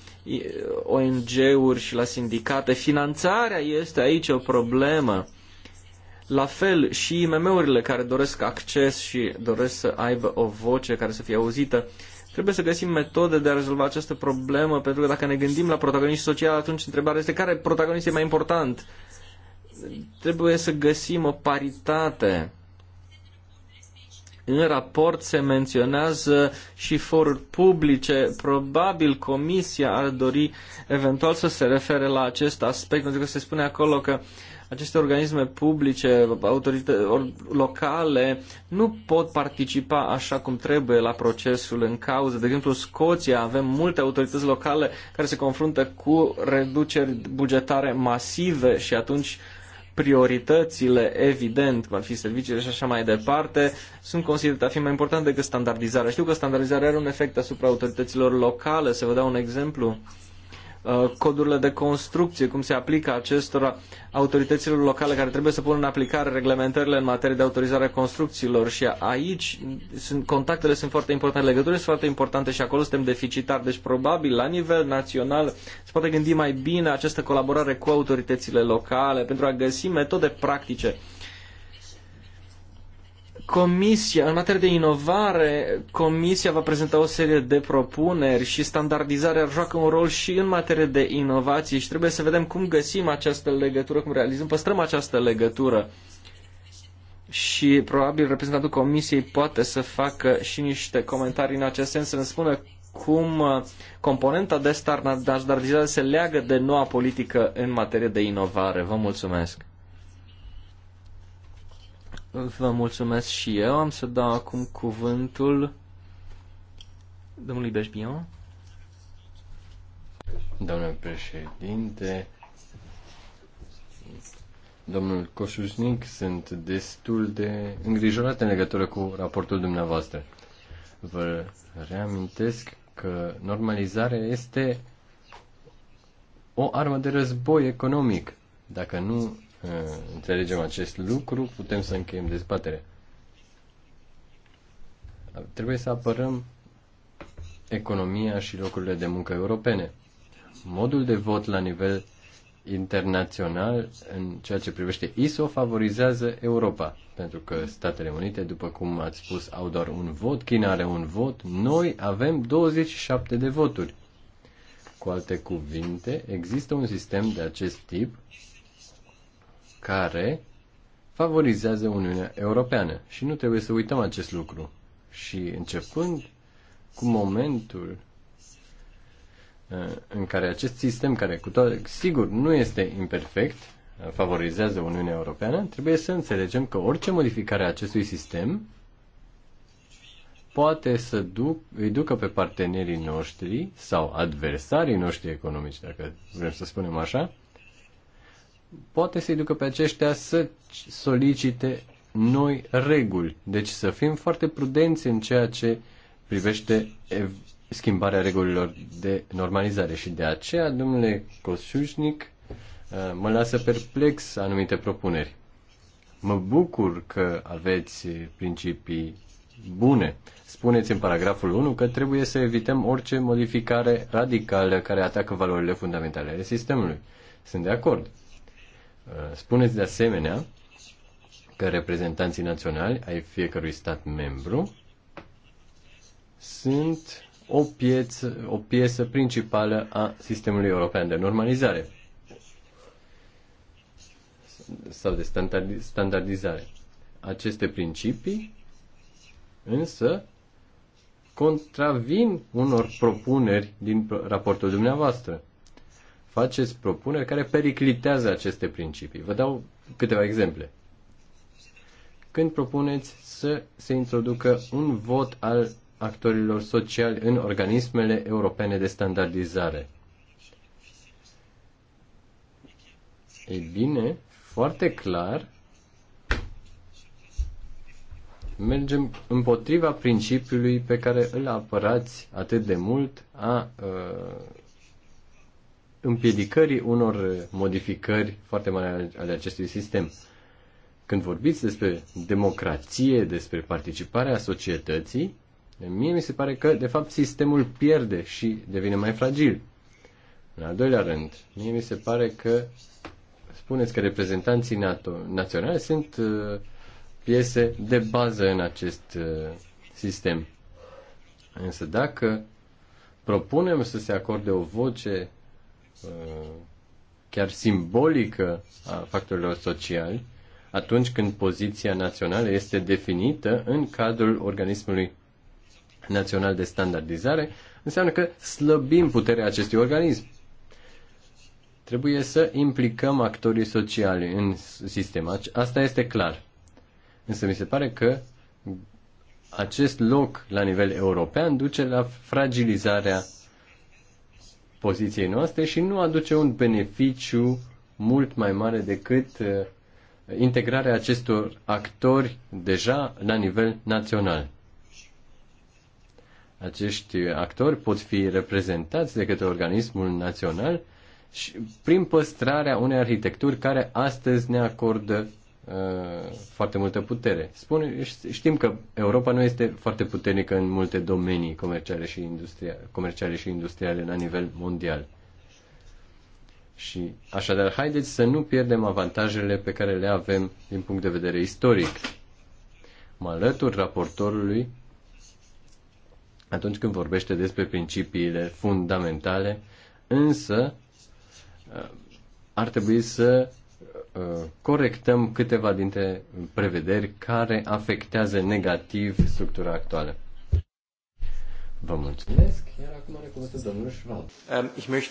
ONG-uri și la sindicate. Finanțarea este aici o problemă. La fel și IMM-urile care doresc acces și doresc să aibă o voce care să fie auzită. Trebuie să găsim metode de a rezolva această problemă, pentru că dacă ne gândim la protagoniști social, atunci întrebarea este care protagonist e mai important. Trebuie să găsim o paritate în raport se menționează și foruri publice. Probabil comisia ar dori eventual să se refere la acest aspect, pentru că se spune acolo că aceste organisme publice, autorități locale, nu pot participa așa cum trebuie la procesul în cauză. De exemplu, Scoția avem multe autorități locale care se confruntă cu reduceri bugetare masive și atunci uh, prioritățile, evident, cum ar fi serviciile și așa mai departe, sunt considerate a fi mai importante decât standardizarea. Știu că standardizarea are un efect asupra autorităților locale, să vă dau un exemplu. Uh, codurile de construcție, cum se aplică acestora autorităților locale care trebuie să pună în aplicare reglementările în materie de autorizare a construcțiilor și aici sunt, contactele sunt foarte importante, legăturile sunt foarte importante și acolo suntem deficitari, deci probabil la nivel național se poate gândi mai bine această colaborare cu autoritățile locale pentru a găsi metode practice uh, Comisia, în materie de inovare, Comisia va prezenta o serie de propuneri și standardizarea joacă un rol și în materie de inovații și trebuie să vedem cum găsim această legătură, cum realizăm, păstrăm această legătură. Și probabil reprezentantul Comisiei poate să facă și niște comentarii în acest sens, să ne spună cum uh, componenta de standardizare se leagă de noua politică în materie de inovare. Vă mulțumesc! Vă mulțumesc și eu. Am să dau acum cuvântul domnului Beșbion. domnul președinte, domnul Coșușnic, sunt destul de îngrijorat în legătură cu raportul dumneavoastră. Vă reamintesc că normalizarea este o armă de război economic. Dacă nu înțelegem acest lucru, putem să încheiem dezbaterea. Trebuie să apărăm economia și locurile de muncă europene. Modul de vot la nivel internațional în ceea ce privește ISO favorizează Europa, pentru că Statele Unite, după cum ați spus, au doar un vot, China are un vot, noi avem 27 de voturi. Cu alte cuvinte, există un sistem de acest tip care favorizează Uniunea Europeană. Și nu trebuie să uităm acest lucru. Și începând cu momentul uh, în care acest sistem, care cu toate, sigur nu este imperfect, uh, favorizează Uniunea Europeană, trebuie să înțelegem că orice modificare a acestui sistem poate să duc, îi ducă pe partenerii noștri sau adversarii noștri economici, dacă vrem să spunem așa, poate să-i ducă pe aceștia să solicite noi reguli. Deci să fim foarte prudenți în ceea ce privește schimbarea regulilor de normalizare. Și de aceea, domnule Cosușnic, uh, mă lasă perplex anumite propuneri. Mă bucur că aveți principii bune. Spuneți în paragraful 1 că trebuie să evităm orice modificare radicală care atacă valorile fundamentale ale sistemului. Sunt de acord. Uh, spuneți de asemenea că reprezentanții naționali ai fiecărui stat membru sunt o, pieță, o piesă principală a sistemului european de normalizare sau de standardizare. Aceste principii însă contravin unor propuneri din raportul dumneavoastră faceți propuneri care periclitează aceste principii. Vă dau câteva exemple. Când propuneți să se introducă un vot al actorilor sociali în organismele europene de standardizare. Ei bine, foarte clar, mergem împotriva principiului pe care îl apărați atât de mult a uh, împiedicării unor modificări foarte mari ale acestui sistem. Când vorbiți despre democrație, despre participarea societății, mie mi se pare că, de fapt, sistemul pierde și devine mai fragil. În al doilea rând, mie mi se pare că spuneți că reprezentanții NATO, naționale sunt uh, piese de bază în acest uh, sistem. Însă dacă propunem să se acorde o voce Uh, chiar simbolică a factorilor sociali atunci când poziția națională este definită în cadrul organismului național de standardizare, înseamnă că slăbim puterea acestui organism. Trebuie să implicăm actorii sociali în sistem. Asta este clar. Însă mi se pare că acest loc la nivel european duce la fragilizarea poziției noastre și nu aduce un beneficiu mult mai mare decât uh, integrarea acestor actori deja la nivel național. Acești actori pot fi reprezentați de către organismul național și prin păstrarea unei arhitecturi care astăzi ne acordă Uh, foarte multă putere. Spune, știm că Europa nu este foarte puternică în multe domenii comerciale și, industria, comerciale și industriale la nivel mondial. Și așadar, haideți să nu pierdem avantajele pe care le avem din punct de vedere istoric. Mă alătur raportorului atunci când vorbește despre principiile fundamentale, însă uh, ar trebui să corectăm câteva dintre prevederi care afectează negativ structura actuală. Vă mulțumesc. Iar acum are cuvântul domnul Schwab. Um,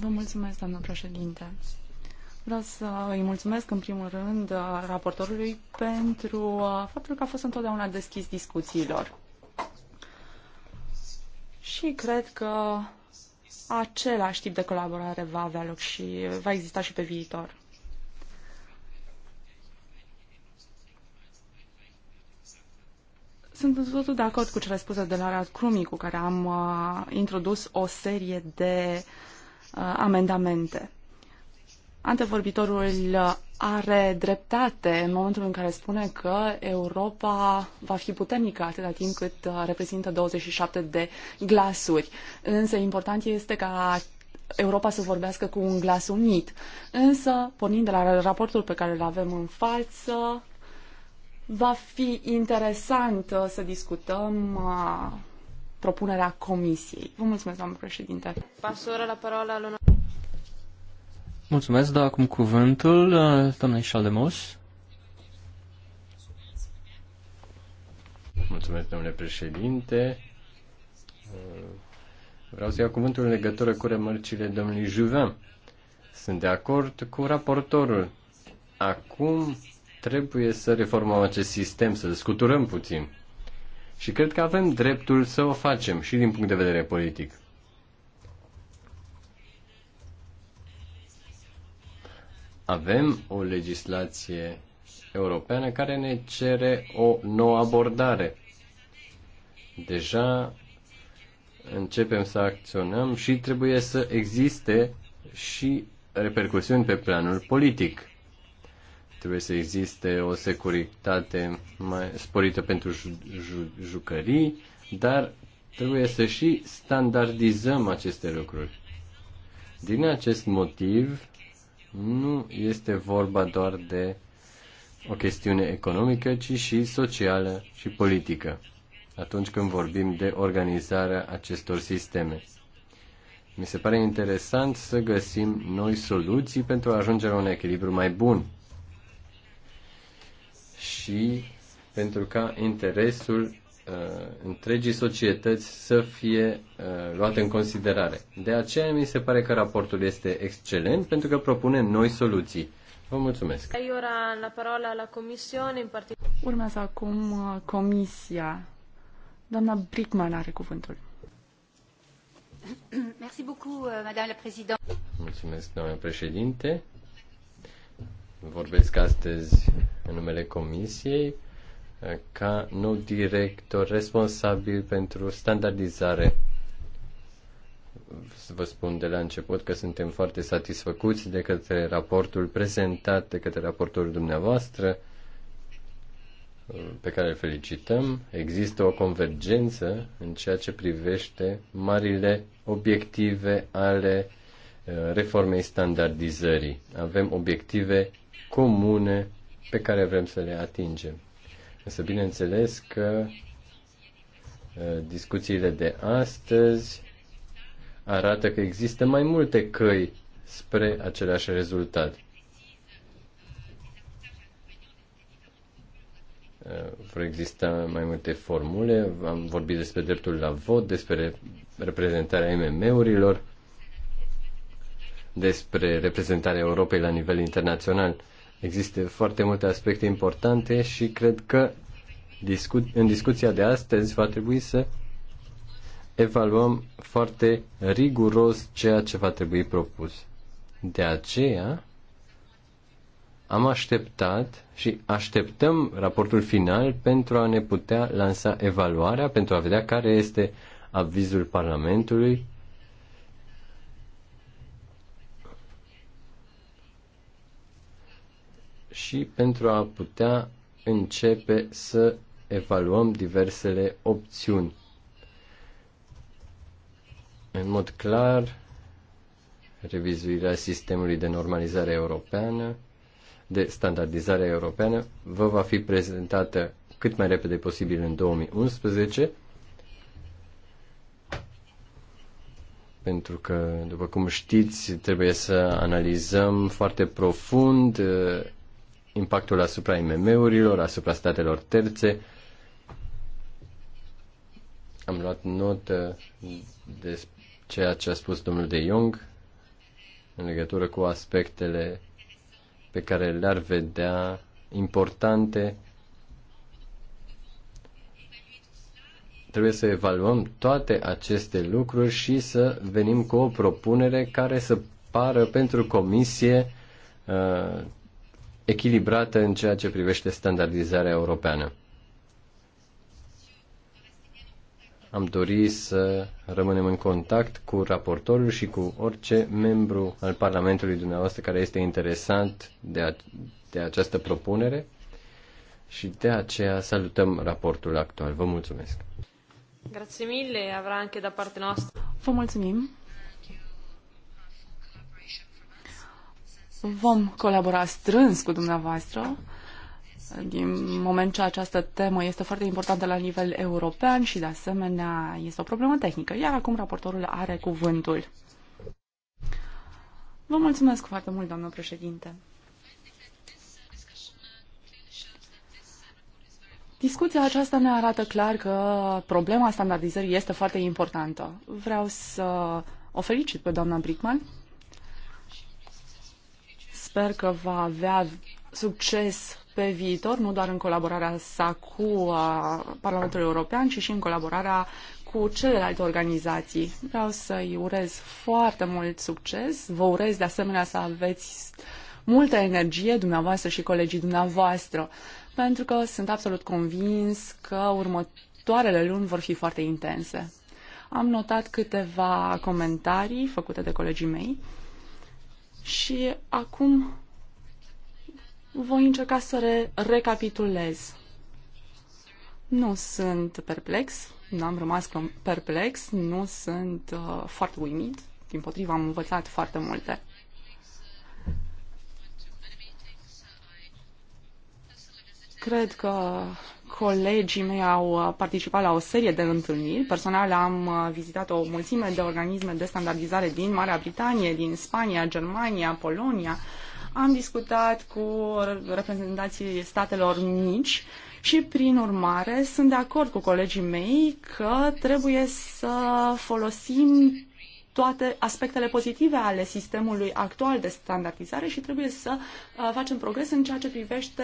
Vă mulțumesc, doamnă președinte. Vreau să îi mulțumesc în primul rând raportorului pentru uh, faptul că a fost întotdeauna deschis discuțiilor. Și cred că același tip de colaborare va avea loc și va exista și pe viitor. Sunt totul de acord cu cele spuse de Lara Crumi, cu care am uh, introdus o serie de uh, amendamente. Antevorbitorul uh, are dreptate în momentul în care spune că Europa va fi puternică atâta timp cât uh, reprezintă 27 de glasuri. Însă important este ca Europa să vorbească cu un glas unit. Însă, pornind de la raportul pe care îl avem în față, Va fi interesant uh, să discutăm uh, propunerea comisiei. Vă mulțumesc, doamnă președinte. Pasoră la parola lui... Mulțumesc, dau acum cuvântul uh, doamnei Șaldemos. Mulțumesc, domnule președinte. Vreau să iau cuvântul în legătură cu remărcile domnului Juvin. Sunt de acord cu raportorul. Acum Trebuie să reformăm acest sistem, să-l scuturăm puțin. Și cred că avem dreptul să o facem și din punct de vedere politic. Avem o legislație europeană care ne cere o nouă abordare. Deja începem să acționăm și trebuie să existe și repercusiuni pe planul politic. Trebuie să existe o securitate mai sporită pentru ju- jucării, dar trebuie să și standardizăm aceste lucruri. Din acest motiv, nu este vorba doar de o chestiune economică, ci și socială și politică, atunci când vorbim de organizarea acestor sisteme. Mi se pare interesant să găsim noi soluții pentru a ajunge la un echilibru mai bun și pentru ca interesul uh, întregii societăți să fie uh, luat în considerare. De aceea mi se pare că raportul este excelent pentru că propune noi soluții. Vă mulțumesc. ora la parola la comisiune, în partic... Urmează acum uh, comisia. Doamna Brickman are cuvântul. Euh, mulțumesc, doamna președinte vorbesc astăzi în numele Comisiei eh, ca nou director responsabil pentru standardizare. Vă spun de la început că suntem foarte satisfăcuți de către raportul prezentat, de către raportul dumneavoastră, pe care îl felicităm. Există o convergență în ceea ce privește marile obiective ale eh, reformei standardizării. Avem obiective comune pe care vrem să le atingem. Însă, bineînțeles că ă, discuțiile de astăzi arată că există mai multe căi spre același rezultat. Ă, vor exista mai multe formule, am vorbit despre dreptul la vot, despre reprezentarea MM-urilor, despre reprezentarea Europei la nivel internațional. Există foarte multe aspecte importante și cred că discu- în discuția de astăzi va trebui să evaluăm foarte riguros ceea ce va trebui propus. De aceea am așteptat și așteptăm raportul final pentru a ne putea lansa evaluarea, pentru a vedea care este avizul Parlamentului și pentru a putea începe să evaluăm diversele opțiuni. În mod clar, revizuirea sistemului de normalizare europeană, de standardizare europeană, vă va fi prezentată cât mai repede posibil în 2011, pentru că, după cum știți, trebuie să analizăm foarte profund impactul asupra IMM-urilor, asupra statelor terțe. Am luat notă de ceea ce a spus domnul de Jong în legătură cu aspectele pe care le-ar vedea importante. Trebuie să evaluăm toate aceste lucruri și să venim cu o propunere care să pară pentru comisie uh, echilibrată în ceea ce privește standardizarea europeană. Am dorit să rămânem în contact cu raportorul și cu orice membru al Parlamentului dumneavoastră care este interesant de, a, de această propunere și de aceea salutăm raportul actual. Vă mulțumesc! Grazie mille, avrà anche da parte nostra. Vă mulțumim! Vom colabora strâns cu dumneavoastră din moment ce această temă este foarte importantă la nivel european și de asemenea este o problemă tehnică. Iar acum raportorul are cuvântul. Vă mulțumesc foarte mult, doamnă președinte. Discuția aceasta ne arată clar că problema standardizării este foarte importantă. Vreau să o felicit pe doamna Brickman sper că va avea succes pe viitor, nu doar în colaborarea sa cu uh, Parlamentul European, ci și în colaborarea cu celelalte organizații. Vreau să-i urez foarte mult succes. Vă urez de asemenea să aveți multă energie dumneavoastră și colegii dumneavoastră, pentru că sunt absolut convins că următoarele luni vor fi foarte intense. Am notat câteva comentarii făcute de colegii mei. Și acum voi încerca să re- recapitulez. Nu sunt perplex, nu am rămas perplex, nu sunt uh, foarte uimit, din potriva am învățat foarte multe. Cred că colegii mei au uh, participat la o serie de întâlniri. Personal am uh, vizitat o mulțime de organisme de standardizare din Marea Britanie, din Spania, Germania, Polonia. Am discutat cu reprezentanții statelor mici și, prin urmare, sunt de acord cu colegii mei că trebuie să folosim toate aspectele pozitive ale sistemului actual de standardizare și trebuie să uh, facem progres în ceea ce privește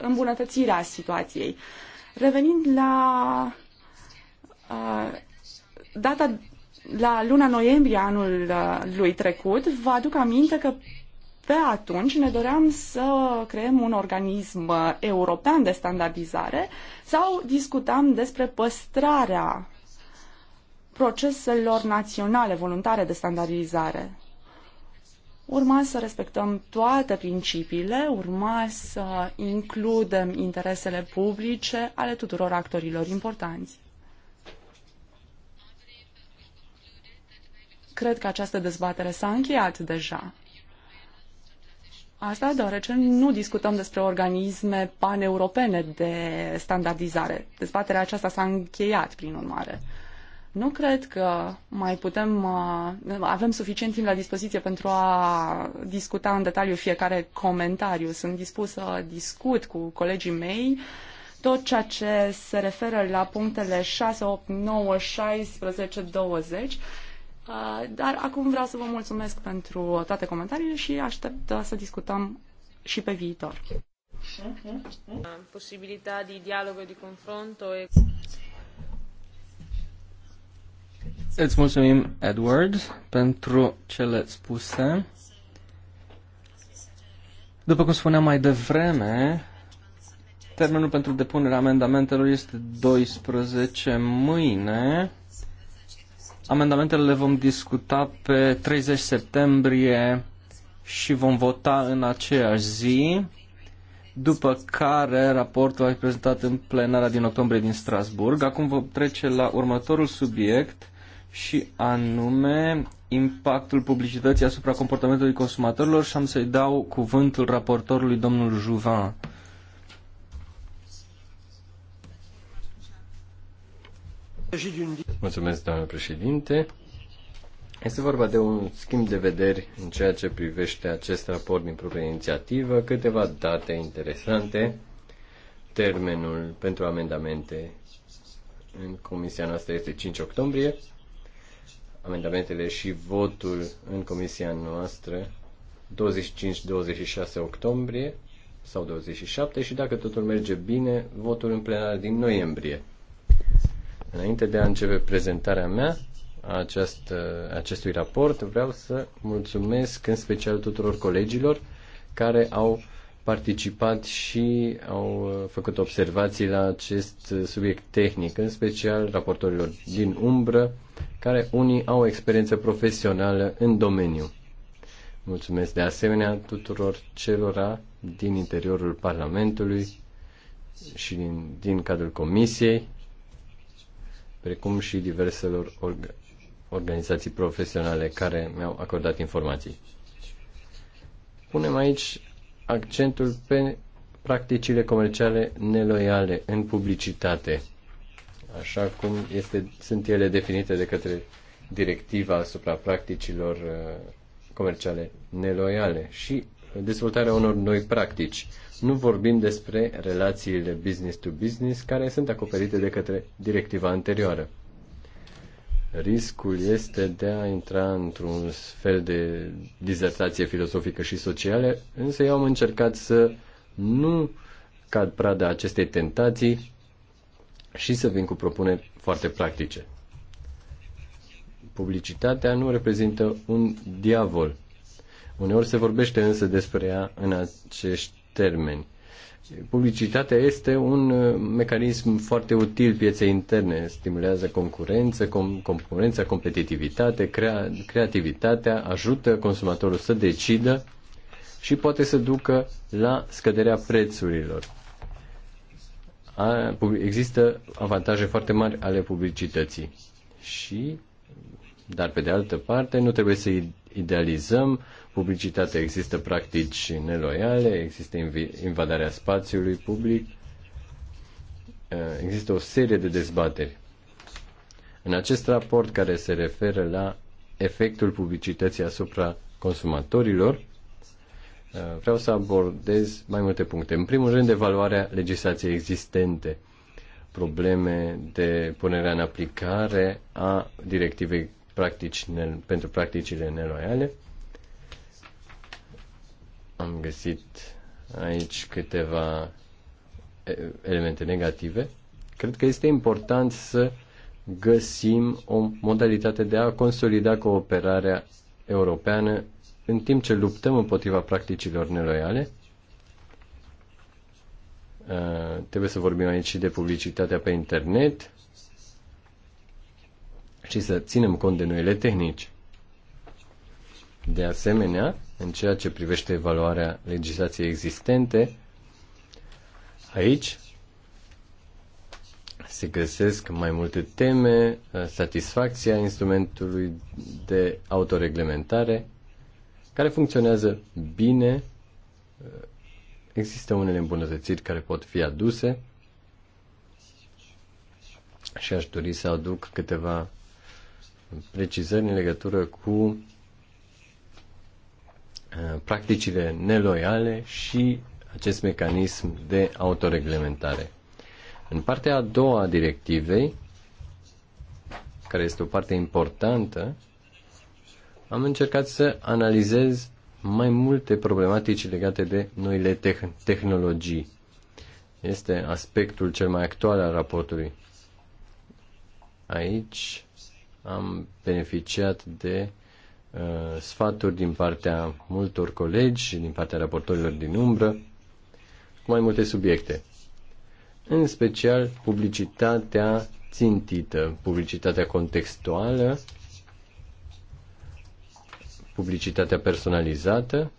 îmbunătățirea situației. Revenind la uh, data la luna noiembrie anul uh, lui trecut, vă aduc aminte că pe atunci ne doream să creăm un organism european de standardizare sau discutam despre păstrarea proceselor naționale voluntare de standardizare. Urma să respectăm toate principiile, urma să includem interesele publice ale tuturor actorilor importanți. Cred că această dezbatere s-a încheiat deja. Asta deoarece nu discutăm despre organisme paneuropene de standardizare. Dezbaterea aceasta s-a încheiat, prin urmare. Nu cred că mai putem, uh, avem suficient timp la dispoziție pentru a discuta în detaliu fiecare comentariu. Sunt dispus să discut cu colegii mei tot ceea ce se referă la punctele 6, 8, 9, 16, 20. Dar acum vreau să vă mulțumesc pentru toate comentariile și aștept uh, să discutăm și pe viitor. Posibilitatea de dialog, de confront. Îți mulțumim, Edward, pentru cele spuse. După cum spuneam mai devreme, termenul pentru depunerea amendamentelor este 12 mâine. Amendamentele le vom discuta pe 30 septembrie și vom vota în aceeași zi, după care raportul va fi prezentat în plenara din octombrie din Strasburg. Acum vom trece la următorul subiect, și anume impactul publicității asupra comportamentului consumatorilor și am să-i dau cuvântul raportorului domnul Juvan. Mulțumesc, doamnă președinte. Este vorba de un schimb de vederi în ceea ce privește acest raport din propria inițiativă, câteva date interesante, termenul pentru amendamente în comisia noastră este 5 octombrie, amendamentele și votul în comisia noastră 25-26 octombrie sau 27 și dacă totul merge bine, votul în plenar din noiembrie. Înainte de a începe prezentarea mea a acest, acestui raport, vreau să mulțumesc în special tuturor colegilor care au participat și au uh, făcut observații la acest uh, subiect tehnic, în special raportorilor din umbră, care unii au experiență profesională în domeniu. Mulțumesc de asemenea tuturor celora din interiorul Parlamentului și din, din cadrul Comisiei, precum și diverselor orga, organizații profesionale care mi-au acordat informații. Punem aici accentul pe practicile comerciale neloiale în publicitate, așa cum este, sunt ele definite de către directiva asupra practicilor uh, comerciale neloiale și dezvoltarea unor noi practici. Nu vorbim despre relațiile business to business care sunt acoperite de către directiva anterioară riscul este de a intra într-un fel de dizertație filosofică și socială, însă eu am încercat să nu cad prada acestei tentații și să vin cu propuneri foarte practice. Publicitatea nu reprezintă un diavol. Uneori se vorbește însă despre ea în acești termeni. Publicitatea este un uh, mecanism foarte util pieței interne, stimulează concurență, com- concurența, competitivitate, crea- creativitatea, ajută consumatorul să decidă și poate să ducă la scăderea prețurilor. A, există avantaje foarte mari ale publicității și, dar pe de altă parte, nu trebuie să idealizăm, publicitatea există practici neloiale, există invadarea spațiului public, eh, există o serie de dezbateri. În acest raport care se referă la efectul publicității asupra consumatorilor, eh, vreau să abordez mai multe puncte. În primul rând, evaluarea legislației existente, probleme de punere în aplicare a directivei practici, pentru practicile neloiale. Am găsit aici câteva elemente negative. Cred că este important să găsim o modalitate de a consolida cooperarea europeană în timp ce luptăm împotriva practicilor neloiale. Uh, trebuie să vorbim aici și de publicitatea pe internet, și să ținem cont de noile tehnici. De asemenea, în ceea ce privește evaluarea legislației existente, aici se găsesc mai multe teme, satisfacția instrumentului de autoreglementare, care funcționează bine, există unele îmbunătățiri care pot fi aduse și aș dori să aduc câteva precizări în legătură cu uh, practicile neloiale și acest mecanism de autoreglementare. În partea a doua a directivei, care este o parte importantă, am încercat să analizez mai multe problematici legate de noile tehn tehnologii. Este aspectul cel mai actual al raportului. Aici am beneficiat de uh, sfaturi din partea multor colegi și din partea raportorilor din umbră cu mai multe subiecte. În special publicitatea țintită, publicitatea contextuală, publicitatea personalizată,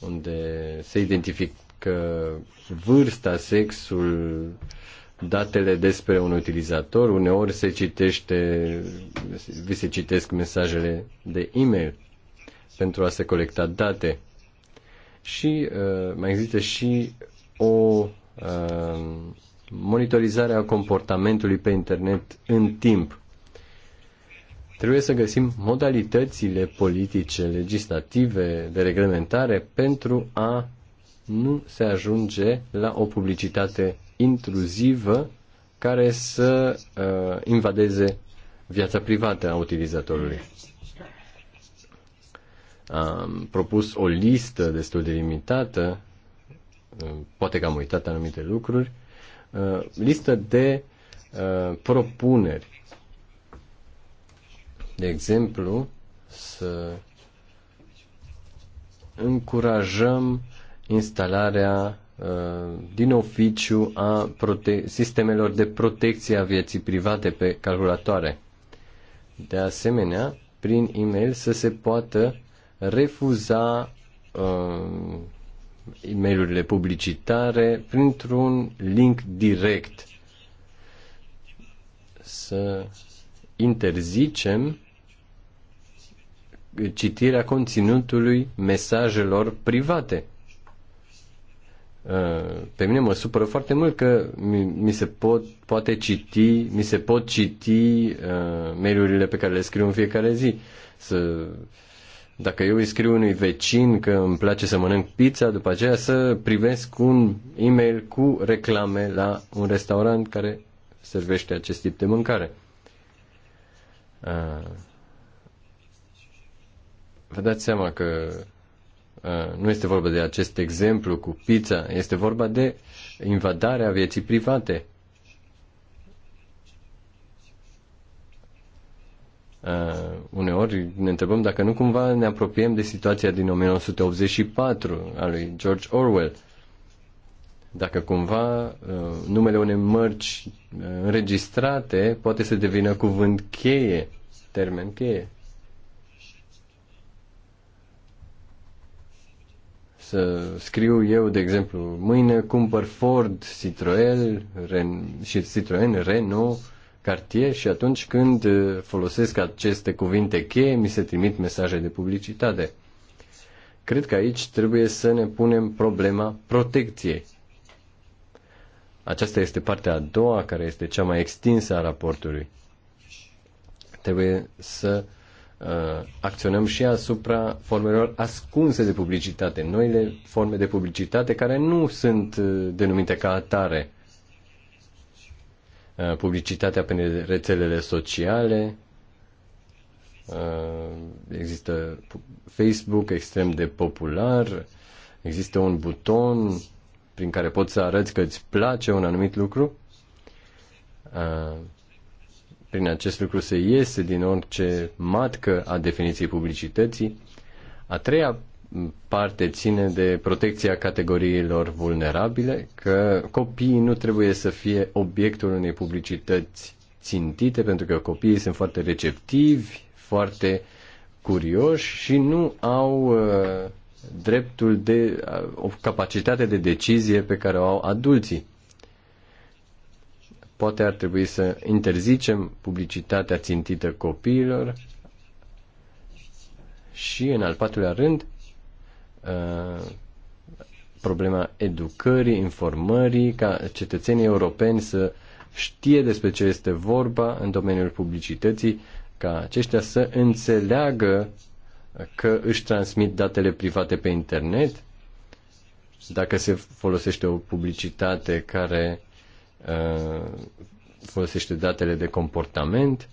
unde se identifică vârsta, sexul, datele despre un utilizator, uneori se citește, vi se citesc mesajele de e-mail pentru a se colecta date. Și uh, mai există și o uh, monitorizare a comportamentului pe internet în timp. Trebuie să găsim modalitățile politice, legislative, de reglementare pentru a nu se ajunge la o publicitate intruzivă care să uh, invadeze viața privată a utilizatorului. Am propus o listă destul de limitată, uh, poate că am uitat anumite lucruri, uh, listă de uh, propuneri. De exemplu, să încurajăm instalarea Uh, din oficiu a sistemelor de protecție a vieții private pe calculatoare. De asemenea, prin e-mail să se poată refuza uh, e mail publicitare printr-un link direct. Să interzicem citirea conținutului mesajelor private Uh, pe mine mă supără foarte mult că mi, mi se pot, poate citi, mi se pot citi uh, mail-urile pe care le scriu în fiecare zi. Să, dacă eu îi scriu unui vecin că îmi place să mănânc pizza, după aceea să privesc un e-mail cu reclame la un restaurant care servește acest tip de mâncare. Uh, vă dați seama că Uh, nu este vorba de acest exemplu cu pizza, este vorba de invadarea vieții private. Uh, uneori ne întrebăm dacă nu cumva ne apropiem de situația din 1984 a lui George Orwell. Dacă cumva uh, numele unei mărci uh, înregistrate poate să devină cuvânt cheie, termen cheie. să scriu eu, de exemplu, mâine cumpăr Ford, Citroën, Ren- și Citroën, Renault, Cartier și atunci când uh, folosesc aceste cuvinte cheie, mi se trimit mesaje de publicitate. Cred că aici trebuie să ne punem problema protecției. Aceasta este partea a doua, care este cea mai extinsă a raportului. Trebuie să uh, Uh, acționăm și asupra formelor ascunse de publicitate, noile forme de publicitate care nu sunt uh, denumite ca atare. Uh, publicitatea pe rețelele sociale, există Facebook extrem de popular, există un buton prin care poți să arăți că îți place un anumit lucru. Prin acest lucru se iese din orice matcă a definiției publicității. A treia parte ține de protecția categoriilor vulnerabile, că copiii nu trebuie să fie obiectul unei publicități țintite, pentru că copiii sunt foarte receptivi, foarte curioși și nu au uh, dreptul de uh, o capacitate de decizie pe care o au adulții. Poate ar trebui să interzicem publicitatea țintită copiilor și, în al patrulea rând, uh, problema educării, informării, ca cetățenii europeni să știe despre ce este vorba în domeniul publicității, ca aceștia să înțeleagă că își transmit datele private pe internet, dacă se folosește o publicitate care Uh, folosește datele de comportament.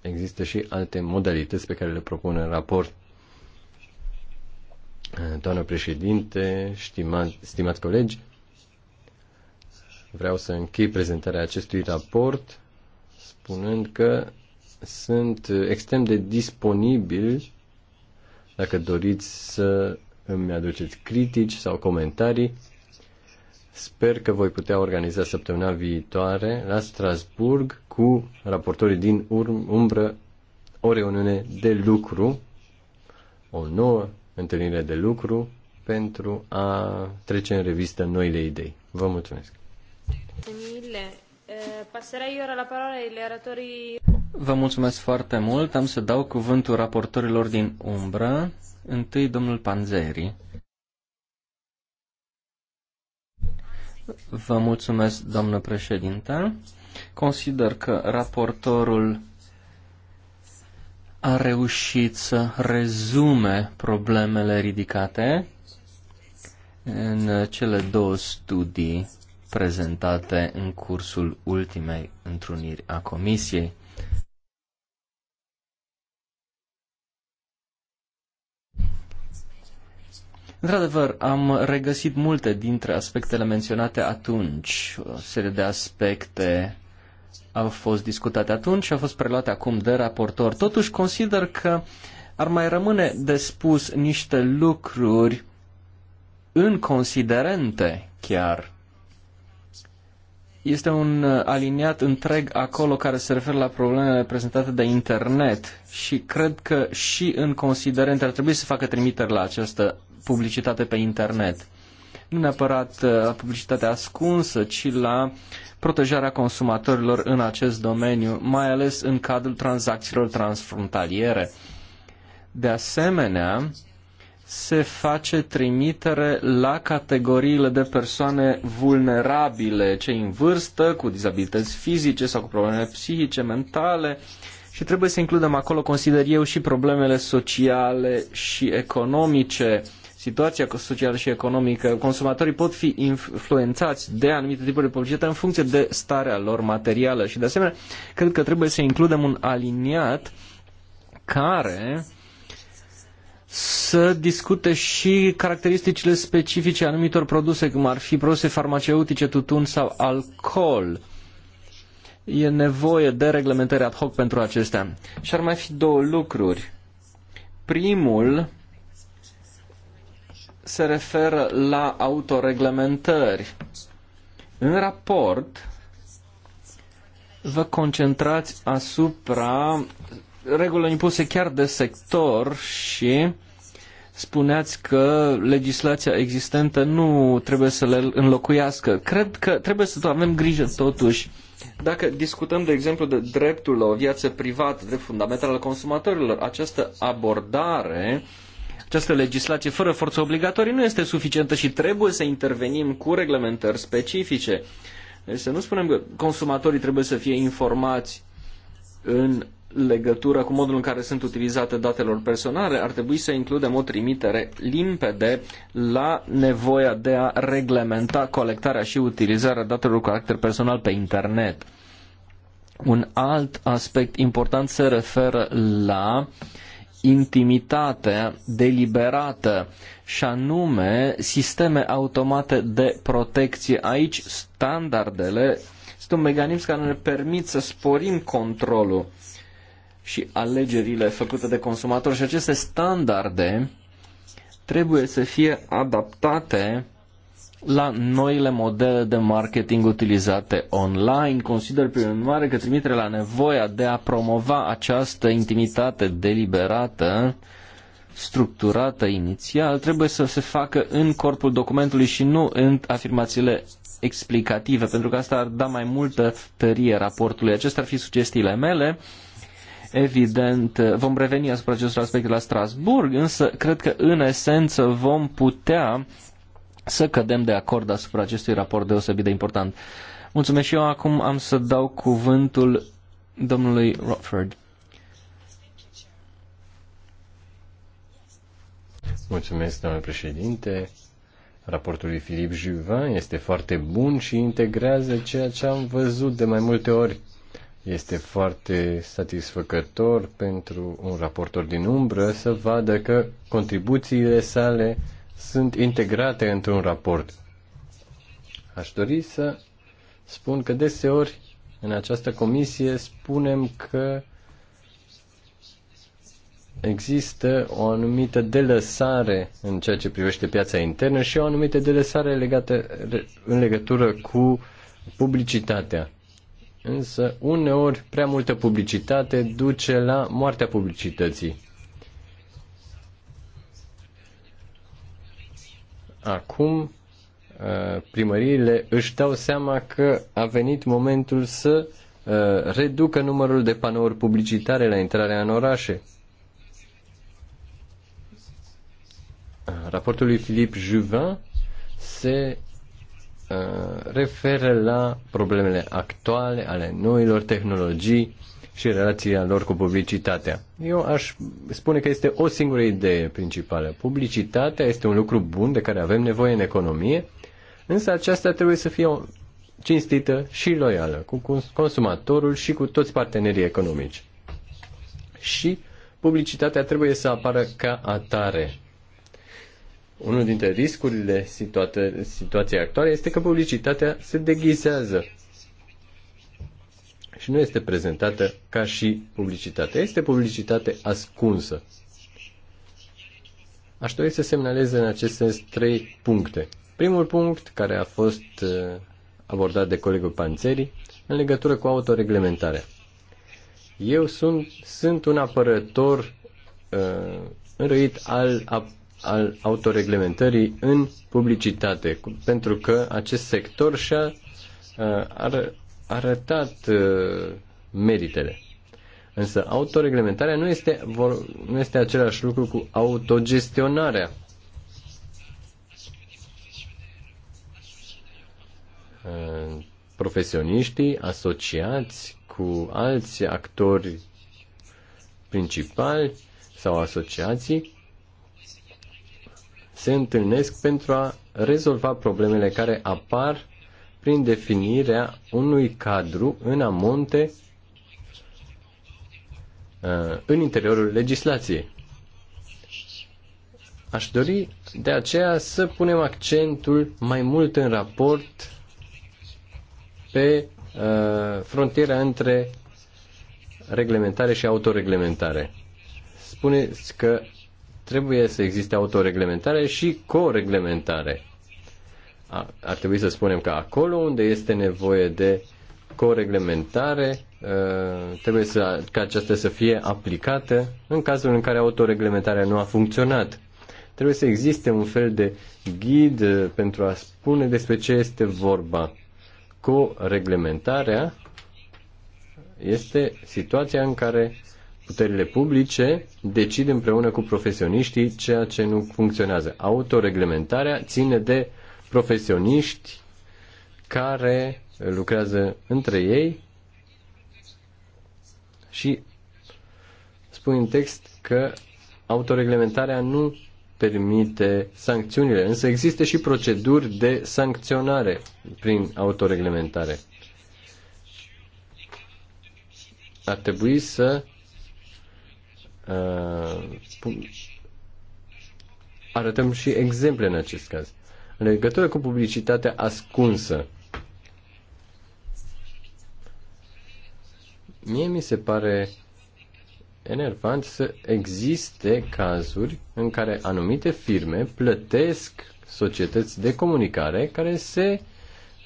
Există și alte modalități pe care le propune în raport. Uh, doamnă președinte, stimați, stimați colegi, vreau să închei prezentarea acestui raport spunând că sunt extrem de disponibil dacă doriți să îmi aduceți critici sau comentarii. Sper că voi putea organiza săptămâna viitoare la Strasburg cu raportorii din umbră o reuniune de lucru, o nouă întâlnire de lucru pentru a trece în revistă noile idei. Vă mulțumesc! Eh, passerei ora la parola ai Vă mulțumesc foarte mult. Am să dau cuvântul raportorilor din umbră. Întâi, domnul Panzeri. Vă mulțumesc, doamnă președinte. Consider că raportorul a reușit să rezume problemele ridicate în cele două studii prezentate în cursul ultimei întruniri a Comisiei. Într-adevăr, am regăsit multe dintre aspectele menționate atunci. O serie de aspecte au fost discutate atunci și au fost preluate acum de raportor. Totuși, consider că ar mai rămâne de spus niște lucruri în considerente chiar este un uh, aliniat întreg acolo care se referă la problemele prezentate de internet și cred că și în considerente ar trebui să facă trimiteri la această publicitate pe internet. Nu neapărat uh, la publicitatea ascunsă, ci la protejarea consumatorilor în acest domeniu, mai ales în cadrul tranzacțiilor transfrontaliere. De asemenea, se face trimitere la categoriile de persoane vulnerabile, cei în vârstă, cu dizabilități fizice sau cu probleme psihice, mentale și trebuie să includem acolo, consider eu, și problemele sociale și economice. Situația socială și economică, consumatorii pot fi influențați de anumite tipuri de publicitate în funcție de starea lor materială și de asemenea cred că trebuie să includem un aliniat care să discute și caracteristicile specifice anumitor produse, cum ar fi produse farmaceutice, tutun sau alcool. E nevoie de reglementări ad hoc pentru acestea. Și ar mai fi două lucruri. Primul se referă la autoreglementări. În raport vă concentrați asupra regulilor impuse chiar de sector și spuneați că legislația existentă nu trebuie să le înlocuiască. Cred că trebuie să avem grijă totuși. Dacă discutăm, de exemplu, de dreptul la o viață privată, drept fundamental al consumatorilor, această abordare, această legislație fără forță obligatorie nu este suficientă și trebuie să intervenim cu reglementări specifice. Deci să nu spunem că consumatorii trebuie să fie informați în legătură cu modul în care sunt utilizate datelor personale, ar trebui să includem o trimitere limpede la nevoia de a reglementa colectarea și utilizarea datelor cu caracter personal pe internet. Un alt aspect important se referă la intimitatea deliberată și anume sisteme automate de protecție. Aici standardele sunt un mecanism care ne permit să sporim controlul și alegerile făcute de consumator și aceste standarde trebuie să fie adaptate la noile modele de marketing utilizate online. Consider prin urmare că trimitere la nevoia de a promova această intimitate deliberată, structurată inițial, trebuie să se facă în corpul documentului și nu în afirmațiile explicative, pentru că asta ar da mai multă tărie raportului. Acestea ar fi sugestiile mele. Evident, vom reveni asupra acestor aspecte la Strasburg, însă cred că în esență vom putea să cădem de acord asupra acestui raport deosebit de important. Mulțumesc și eu. Acum am să dau cuvântul domnului Rockford. Mulțumesc, domnule președinte. Raportul lui Filip Juvin este foarte bun și integrează ceea ce am văzut de mai multe ori este foarte satisfăcător pentru un raportor din umbră să vadă că contribuțiile sale sunt integrate într-un raport. Aș dori să spun că deseori în această comisie spunem că există o anumită delăsare în ceea ce privește piața internă și o anumită delăsare legată în legătură cu publicitatea. Însă, uneori, prea multă publicitate duce la moartea publicității. Acum, uh, primăriile își dau seama că a venit momentul să uh, reducă numărul de panouri publicitare la intrarea în orașe. Raportul lui Philippe Juvin se Uh, referă la problemele actuale ale noilor tehnologii și relația lor cu publicitatea. Eu aș spune că este o singură idee principală. Publicitatea este un lucru bun de care avem nevoie în economie, însă aceasta trebuie să fie cinstită și loială cu consumatorul și cu toți partenerii economici. Și publicitatea trebuie să apară ca atare. Unul dintre riscurile situa- situației actuale este că publicitatea se deghizează și nu este prezentată ca și publicitate. Este publicitate ascunsă. Aș dori să semnalez în acest sens trei puncte. Primul punct, care a fost uh, abordat de colegul Panțeri, în legătură cu autoreglementarea. Eu sunt, sunt un apărător uh, înrăit al al autoreglementării în publicitate, pentru că acest sector și-a uh, ar, arătat uh, meritele. Însă autoreglementarea nu este, vor, nu este același lucru cu autogestionarea. Uh, profesioniștii asociați cu alți actori principali sau asociații se întâlnesc pentru a rezolva problemele care apar prin definirea unui cadru în amonte uh, în interiorul legislației. Aș dori de aceea să punem accentul mai mult în raport pe uh, frontiera între reglementare și autoreglementare. Spuneți că Trebuie să existe autoreglementare și coreglementare. Ar trebui să spunem că acolo unde este nevoie de coreglementare, uh, trebuie să, ca aceasta să fie aplicată în cazul în care autoreglementarea nu a funcționat. Trebuie să existe un fel de ghid uh, pentru a spune despre ce este vorba. Coreglementarea este situația în care puterile publice decid împreună cu profesioniștii ceea ce nu funcționează. Autoreglementarea ține de profesioniști care lucrează între ei și spun în text că autoreglementarea nu permite sancțiunile, însă există și proceduri de sancționare prin autoreglementare. Ar trebui să uh, arătăm și exemple în acest caz. În legătură cu publicitatea ascunsă, mie mi se pare enervant să existe cazuri în care anumite firme plătesc societăți de comunicare care se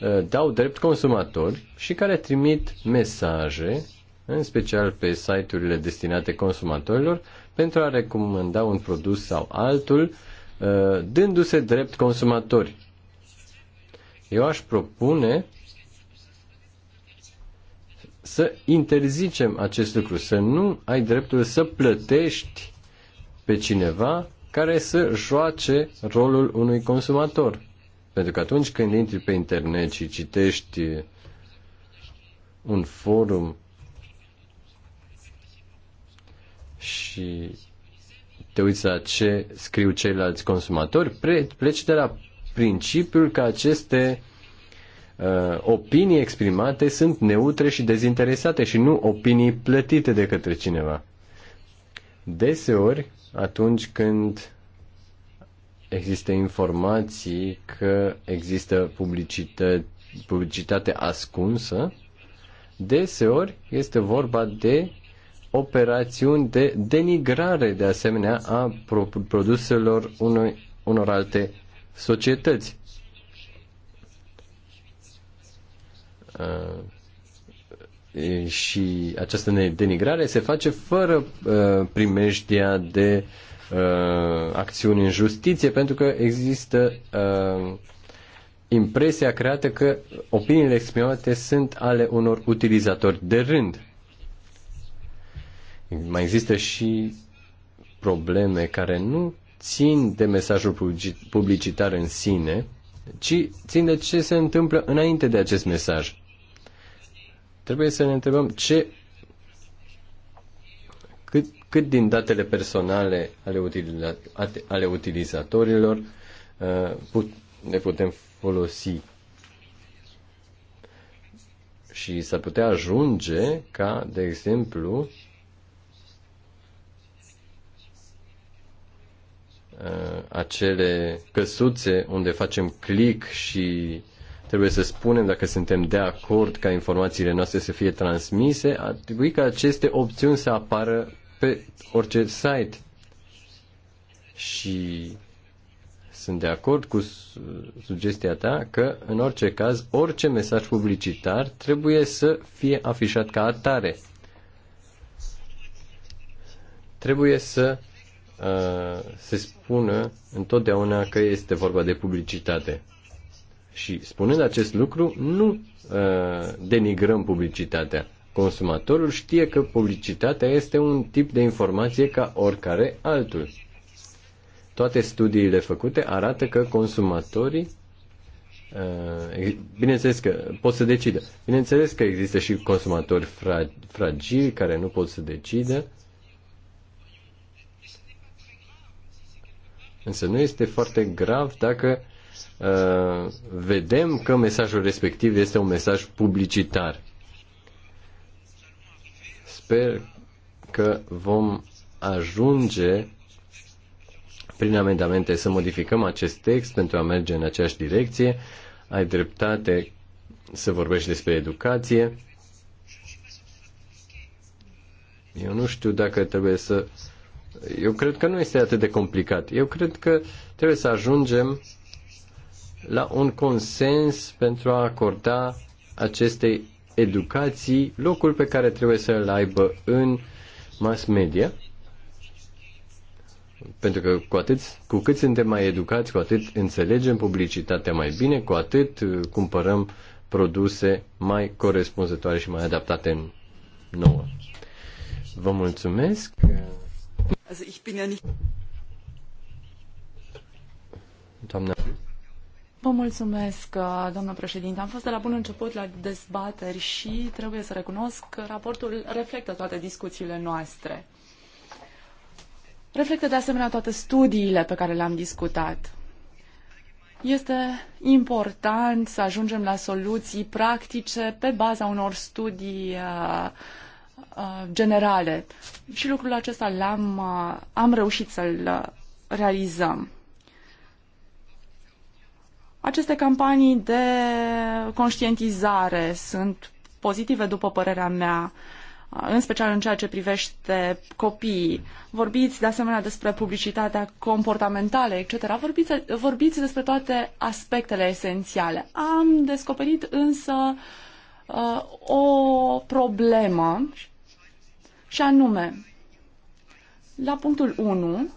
uh, dau drept consumatori și care trimit mesaje în special pe site-urile destinate consumatorilor, pentru a recomanda un produs sau altul, uh, dându-se drept consumatori. Eu aș propune să interzicem acest lucru, să nu ai dreptul să plătești pe cineva care să joace rolul unui consumator. Pentru că atunci când intri pe internet și citești un forum și te uiți la ce scriu ceilalți consumatori, pleci de la principiul că aceste uh, opinii exprimate sunt neutre și dezinteresate și nu opinii plătite de către cineva. Deseori, atunci când există informații că există publicitate publicitate ascunsă, deseori este vorba de operațiuni de denigrare, de asemenea, a produselor unui, unor alte societăți. Uh, și această denigrare se face fără uh, primejdia de uh, acțiuni în justiție, pentru că există impresia creată că opiniile exprimate sunt ale unor utilizatori de rând. Mai există și probleme care nu țin de mesajul publicitar în sine, ci țin de ce se întâmplă înainte de acest mesaj. Trebuie să ne întrebăm ce cât, cât din datele personale ale, utiliza, ale utilizatorilor uh, put, ne putem folosi. Și s-ar putea ajunge ca, de exemplu, Uh, acele căsuțe unde facem click și trebuie să spunem dacă suntem de acord ca informațiile noastre să fie transmise, ar trebui ca aceste opțiuni să apară pe orice site. Și sunt de acord cu sugestia ta că, în orice caz, orice mesaj publicitar trebuie să fie afișat ca atare. Trebuie să se spună întotdeauna că este vorba de publicitate. Și spunând acest lucru, nu denigrăm publicitatea. Consumatorul știe că publicitatea este un tip de informație ca oricare altul. Toate studiile făcute arată că consumatorii bineînțeles că pot să decidă. Bineînțeles că există și consumatori fragili care nu pot să decidă Însă nu este foarte grav dacă uh, vedem că mesajul respectiv este un mesaj publicitar. Sper că vom ajunge prin amendamente să modificăm acest text pentru a merge în aceeași direcție. Ai dreptate să vorbești despre educație. Eu nu știu dacă trebuie să uh, eu cred că nu este atât de complicat. Eu cred că trebuie să ajungem la un consens pentru a acorda acestei educații locul pe care trebuie să-l aibă în mass media. Pentru că cu, atât, cu cât suntem mai educați, cu atât înțelegem publicitatea mai bine, cu atât uh, cumpărăm produse mai corespunzătoare și mai adaptate în nouă. Vă mulțumesc. Also ich bin ja nicht... Doamna. Vă mulțumesc, doamnă președinte. Am fost de la bun început la dezbateri și trebuie să recunosc că raportul reflectă toate discuțiile noastre. Reflectă de asemenea toate studiile pe care le-am discutat. Este important să ajungem la soluții practice pe baza unor studii uh, Uh, generale. Și lucrul acesta l-am uh, am reușit să-l uh, realizăm. Aceste campanii de conștientizare sunt pozitive, după părerea mea, în special în ceea ce privește copiii. Vorbiți de asemenea despre publicitatea comportamentală, etc. Vorbiți, vorbiți despre toate aspectele esențiale. Am descoperit însă o problemă și anume, la punctul 1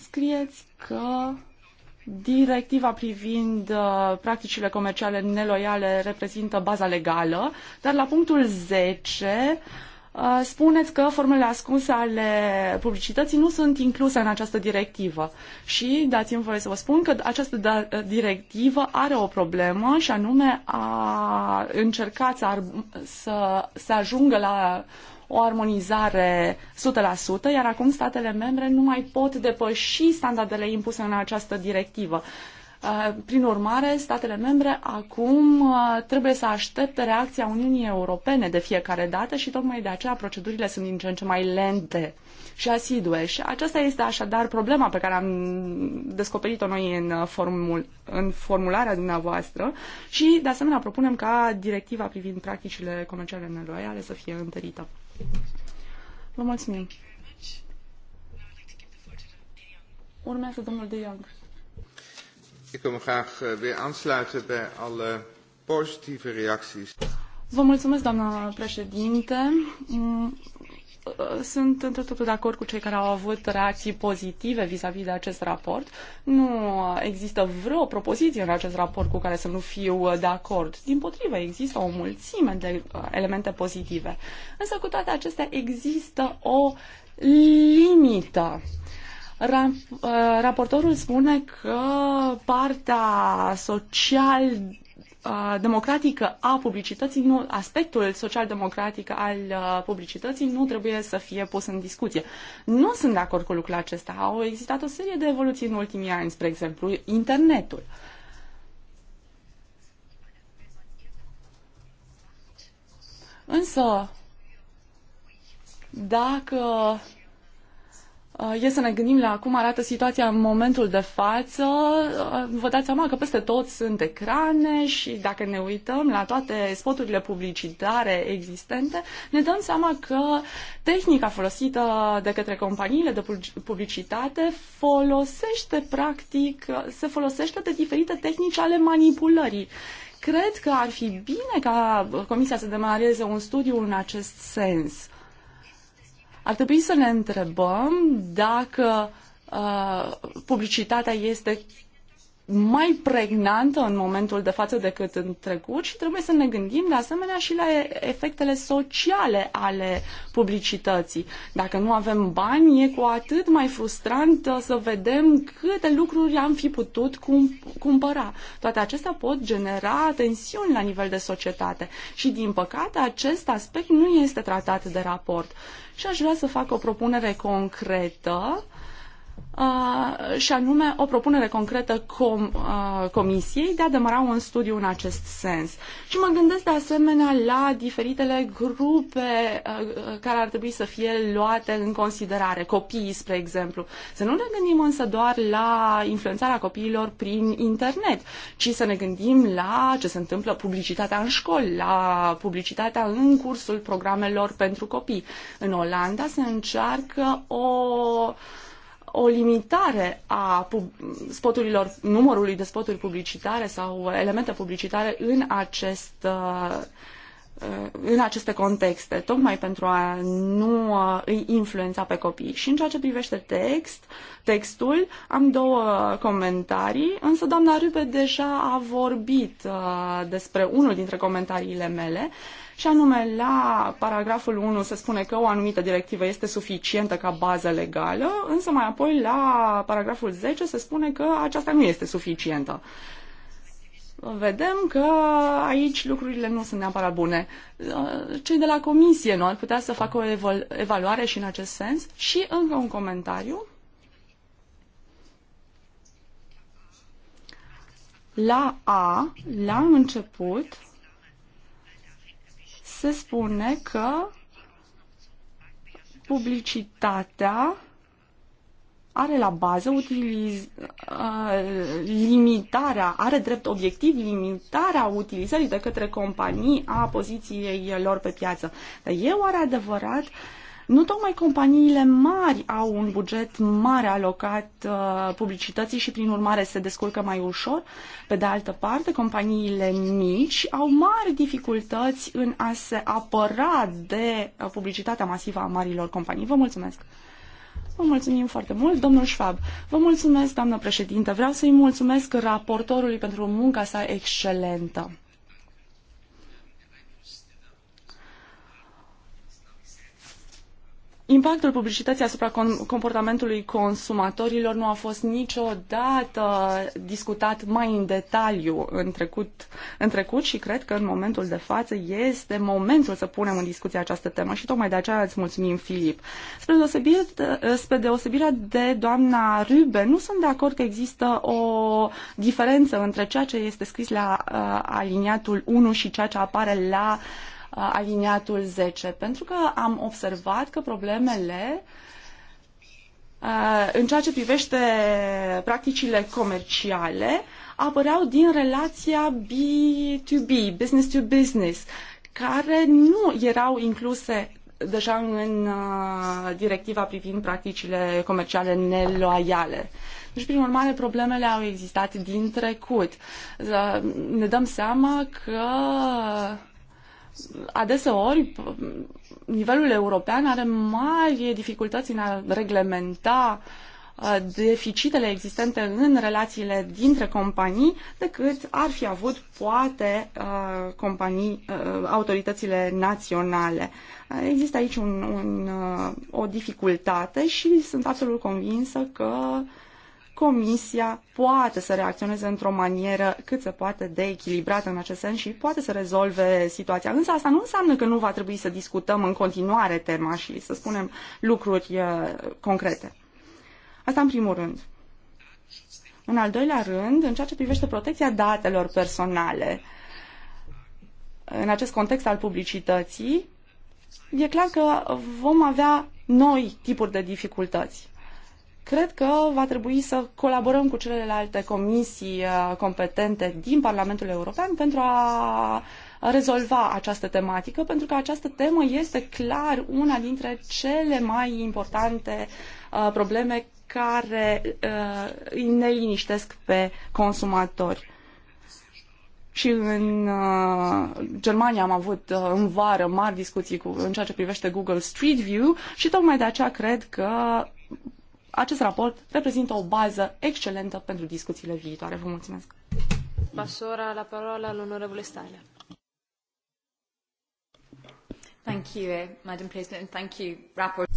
scrieți că directiva privind uh, practicile comerciale neloiale reprezintă baza legală, dar la punctul 10 Uh, spuneți că formele ascunse ale publicității nu sunt incluse în această directivă. Și dați-mi voie să vă spun că această da, uh, directivă are o problemă și anume a încercat să, să, să ajungă la o armonizare 100%, iar acum statele membre nu mai pot depăși standardele impuse în această directivă. Uh, Uh, prin urmare, statele membre acum uh, trebuie să aștepte reacția Uniunii Europene de fiecare dată și tocmai de aceea procedurile sunt din ce în ce mai lente și asidue. Și aceasta este așadar problema pe care am descoperit-o noi în, uh, formul, în formularea dumneavoastră și de asemenea propunem ca directiva privind practicile comerciale neloiale să fie întărită. Vă mulțumim. Urmează domnul De Young. Ik wil me graag eh, weer aansluiten bij alle positieve reacties. Vă mulțumesc, doamna președinte. Mm, eh, sunt într totul de acord cu cei care au avut reacții pozitive vis-a-vis -vis de acest raport. Nu există vreo propoziție în acest raport cu care să nu fiu eh, de acord. Din potrivă, există o mulțime de elemente pozitive. Însă, cu toate acestea, există o limită. Ra uh, raportorul spune că partea social uh, democratică a publicității, nu, aspectul social-democratic al uh, publicității nu trebuie să fie pus în discuție. Nu sunt de acord cu lucrul acesta. Au existat o serie de evoluții în ultimii ani, spre exemplu, internetul. Însă, dacă Uh, e să ne gândim la cum arată situația în momentul de față. Uh, vă dați seama că peste tot sunt ecrane și dacă ne uităm la toate spoturile publicitare existente, ne dăm seama că tehnica folosită de către companiile de publicitate folosește practic, uh, se folosește de diferite tehnici ale manipulării. Cred că ar fi bine ca Comisia să demareze un studiu în acest sens. Ar trebui să ne întrebăm dacă uh, publicitatea este mai pregnantă în momentul de față decât în trecut și trebuie să ne gândim de asemenea și la efectele sociale ale publicității. Dacă nu avem bani, e cu atât mai frustrant uh, să vedem câte lucruri am fi putut cum- cumpăra. Toate acestea pot genera tensiuni la nivel de societate și, din păcate, acest aspect nu este tratat de raport. Și aș vrea să fac o propunere concretă și anume o propunere concretă com, Comisiei de a demara un studiu în acest sens. Și mă gândesc de asemenea la diferitele grupe care ar trebui să fie luate în considerare, copiii, spre exemplu. Să nu ne gândim însă doar la influențarea copiilor prin internet, ci să ne gândim la ce se întâmplă publicitatea în școli, la publicitatea în cursul programelor pentru copii. În Olanda se încearcă o o limitare a spoturilor, numărului de spoturi publicitare sau elemente publicitare în acest uh, în aceste contexte, tocmai pentru a nu uh, îi influența pe copii. Și în ceea ce privește text, textul, am două comentarii, însă doamna Rube deja a vorbit uh, despre unul dintre comentariile mele și anume la paragraful 1 se spune că o anumită directivă este suficientă ca bază legală, însă mai apoi la paragraful 10 se spune că aceasta nu este suficientă vedem că aici lucrurile nu sunt neapărat bune. Cei de la comisie nu ar putea să facă o evaluare și în acest sens. Și încă un comentariu. La A, la început, se spune că publicitatea are la bază utiliz, uh, limitarea, are drept obiectiv limitarea utilizării de către companii a poziției lor pe piață. Dar e oare adevărat nu tocmai companiile mari au un buget mare alocat uh, publicității și prin urmare se descurcă mai ușor. Pe de altă parte, companiile mici au mari dificultăți în a se apăra de uh, publicitatea masivă a marilor companii. Vă mulțumesc! Vă mulțumim foarte mult, domnul Schwab. Vă mulțumesc, doamnă președinte. Vreau să-i mulțumesc raportorului pentru munca sa excelentă. Impactul publicității asupra comportamentului consumatorilor nu a fost niciodată discutat mai în detaliu în trecut, în trecut și cred că în momentul de față este momentul să punem în discuție această temă și tocmai de aceea îți mulțumim, Filip. Spre deosebire, spre deosebire de doamna Rübe, nu sunt de acord că există o diferență între ceea ce este scris la uh, aliniatul 1 și ceea ce apare la uh, aliniatul 10, pentru că am observat că problemele în ceea ce privește practicile comerciale apăreau din relația B2B, business to business, care nu erau incluse deja în directiva privind practicile comerciale neloiale. Deci, prin urmare, problemele au existat din trecut. ne dăm seama că adeseori nivelul european are mari dificultăți în a reglementa uh, deficitele existente în relațiile dintre companii decât ar fi avut poate uh, companii, uh, autoritățile naționale. Există aici un, un, o dificultate și sunt absolut convinsă că Comisia poate să reacționeze într-o manieră cât se poate de echilibrată în acest sens și poate să rezolve situația. Însă asta nu înseamnă că nu va trebui să discutăm în continuare tema și să spunem lucruri eh, concrete. Asta în primul rând. În al doilea rând, în ceea ce privește protecția datelor personale, în acest context al publicității, e clar că vom avea noi tipuri de dificultăți. Cred că va trebui să colaborăm cu celelalte comisii uh, competente din Parlamentul European pentru a rezolva această tematică, pentru că această temă este clar una dintre cele mai importante uh, probleme care uh, ne liniștesc pe consumatori. Și în uh, Germania am avut uh, în vară mari discuții cu, în ceea ce privește Google Street View și tocmai de aceea cred că acest raport reprezintă o bază excelentă pentru discuțiile viitoare. Vă mulțumesc! Pasora la parola all'onorevole Steiner. Thank you, eh, Madam President, thank you, rapport.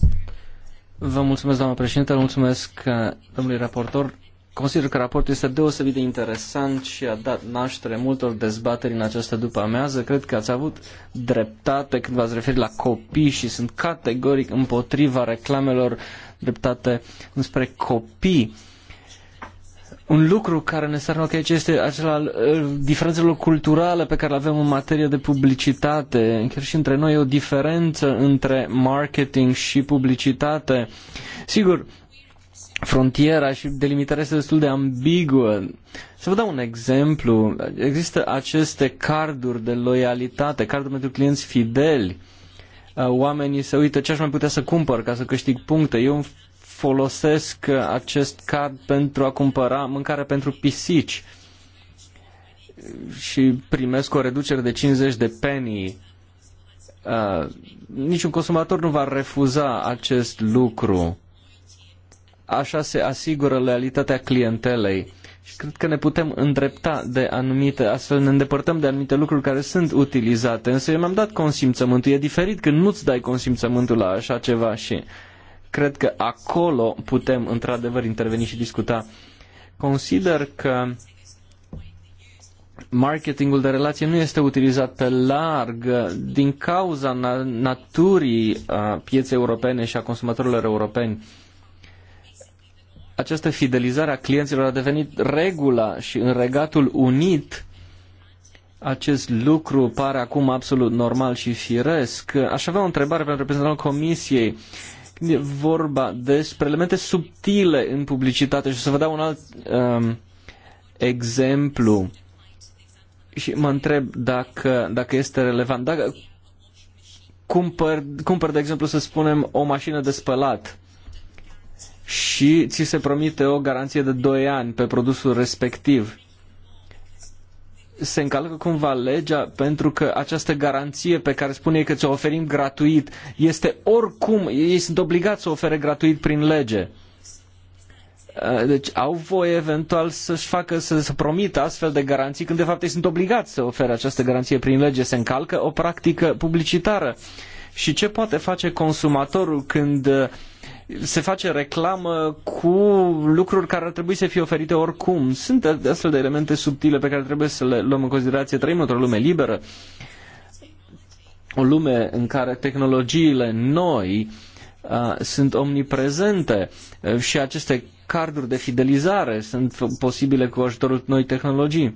Vă mulțumesc, doamna președinte, mulțumesc eh, domnului raportor. Consider că raportul este deosebit de interesant și a dat naștere multor dezbateri în această după-amiază. Cred că ați avut dreptate când v-ați referit la copii și sunt categoric împotriva reclamelor dreptate înspre copii. Un lucru care ne sărnă aici este acela al uh, diferențelor culturale pe care le avem în materie de publicitate. Chiar și între noi e o diferență între marketing și publicitate. Sigur, frontiera și delimitarea este destul de ambiguă. Să vă dau un exemplu. Există aceste carduri de loialitate, carduri pentru clienți fideli. Uh, oamenii se uită ce aș mai putea să cumpăr ca să câștig puncte. Eu folosesc uh, acest card pentru a cumpăra mâncare pentru pisici și primesc o reducere de 50 de penny. Uh, niciun consumator nu va refuza acest lucru. Așa se asigură lealitatea clientelei. Și cred că ne putem îndrepta de anumite, astfel ne îndepărtăm de anumite lucruri care sunt utilizate. Însă eu mi-am dat consimțământul. E diferit când nu-ți dai consimțământul la așa ceva și cred că acolo putem într-adevăr interveni și discuta. Consider că marketingul de relație nu este utilizat pe larg din cauza naturii a pieței europene și a consumatorilor europeni această fidelizare a clienților a devenit regula și în Regatul Unit acest lucru pare acum absolut normal și firesc. Aș avea o întrebare pentru reprezentantul Comisiei. Când e vorba despre elemente subtile în publicitate și o să vă dau un alt um, exemplu și mă întreb dacă, dacă este relevant. Dacă cumpăr, cumpăr, de exemplu, să spunem, o mașină de spălat și ți se promite o garanție de 2 ani pe produsul respectiv. Se încalcă cumva legea pentru că această garanție pe care spune ei că ți-o oferim gratuit este oricum, ei sunt obligați să o ofere gratuit prin lege. Uh, deci au voie eventual să-și facă, să, promită astfel de garanții, când de fapt ei sunt obligați să ofere această garanție prin lege. Se încalcă o practică publicitară. Și ce poate face consumatorul când uh, se face reclamă cu lucruri care ar trebui să fie oferite oricum. Sunt astfel de elemente subtile pe care trebuie să le luăm în considerație. Trăim într-o lume liberă, o lume în care tehnologiile noi uh, sunt omniprezente uh, și aceste carduri de fidelizare sunt posibile cu ajutorul noi tehnologii.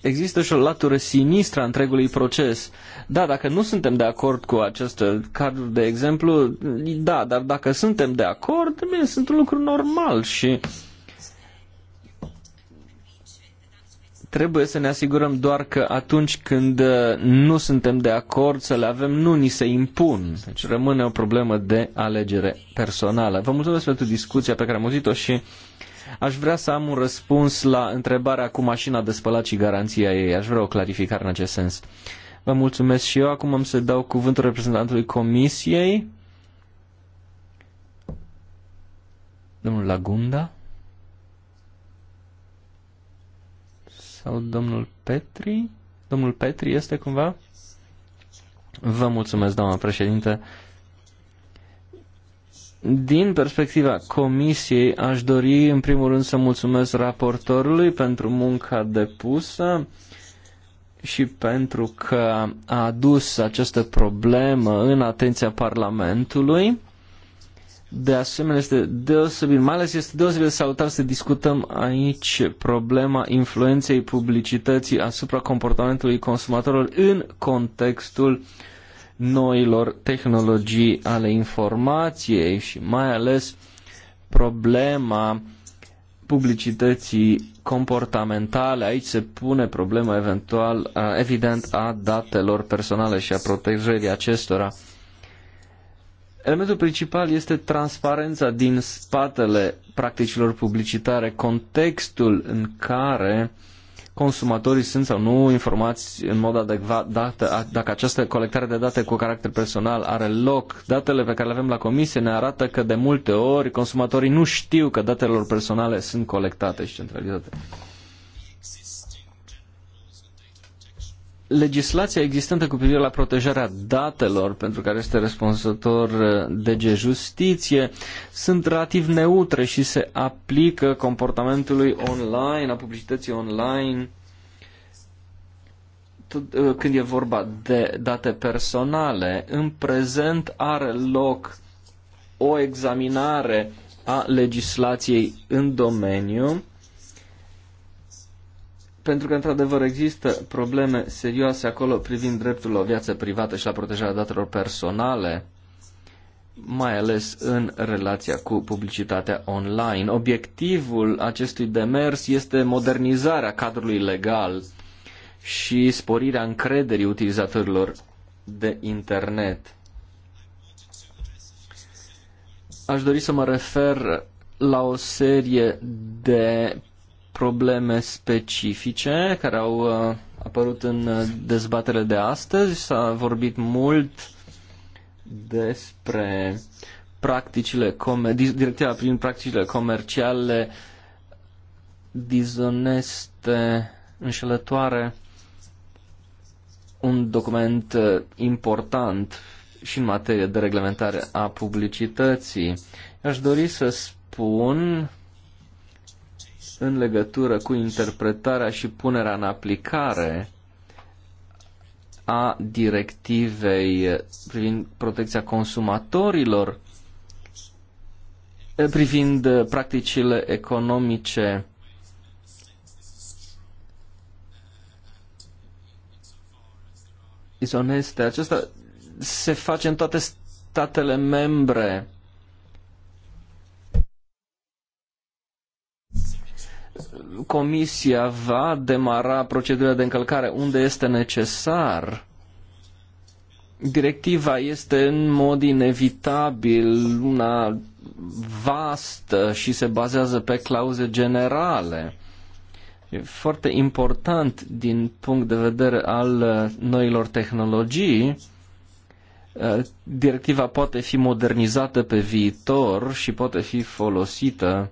există și o latură sinistră a întregului proces. Da, dacă nu suntem de acord cu acest cadru de exemplu, da, dar dacă suntem de acord, bine, sunt un lucru normal și trebuie să ne asigurăm doar că atunci când uh, nu suntem de acord să le avem, nu ni se impun. Deci rămâne o problemă de alegere personală. Vă mulțumesc pentru discuția pe care am auzit-o și Aș vrea să am un răspuns la întrebarea cu mașina de spălat și garanția ei. Aș vrea o clarificare în acest sens. Vă mulțumesc și eu. Acum am să dau cuvântul reprezentantului comisiei. Domnul Lagunda? Sau domnul Petri? Domnul Petri este cumva? Vă mulțumesc, doamna președinte. Din perspectiva comisiei, aș dori în primul rând să mulțumesc raportorului pentru munca depusă și pentru că a adus această problemă în atenția Parlamentului. De asemenea, este deosebit, mai ales este deosebit de salutar să discutăm aici problema influenței publicității asupra comportamentului consumatorilor în contextul noilor tehnologii ale informației și mai ales problema publicității comportamentale. Aici se pune problema eventual, evident, a datelor personale și a protejării acestora. Elementul principal este transparența din spatele practicilor publicitare, contextul în care uh, consumatorii sunt sau nu informați în mod adecvat dată, dacă această colectare de date cu caracter personal are loc. Datele pe care le avem la comisie ne arată că de multe ori consumatorii nu știu că datele lor personale sunt colectate și centralizate. legislația existentă cu privire la protejarea datelor pentru care este răspunzător uh, DG Justiție sunt relativ neutre și se aplică comportamentului online, a publicității online uh, când e vorba de date personale. În prezent are loc o examinare a legislației în domeniu pentru că, într-adevăr, există probleme serioase acolo privind dreptul la o viață privată și la protejarea datelor personale, mai ales în relația cu publicitatea online. Obiectivul acestui demers este modernizarea cadrului legal și sporirea încrederii utilizatorilor de internet. Aș dori să mă refer la o serie de probleme specifice care au uh, apărut în uh, dezbatere de astăzi. S-a vorbit mult despre practicile, directiva prin practicile comerciale dizoneste, înșelătoare, un document uh, important și în materie de reglementare a publicității. Aș dori să spun în legătură cu interpretarea și punerea în aplicare a directivei privind protecția consumatorilor, eh, privind practicile economice izoneste. Aceasta se face în toate statele membre Comisia va demara procedura de încălcare unde este necesar. Directiva este în mod inevitabil una vastă și se bazează pe clauze generale. E foarte important din punct de vedere al noilor tehnologii. Directiva poate fi modernizată pe viitor și poate fi folosită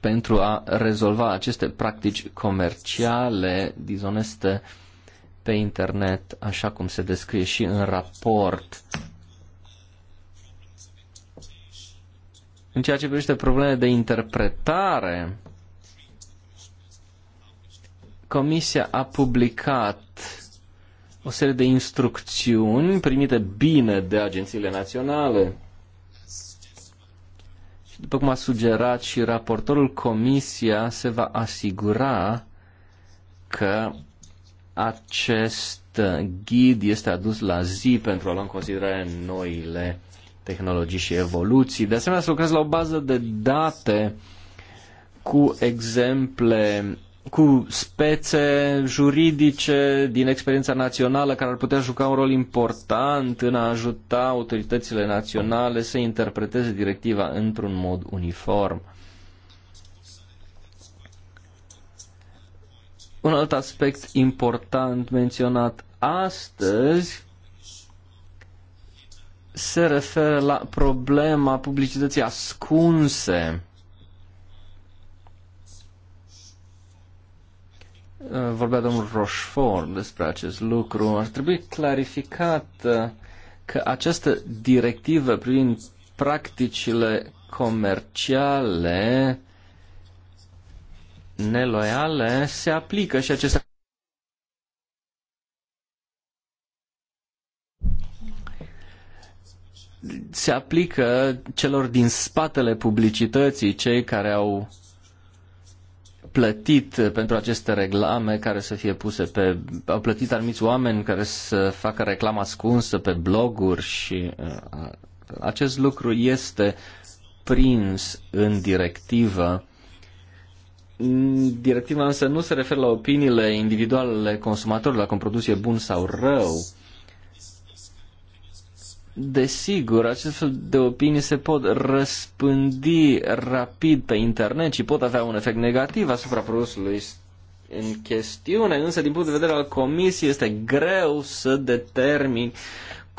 pentru a rezolva aceste practici comerciale dizoneste pe internet, așa cum se descrie și în raport. În ceea ce privește probleme de interpretare, Comisia a publicat o serie de instrucțiuni primite bine de agențiile naționale după cum a sugerat și raportorul, Comisia se va asigura că acest ghid este adus la zi pentru a lua în considerare noile tehnologii și evoluții. De asemenea, se lucrează la o bază de date cu exemple cu spețe juridice din experiența națională care ar putea juca un rol important în a ajuta autoritățile naționale să interpreteze directiva într-un mod uniform. Un alt aspect important menționat astăzi se referă la problema publicității ascunse Uh, vorbea domnul Rochefort despre acest lucru, ar trebui clarificat uh, că această directivă privind practicile comerciale neloiale se aplică și acestea. Se aplică celor din spatele publicității, cei care au plătit pentru aceste reclame care să fie puse pe... Au plătit anumiți oameni care să facă reclamă ascunsă pe bloguri și uh, acest lucru este prins în directivă. Directiva însă nu se referă la opiniile individuale ale consumatorilor, dacă un produs e bun sau rău, Desigur, acest fel de opinii se pot răspândi rapid pe internet și pot avea un efect negativ asupra produsului în chestiune, însă din punct de vedere al comisiei este greu să determini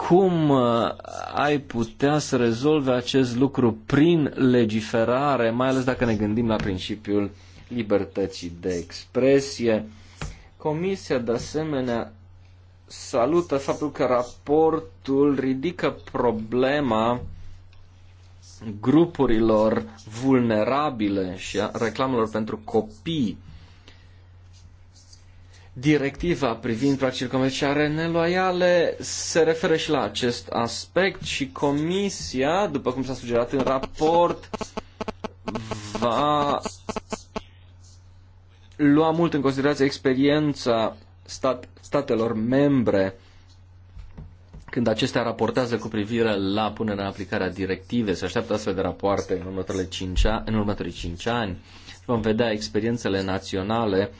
cum uh, ai putea să rezolve acest lucru prin legiferare, mai ales dacă ne gândim la principiul libertății de expresie. Comisia, de asemenea, salută faptul că raportul ridică problema grupurilor vulnerabile și a reclamelor pentru copii. Directiva privind practicile comerciale neloiale se referă și la acest aspect și Comisia, după cum s-a sugerat în raport, va lua mult în considerație experiența stat, statelor membre când acestea raportează cu privire la punerea în aplicare a directivei. Se așteaptă astfel de rapoarte în, următoarele 5, în următorii 5 ani. Vom vedea experiențele naționale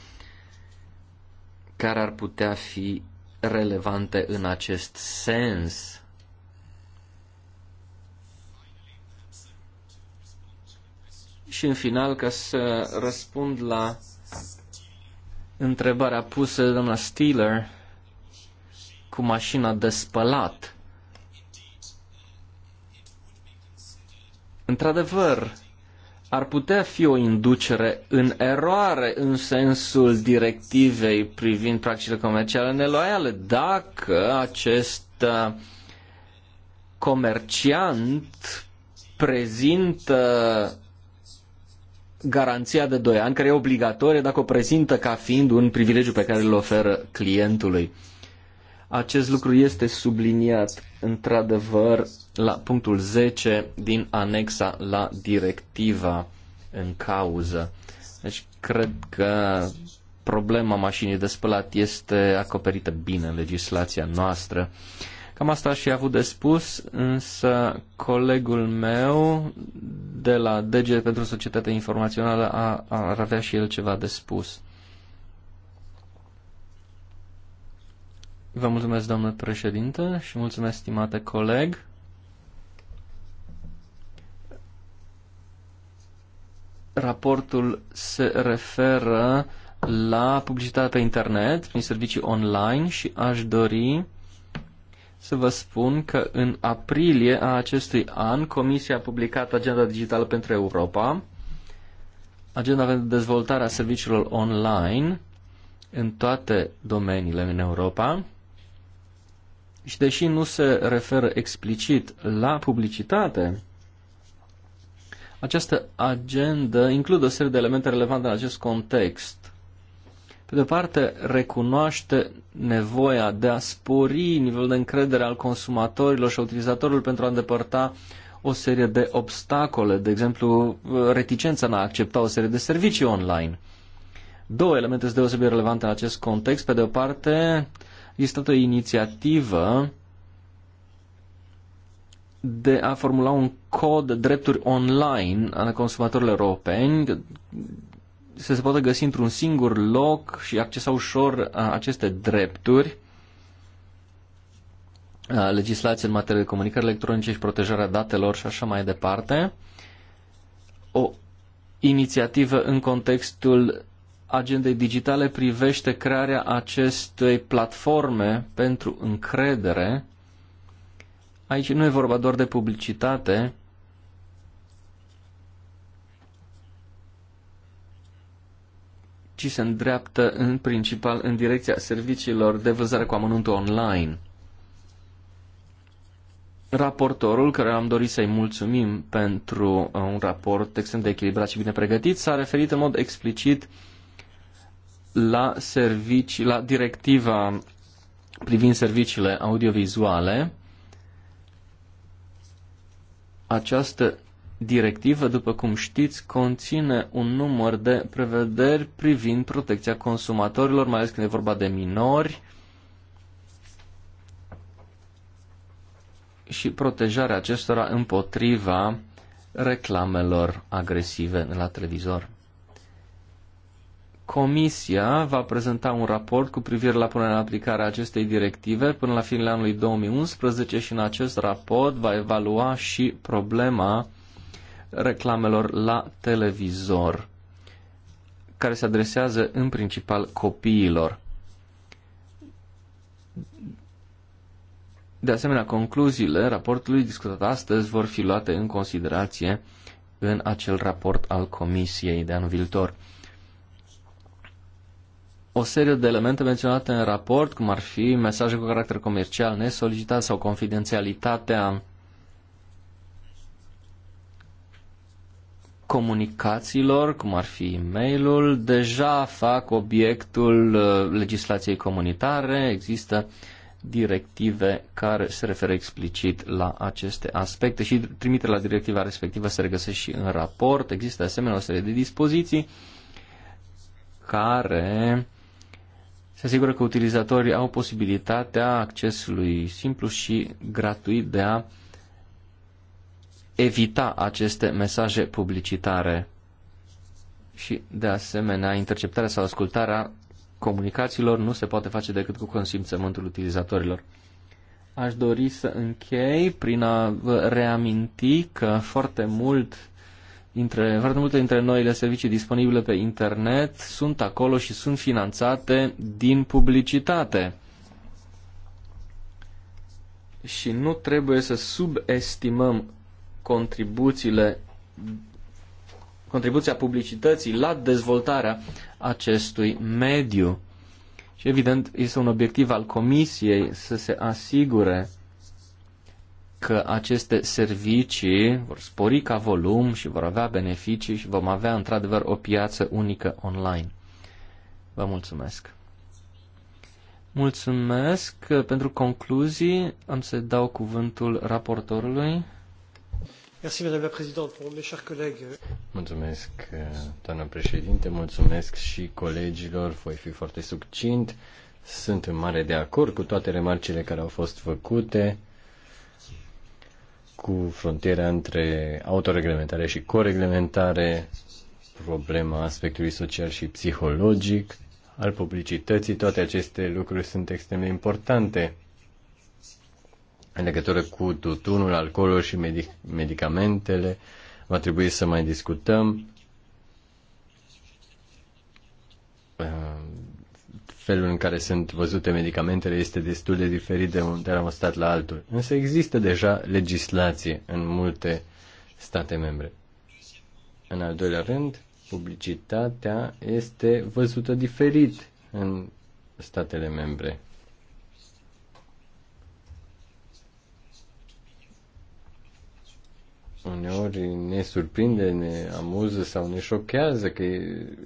care ar putea fi relevante în acest sens. Și în final, ca să răspund la întrebarea pusă de doamna Steeler cu mașina de spălat. Într-adevăr, ar putea fi o inducere în eroare în sensul directivei privind practicile comerciale neloiale dacă acest uh, comerciant prezintă garanția de 2 ani, care e obligatorie dacă o prezintă ca fiind un privilegiu pe care îl oferă clientului. Acest lucru este subliniat într-adevăr la punctul 10 din anexa la directiva în cauză. Deci cred că problema mașinii de spălat este acoperită bine în legislația noastră. Uh, Cam asta și avut de spus, însă colegul meu de la DG pentru Societatea Informațională a, ar avea și el ceva de spus. Vă mulțumesc, domnule președinte, și mulțumesc, stimate coleg. Raportul se referă la publicitatea pe internet, prin servicii online și aș dori să vă spun că în aprilie a acestui an Comisia a publicat Agenda Digitală pentru Europa, Agenda pentru dezvoltarea serviciilor online în toate domeniile în Europa și deși nu se referă explicit la publicitate, această agendă include o serie de elemente relevante în acest context. Pe de o parte, recunoaște nevoia de a spori nivelul de încredere al consumatorilor și a utilizatorilor pentru a îndepărta o serie de obstacole, de exemplu, reticența în a accepta o serie de servicii online. Două elemente sunt deosebit relevante în acest context. Pe de o parte, este o inițiativă de a formula un cod de drepturi online ale consumatorilor europeni, să se poată găsi într-un singur loc și accesa ușor aceste drepturi, legislație în materie de comunicări electronice și protejarea datelor și așa mai departe. O inițiativă în contextul agendei digitale privește crearea acestei platforme pentru încredere. Aici nu e vorba doar de publicitate, ci se îndreaptă în principal în direcția serviciilor de vânzare cu amănuntul online. Raportorul, care am dorit să-i mulțumim pentru uh, un raport extrem de echilibrat și bine pregătit, s-a referit în mod explicit la, servici, la directiva privind serviciile audiovizuale. Această directivă, după cum știți, conține un număr de prevederi privind protecția consumatorilor, mai ales când e vorba de minori și protejarea acestora împotriva reclamelor agresive la televizor. Comisia va prezenta un raport cu privire la punerea în aplicare a acestei directive până la finele anului 2011 și în acest raport va evalua și problema reclamelor la televizor, care se adresează în principal copiilor. De asemenea, concluziile raportului discutat astăzi vor fi luate în considerație în acel raport al Comisiei de anul viitor. O serie de elemente menționate în raport, cum ar fi mesaje cu caracter comercial nesolicitat sau confidențialitatea comunicațiilor, cum ar fi e mail deja fac obiectul uh, legislației comunitare, există directive care se referă explicit la aceste aspecte și trimiterea la directiva respectivă se regăsește și în raport. Există de asemenea o serie de dispoziții care se asigură că utilizatorii au posibilitatea accesului simplu și gratuit de a uh, evita aceste mesaje publicitare și, de asemenea, interceptarea sau ascultarea comunicațiilor nu se poate face decât cu consimțământul utilizatorilor. Aș dori să închei prin a vă reaminti că foarte mult dintre, foarte multe dintre noile servicii disponibile pe internet sunt acolo și sunt finanțate din publicitate. Și nu trebuie să subestimăm contribuțiile, contribuția publicității la dezvoltarea acestui mediu. Și evident, este un obiectiv al Comisiei să se asigure că aceste servicii vor spori ca volum și vor avea beneficii și vom avea într-adevăr o piață unică online. Vă mulțumesc! Mulțumesc pentru concluzii. Am să dau cuvântul raportorului. Mulțumesc, doamna președinte, mulțumesc și colegilor, voi fi foarte succint. Sunt în mare de acord cu toate remarcile care au fost făcute cu frontiera între autoreglementare și coreglementare, problema aspectului social și psihologic, al publicității, toate aceste lucruri sunt extrem de importante în legătură cu tutunul, alcoolul și medic- medicamentele. Va trebui să mai discutăm uh, felul în care sunt văzute medicamentele este destul de diferit de, un, de la stat la altul. Însă există deja legislație în multe state membre. În al doilea rând, publicitatea este văzută diferit în statele membre. uneori ne surprinde, ne amuză sau ne șochează că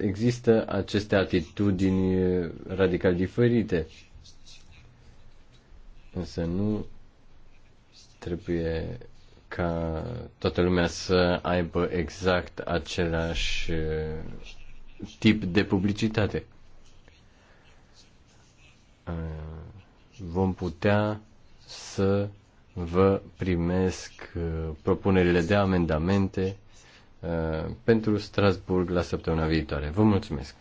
există aceste atitudini radical diferite. Însă nu trebuie ca toată lumea să aibă exact același uh, tip de publicitate. Uh, vom putea să vă primesc uh, propunerile de amendamente uh, pentru Strasburg la săptămâna viitoare. Vă mulțumesc!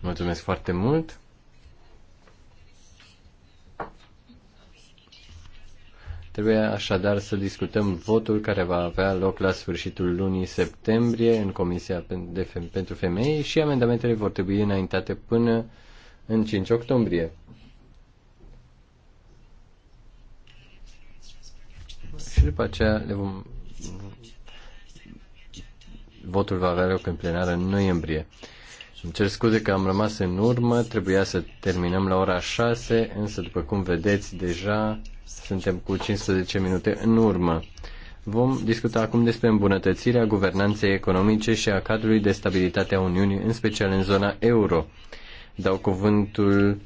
Mulțumesc foarte mult! Trebuie așadar să discutăm votul care va avea loc la sfârșitul lunii septembrie în Comisia pentru Femei și amendamentele vor trebui înaintate până în 5 octombrie. Și după aceea le vom... Votul va avea loc în plenară în noiembrie. Îmi cer scuze că am rămas în urmă, trebuia să terminăm la ora 6, însă după cum vedeți deja suntem cu 15 minute în urmă. Vom discuta acum despre îmbunătățirea guvernanței economice și a cadrului de stabilitate a Uniunii, în special în zona euro. Dau cuvântul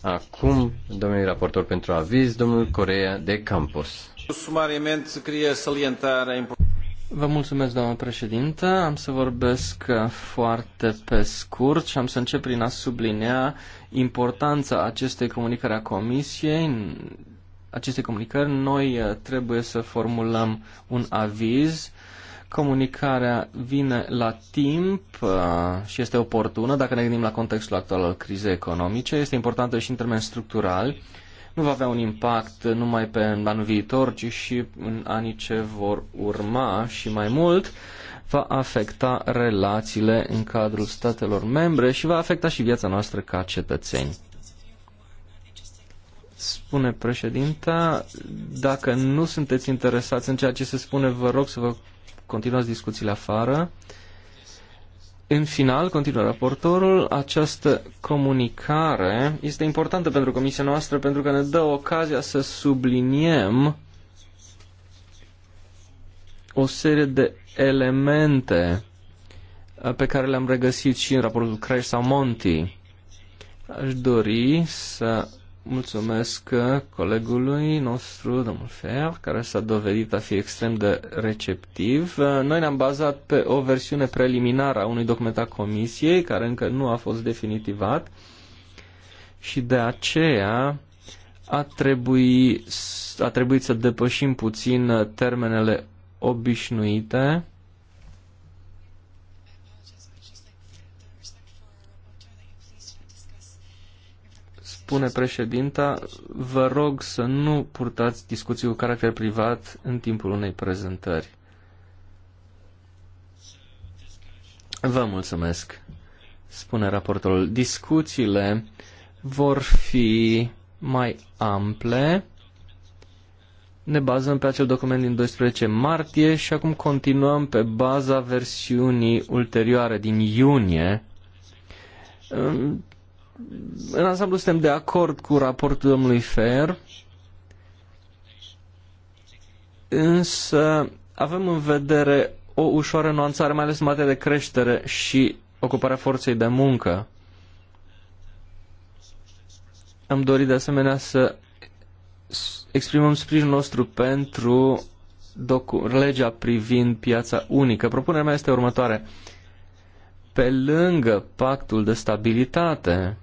acum domnului raportor pentru aviz, domnul Corea de Campos. Sumariamente, queria salientar Vă mulțumesc, doamnă președintă. Am să vorbesc uh, foarte pe scurt și am să încep prin a sublinea importanța acestei comunicări a Comisiei. Aceste comunicări, noi uh, trebuie să formulăm un aviz. Comunicarea vine la timp uh, și este oportună dacă ne gândim la contextul actual al crizei economice. Este importantă și în termeni structurali nu va avea un impact numai pe anul viitor, ci și în anii ce vor urma și mai mult va afecta relațiile în cadrul statelor membre și va afecta și viața noastră ca cetățeni. Spune președinta, dacă nu sunteți interesați în ceea ce se spune, vă rog să vă continuați discuțiile afară. În final, continuă raportorul, această comunicare este importantă pentru comisia noastră pentru că ne dă ocazia să subliniem o serie de elemente uh, pe care le-am regăsit și în raportul Crash sau Monty. Aș dori să Mulțumesc colegului nostru, domnul Fer, care s-a dovedit a fi extrem de receptiv. Noi ne-am bazat pe o versiune preliminară a unui document a comisiei, care încă nu a fost definitivat și de aceea a, trebuit a trebuit să depășim puțin termenele obișnuite spune președinta, vă rog să nu purtați discuții cu caracter privat în timpul unei prezentări. Vă mulțumesc, spune raportul. Discuțiile vor fi mai ample. Ne bazăm pe acel document din 12 martie și acum continuăm pe baza versiunii ulterioare din iunie în ansamblu suntem de acord cu raportul domnului Fer, însă avem în vedere o ușoară nuanțare, mai ales în materie de creștere și ocuparea forței de muncă. Am dorit de asemenea să exprimăm sprijinul nostru pentru legea privind piața unică. Propunerea mea este următoare. Pe lângă pactul de stabilitate,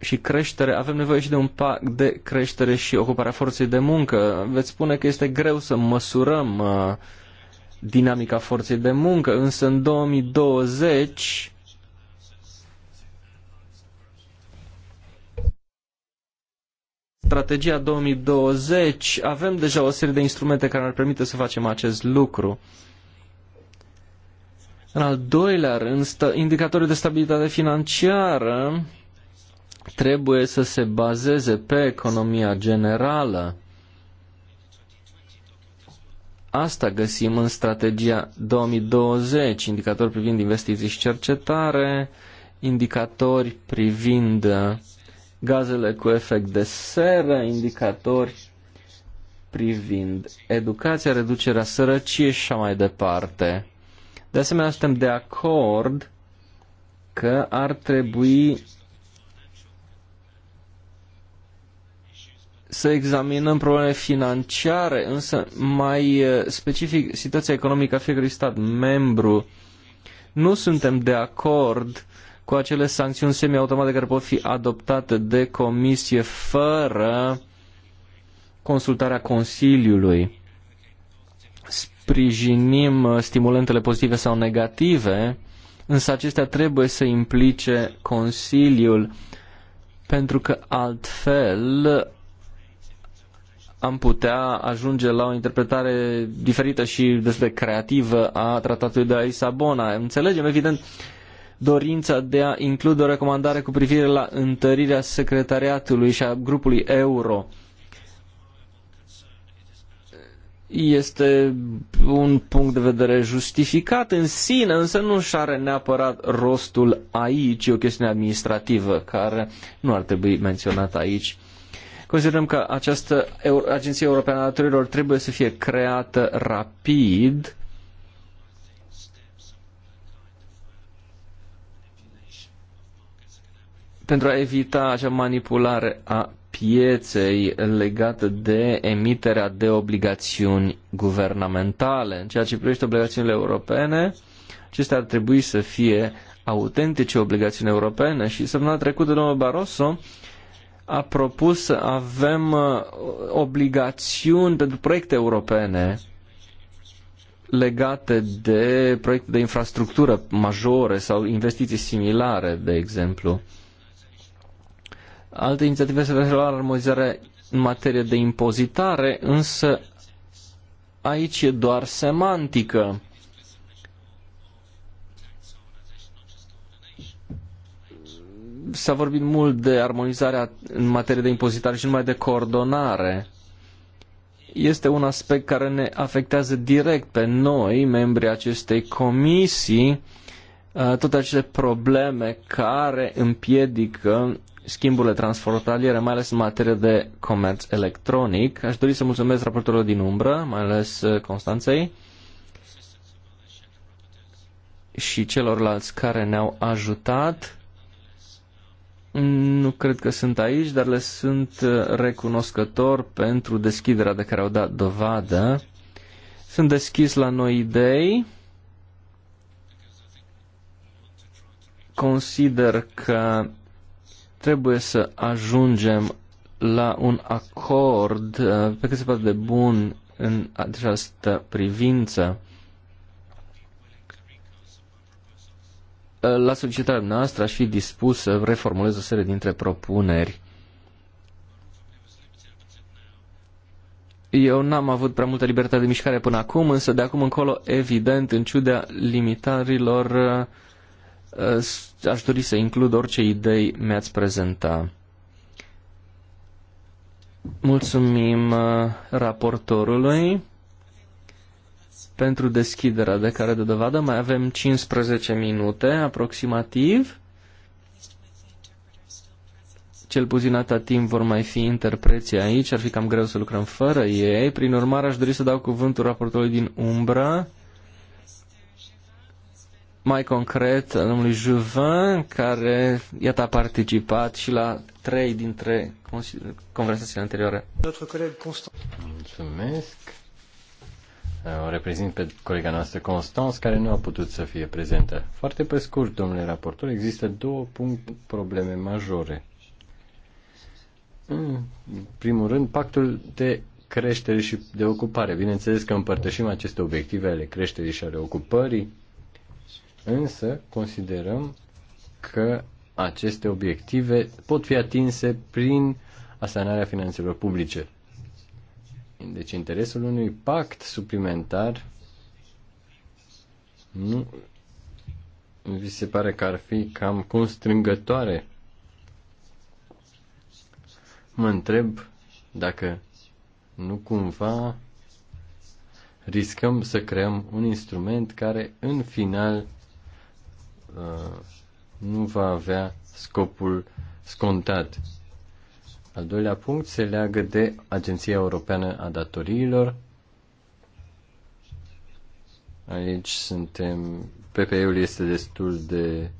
și creștere, avem nevoie și de un pact de creștere și ocuparea forței de muncă. Veți spune că este greu să măsurăm uh, dinamica forței de muncă, însă în 2020 strategia 2020 avem deja o serie de instrumente care ne permite să facem acest lucru. În al doilea rând, indicatorii de stabilitate financiară trebuie să se bazeze pe economia generală. Asta găsim în strategia 2020, indicatori privind investiții și cercetare, indicatori privind gazele cu efect de seră, indicatori privind educația, reducerea sărăciei și așa mai departe. De asemenea, suntem de acord că ar trebui să examinăm probleme financiare, însă mai specific situația economică a fiecărui stat membru. Nu suntem de acord cu acele sancțiuni semiautomate care pot fi adoptate de comisie fără consultarea Consiliului. Sprijinim uh, stimulentele pozitive sau negative, însă acestea trebuie să implice Consiliul pentru că altfel am putea ajunge la o interpretare diferită și despre creativă a tratatului de la Lisabona. Înțelegem, evident, dorința de a include o recomandare cu privire la întărirea secretariatului și a grupului euro. Este un punct de vedere justificat în sine, însă nu și are neapărat rostul aici, e o chestiune administrativă care nu ar trebui menționată aici. Considerăm că această Agenție Europeană a Datorilor trebuie să fie creată rapid pentru a evita acea manipulare a pieței legată de emiterea de obligațiuni guvernamentale. În ceea ce privește obligațiunile europene, acestea ar trebui să fie autentice obligațiuni europene și săptămâna trecută domnul Barroso a propus să avem uh, obligațiuni pentru proiecte europene legate de proiecte de infrastructură majore sau investiții similare, de exemplu. Alte inițiative se referă la armonizarea în materie de impozitare, însă aici e doar semantică. S-a vorbit mult de armonizarea în materie de impozitare și numai de coordonare. Este un aspect care ne afectează direct pe noi, membrii acestei comisii, uh, toate acele probleme care împiedică schimburile transfrontaliere, mai ales în materie de comerț electronic. Aș dori să mulțumesc raportorilor din umbră, mai ales uh, Constanței și celorlalți care ne-au ajutat nu cred că sunt aici, dar le sunt uh, recunoscător pentru deschiderea de care au dat dovadă. Sunt deschis la noi idei. Consider că trebuie să ajungem la un acord uh, pe cât se poate de bun în această privință. la solicitarea noastră aș fi dispus să reformulez o serie dintre propuneri. Eu n-am avut prea multă libertate de mișcare până acum, însă de acum încolo, evident, în ciuda limitarilor, aș dori să includ orice idei mi-ați prezenta. Mulțumim raportorului pentru deschiderea de care de dovadă. Mai avem 15 minute aproximativ. Cel puțin atâta timp vor mai fi interpreții aici, ar fi cam greu să lucrăm fără ei. Prin urmare, aș dori să dau cuvântul raportului din umbră. Mai concret, domnului Juvin, care, iată, a participat și la trei dintre conversațiile anterioare. Mulțumesc. O reprezint pe colega noastră Constans, care nu a putut să fie prezentă. Foarte pe scurt, domnule raportor, există două puncte, probleme majore. În primul rând, pactul de creștere și de ocupare. Bineînțeles că împărtășim aceste obiective ale creșterii și ale ocupării, însă considerăm că aceste obiective pot fi atinse prin asanarea finanțelor publice. Deci interesul unui pact suplimentar nu vi se pare că ar fi cam constrângătoare. Mă întreb dacă nu cumva riscăm să creăm un instrument care în final uh, nu va avea scopul scontat. Al doilea punct se leagă de Agenția Europeană a Datoriilor. Aici suntem, PPE-ul este destul de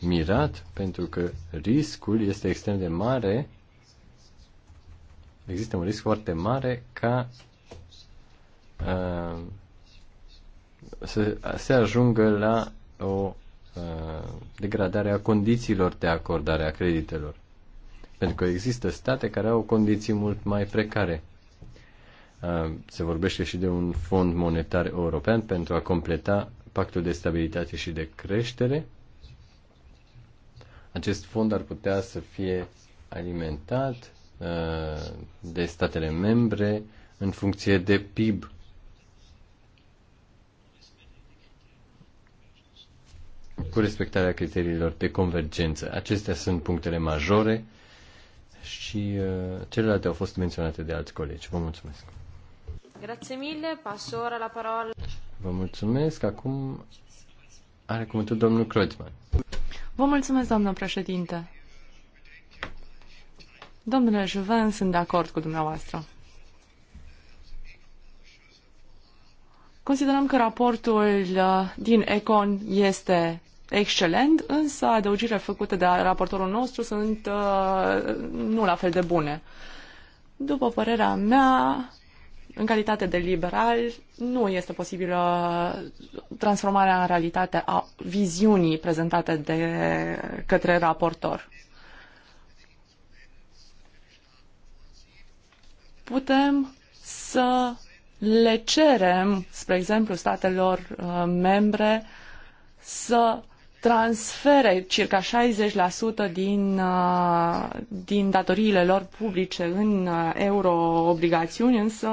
mirat pentru că riscul este extrem de mare. Există un risc foarte mare ca uh, să se ajungă la o uh, degradare a condițiilor de acordare a creditelor. Pentru că există state care au condiții mult mai precare. Se vorbește și de un fond monetar european pentru a completa pactul de stabilitate și de creștere. Acest fond ar putea să fie alimentat de statele membre în funcție de PIB. cu respectarea criteriilor de convergență. Acestea sunt punctele majore și uh, celelalte au fost menționate de alți colegi. Vă mulțumesc. Grazie mille, passo ora la parola. Vă mulțumesc. Acum are cuvântul domnul Kreuzmann. Vă mulțumesc, doamnă președinte. Domnule Juven, sunt de acord cu dumneavoastră. Considerăm că raportul uh, din Econ este excelent, însă adăugirile făcute de raportorul nostru sunt uh, nu la fel de bune. După părerea mea, în calitate de liberal, nu este posibilă transformarea în realitate a viziunii prezentate de către raportor. Putem să le cerem, spre exemplu, statelor uh, membre să transfere circa 60% din, uh, din datoriile lor publice în uh, euroobligațiuni, însă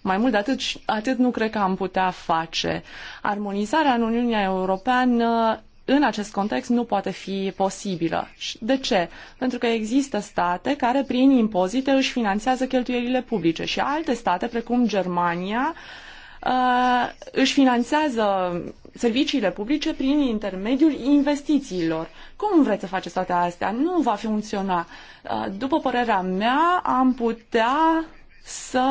mai mult de atât, atât nu cred că am putea face. Armonizarea în Uniunea Europeană uh, în acest context nu poate fi posibilă. De ce? Pentru că există state care prin impozite își finanțează cheltuielile publice și alte state, precum Germania, își finanțează serviciile publice prin intermediul investițiilor. Cum vreți să faceți toate astea? Nu va funcționa. Uh, după părerea mea, am putea să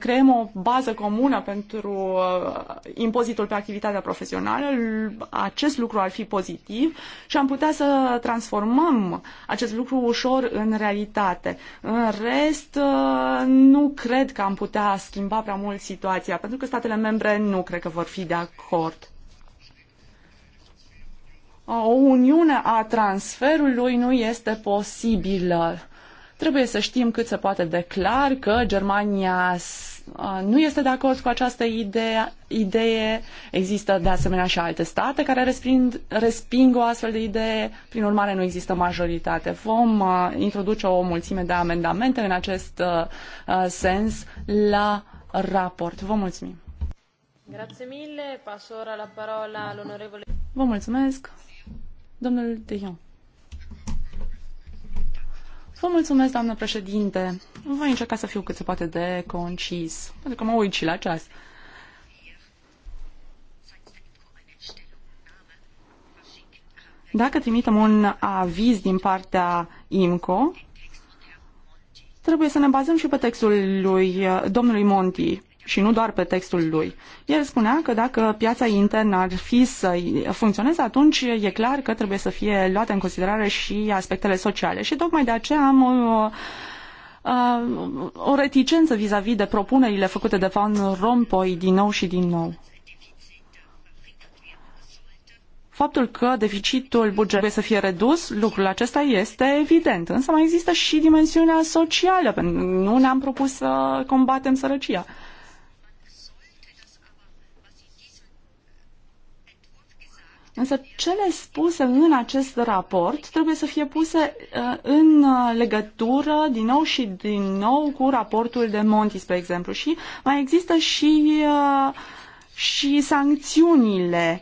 creăm o bază comună pentru uh, impozitul pe activitatea profesională. Acest lucru ar fi pozitiv și am putea să transformăm acest lucru ușor în realitate. În rest, uh, nu cred că am putea schimba prea mult situația, pentru că statele membre nu cred că vor fi de acord. O uniune a transferului nu este posibilă Trebuie să știm cât se poate de clar că Germania nu este de acord cu această idee, idee. Există de asemenea și alte state care resping, resping o astfel de idee. Prin urmare, nu există majoritate. Vom introduce o mulțime de amendamente în acest sens la raport. Vă mulțumim. Grazie mille. ora la parola all'onorevole. Vă mulțumesc. Domnul De Vă mulțumesc, doamnă președinte. Voi încerca să fiu cât se poate de concis, pentru că mă uit și la ceas. Dacă trimitem un aviz din partea IMCO, trebuie să ne bazăm și pe textul lui domnului Monti și nu doar pe textul lui. El spunea că dacă piața internă ar fi să funcționeze, atunci e clar că trebuie să fie luate în considerare și aspectele sociale. Și tocmai de aceea am o, uh, o, o reticență vis-a-vis -vis de propunerile făcute de Van Rompuy din nou și din nou. Faptul că deficitul buget trebuie să fie redus, lucrul acesta este evident, însă mai există și dimensiunea socială, pentru că nu ne-am propus să combatem sărăcia. Însă cele spuse în acest raport trebuie să fie puse uh, în uh, legătură din nou și din nou cu raportul de Monti, spre exemplu. Și mai există și, uh, și sancțiunile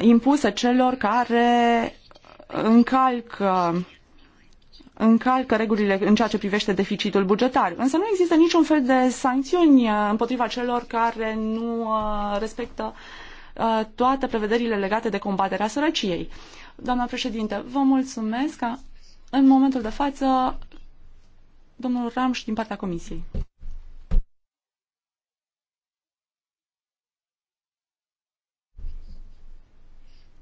impuse celor care încalcă încalcă regulile în ceea ce privește deficitul bugetar. Însă nu există niciun fel de sancțiuni împotriva celor care nu respectă Uh, toate prevederile legate de combaterea sărăciei. Doamna președinte, vă mulțumesc că în momentul de față domnul Ramș din partea comisiei.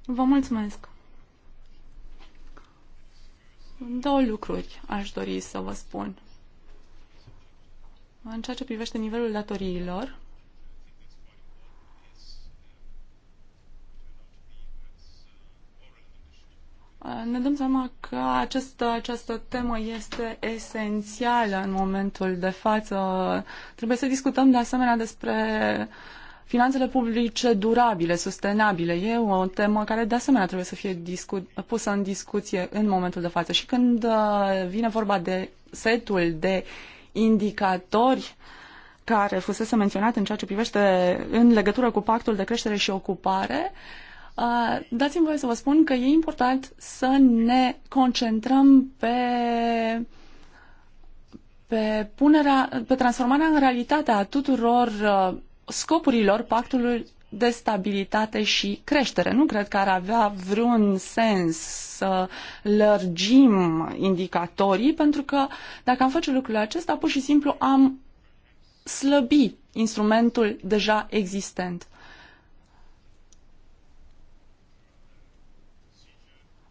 Vă mulțumesc. Două lucruri aș dori să vă spun. În ceea ce privește nivelul datoriilor, ne dăm seama că această, această temă este esențială în momentul de față. Trebuie să discutăm de asemenea despre finanțele publice durabile, sustenabile. E o temă care de asemenea trebuie să fie pusă în discuție în momentul de față. Și când uh, vine vorba de setul de indicatori care fusese menționat în ceea ce privește în legătură cu pactul de creștere și ocupare, uh, Uh, dați-mi voie să vă spun că e important să ne concentrăm pe pe punerea, pe transformarea în realitate a tuturor uh, scopurilor pactului de stabilitate și creștere. Nu cred că ar avea vreun sens să lărgim indicatorii, pentru că dacă am face lucrul acesta, pur și simplu am slăbi instrumentul deja existent.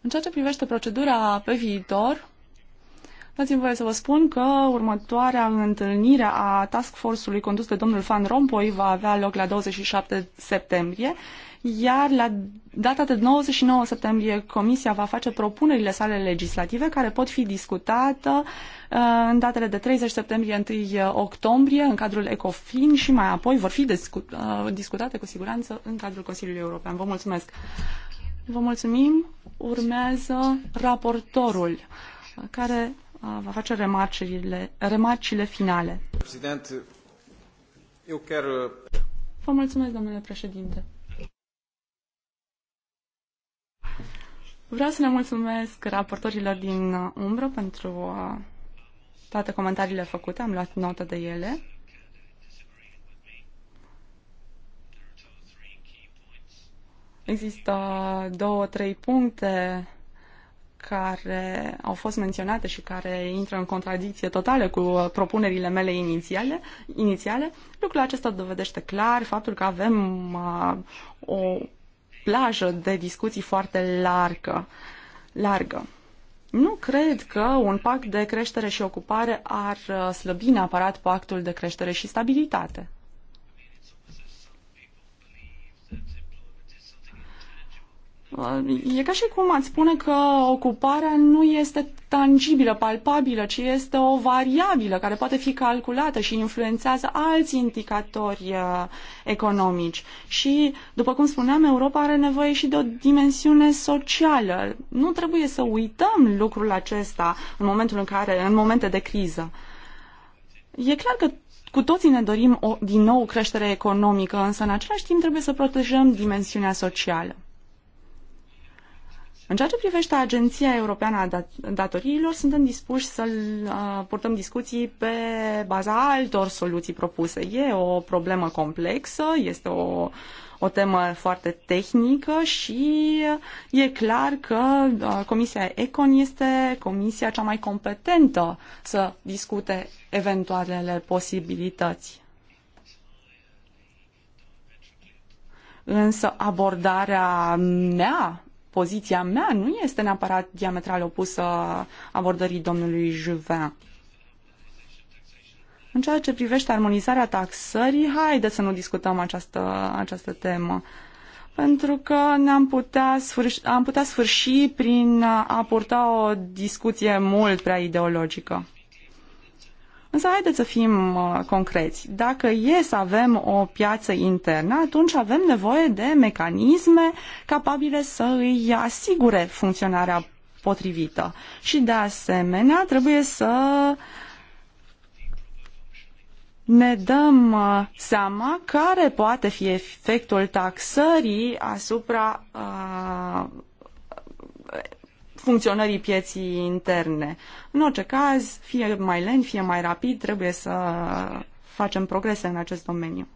În ceea ce privește procedura pe viitor, dați-mi voie să vă spun că următoarea întâlnire a task force-ului condus de domnul Van Rompuy va avea loc la 27 septembrie, iar la data de 29 septembrie Comisia va face propunerile sale legislative care pot fi discutate uh, în datele de 30 septembrie, 1 uh, octombrie, în cadrul ECOFIN și mai apoi vor fi uh, discutate cu siguranță în cadrul Consiliului European. Vă mulțumesc! Vă mulțumim. Urmează raportorul care uh, va face remarcile, remarcile finale. Președinte, eu chiar... Uh, Vă mulțumesc, domnule președinte. Vreau să le mulțumesc raportorilor din uh, umbră pentru toate comentariile făcute, am luat notă de ele. Există două, trei puncte care au fost menționate și care intră în contradicție totală cu uh, propunerile mele inițiale, inițiale. Lucrul acesta dovedește clar faptul că avem uh, o plajă de discuții foarte largă. largă. Nu cred că un pact de creștere și ocupare ar uh, slăbi neapărat pactul de creștere și stabilitate. E ca și cum ați spune că ocuparea nu este tangibilă, palpabilă, ci este o variabilă care poate fi calculată și influențează alți indicatori uh, economici. Și, după cum spuneam, Europa are nevoie și de o dimensiune socială. Nu trebuie să uităm lucrul acesta în momentul în care, în momente de criză. E clar că cu toții ne dorim o, din nou creștere economică, însă în același timp trebuie să protejăm dimensiunea socială. În ceea ce privește Agenția Europeană a Datoriilor, suntem dispuși să uh, purtăm discuții pe baza altor soluții propuse. E o problemă complexă, este o, o temă foarte tehnică și e clar că uh, Comisia Econ este comisia cea mai competentă să discute eventualele posibilități. Însă abordarea mea poziția mea nu este neapărat diametral opusă abordării domnului Juvin. În ceea ce privește armonizarea taxării, haideți să nu discutăm această, această temă. Pentru că ne-am putea sfârși, am putea sfârși prin a purta o discuție mult prea ideologică. Însă haideți să fim uh, concreți. Dacă e să avem o piață internă, atunci avem nevoie de mecanisme capabile să îi asigure funcționarea potrivită. Și de asemenea trebuie să ne dăm uh, seama care poate fi efectul taxării asupra uh, funcționării pieții interne. În orice caz, fie mai lent, fie mai rapid, trebuie să facem progrese în acest domeniu.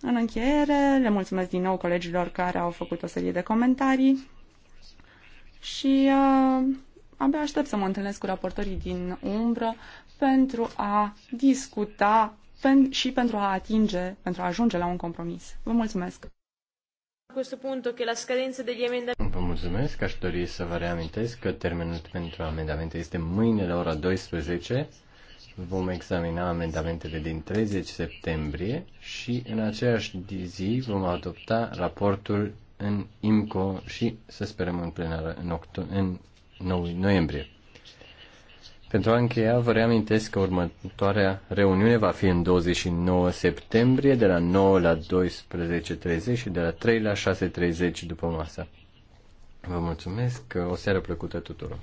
În încheiere, le mulțumesc din nou colegilor care au făcut o serie de comentarii și uh, abia aștept să mă întâlnesc cu raportorii din umbră pentru a discuta pen- și pentru a atinge, pentru a ajunge la un compromis. Vă mulțumesc! questo punto che la scadenza degli emendamenti... Vă mulțumesc, aș dori să vă reamintesc că termenul pentru amendamente este mâine la ora 12. Vom examina amendamentele din 30 septembrie și în aceeași zi vom adopta raportul în IMCO și să sperăm în plenară în, octo- în noiembrie. Pentru a încheia, vă reamintesc că următoarea reuniune va fi în 29 septembrie de la 9 la 12.30 și de la 3 la 6.30 după masă. Vă mulțumesc, o seară plăcută tuturor!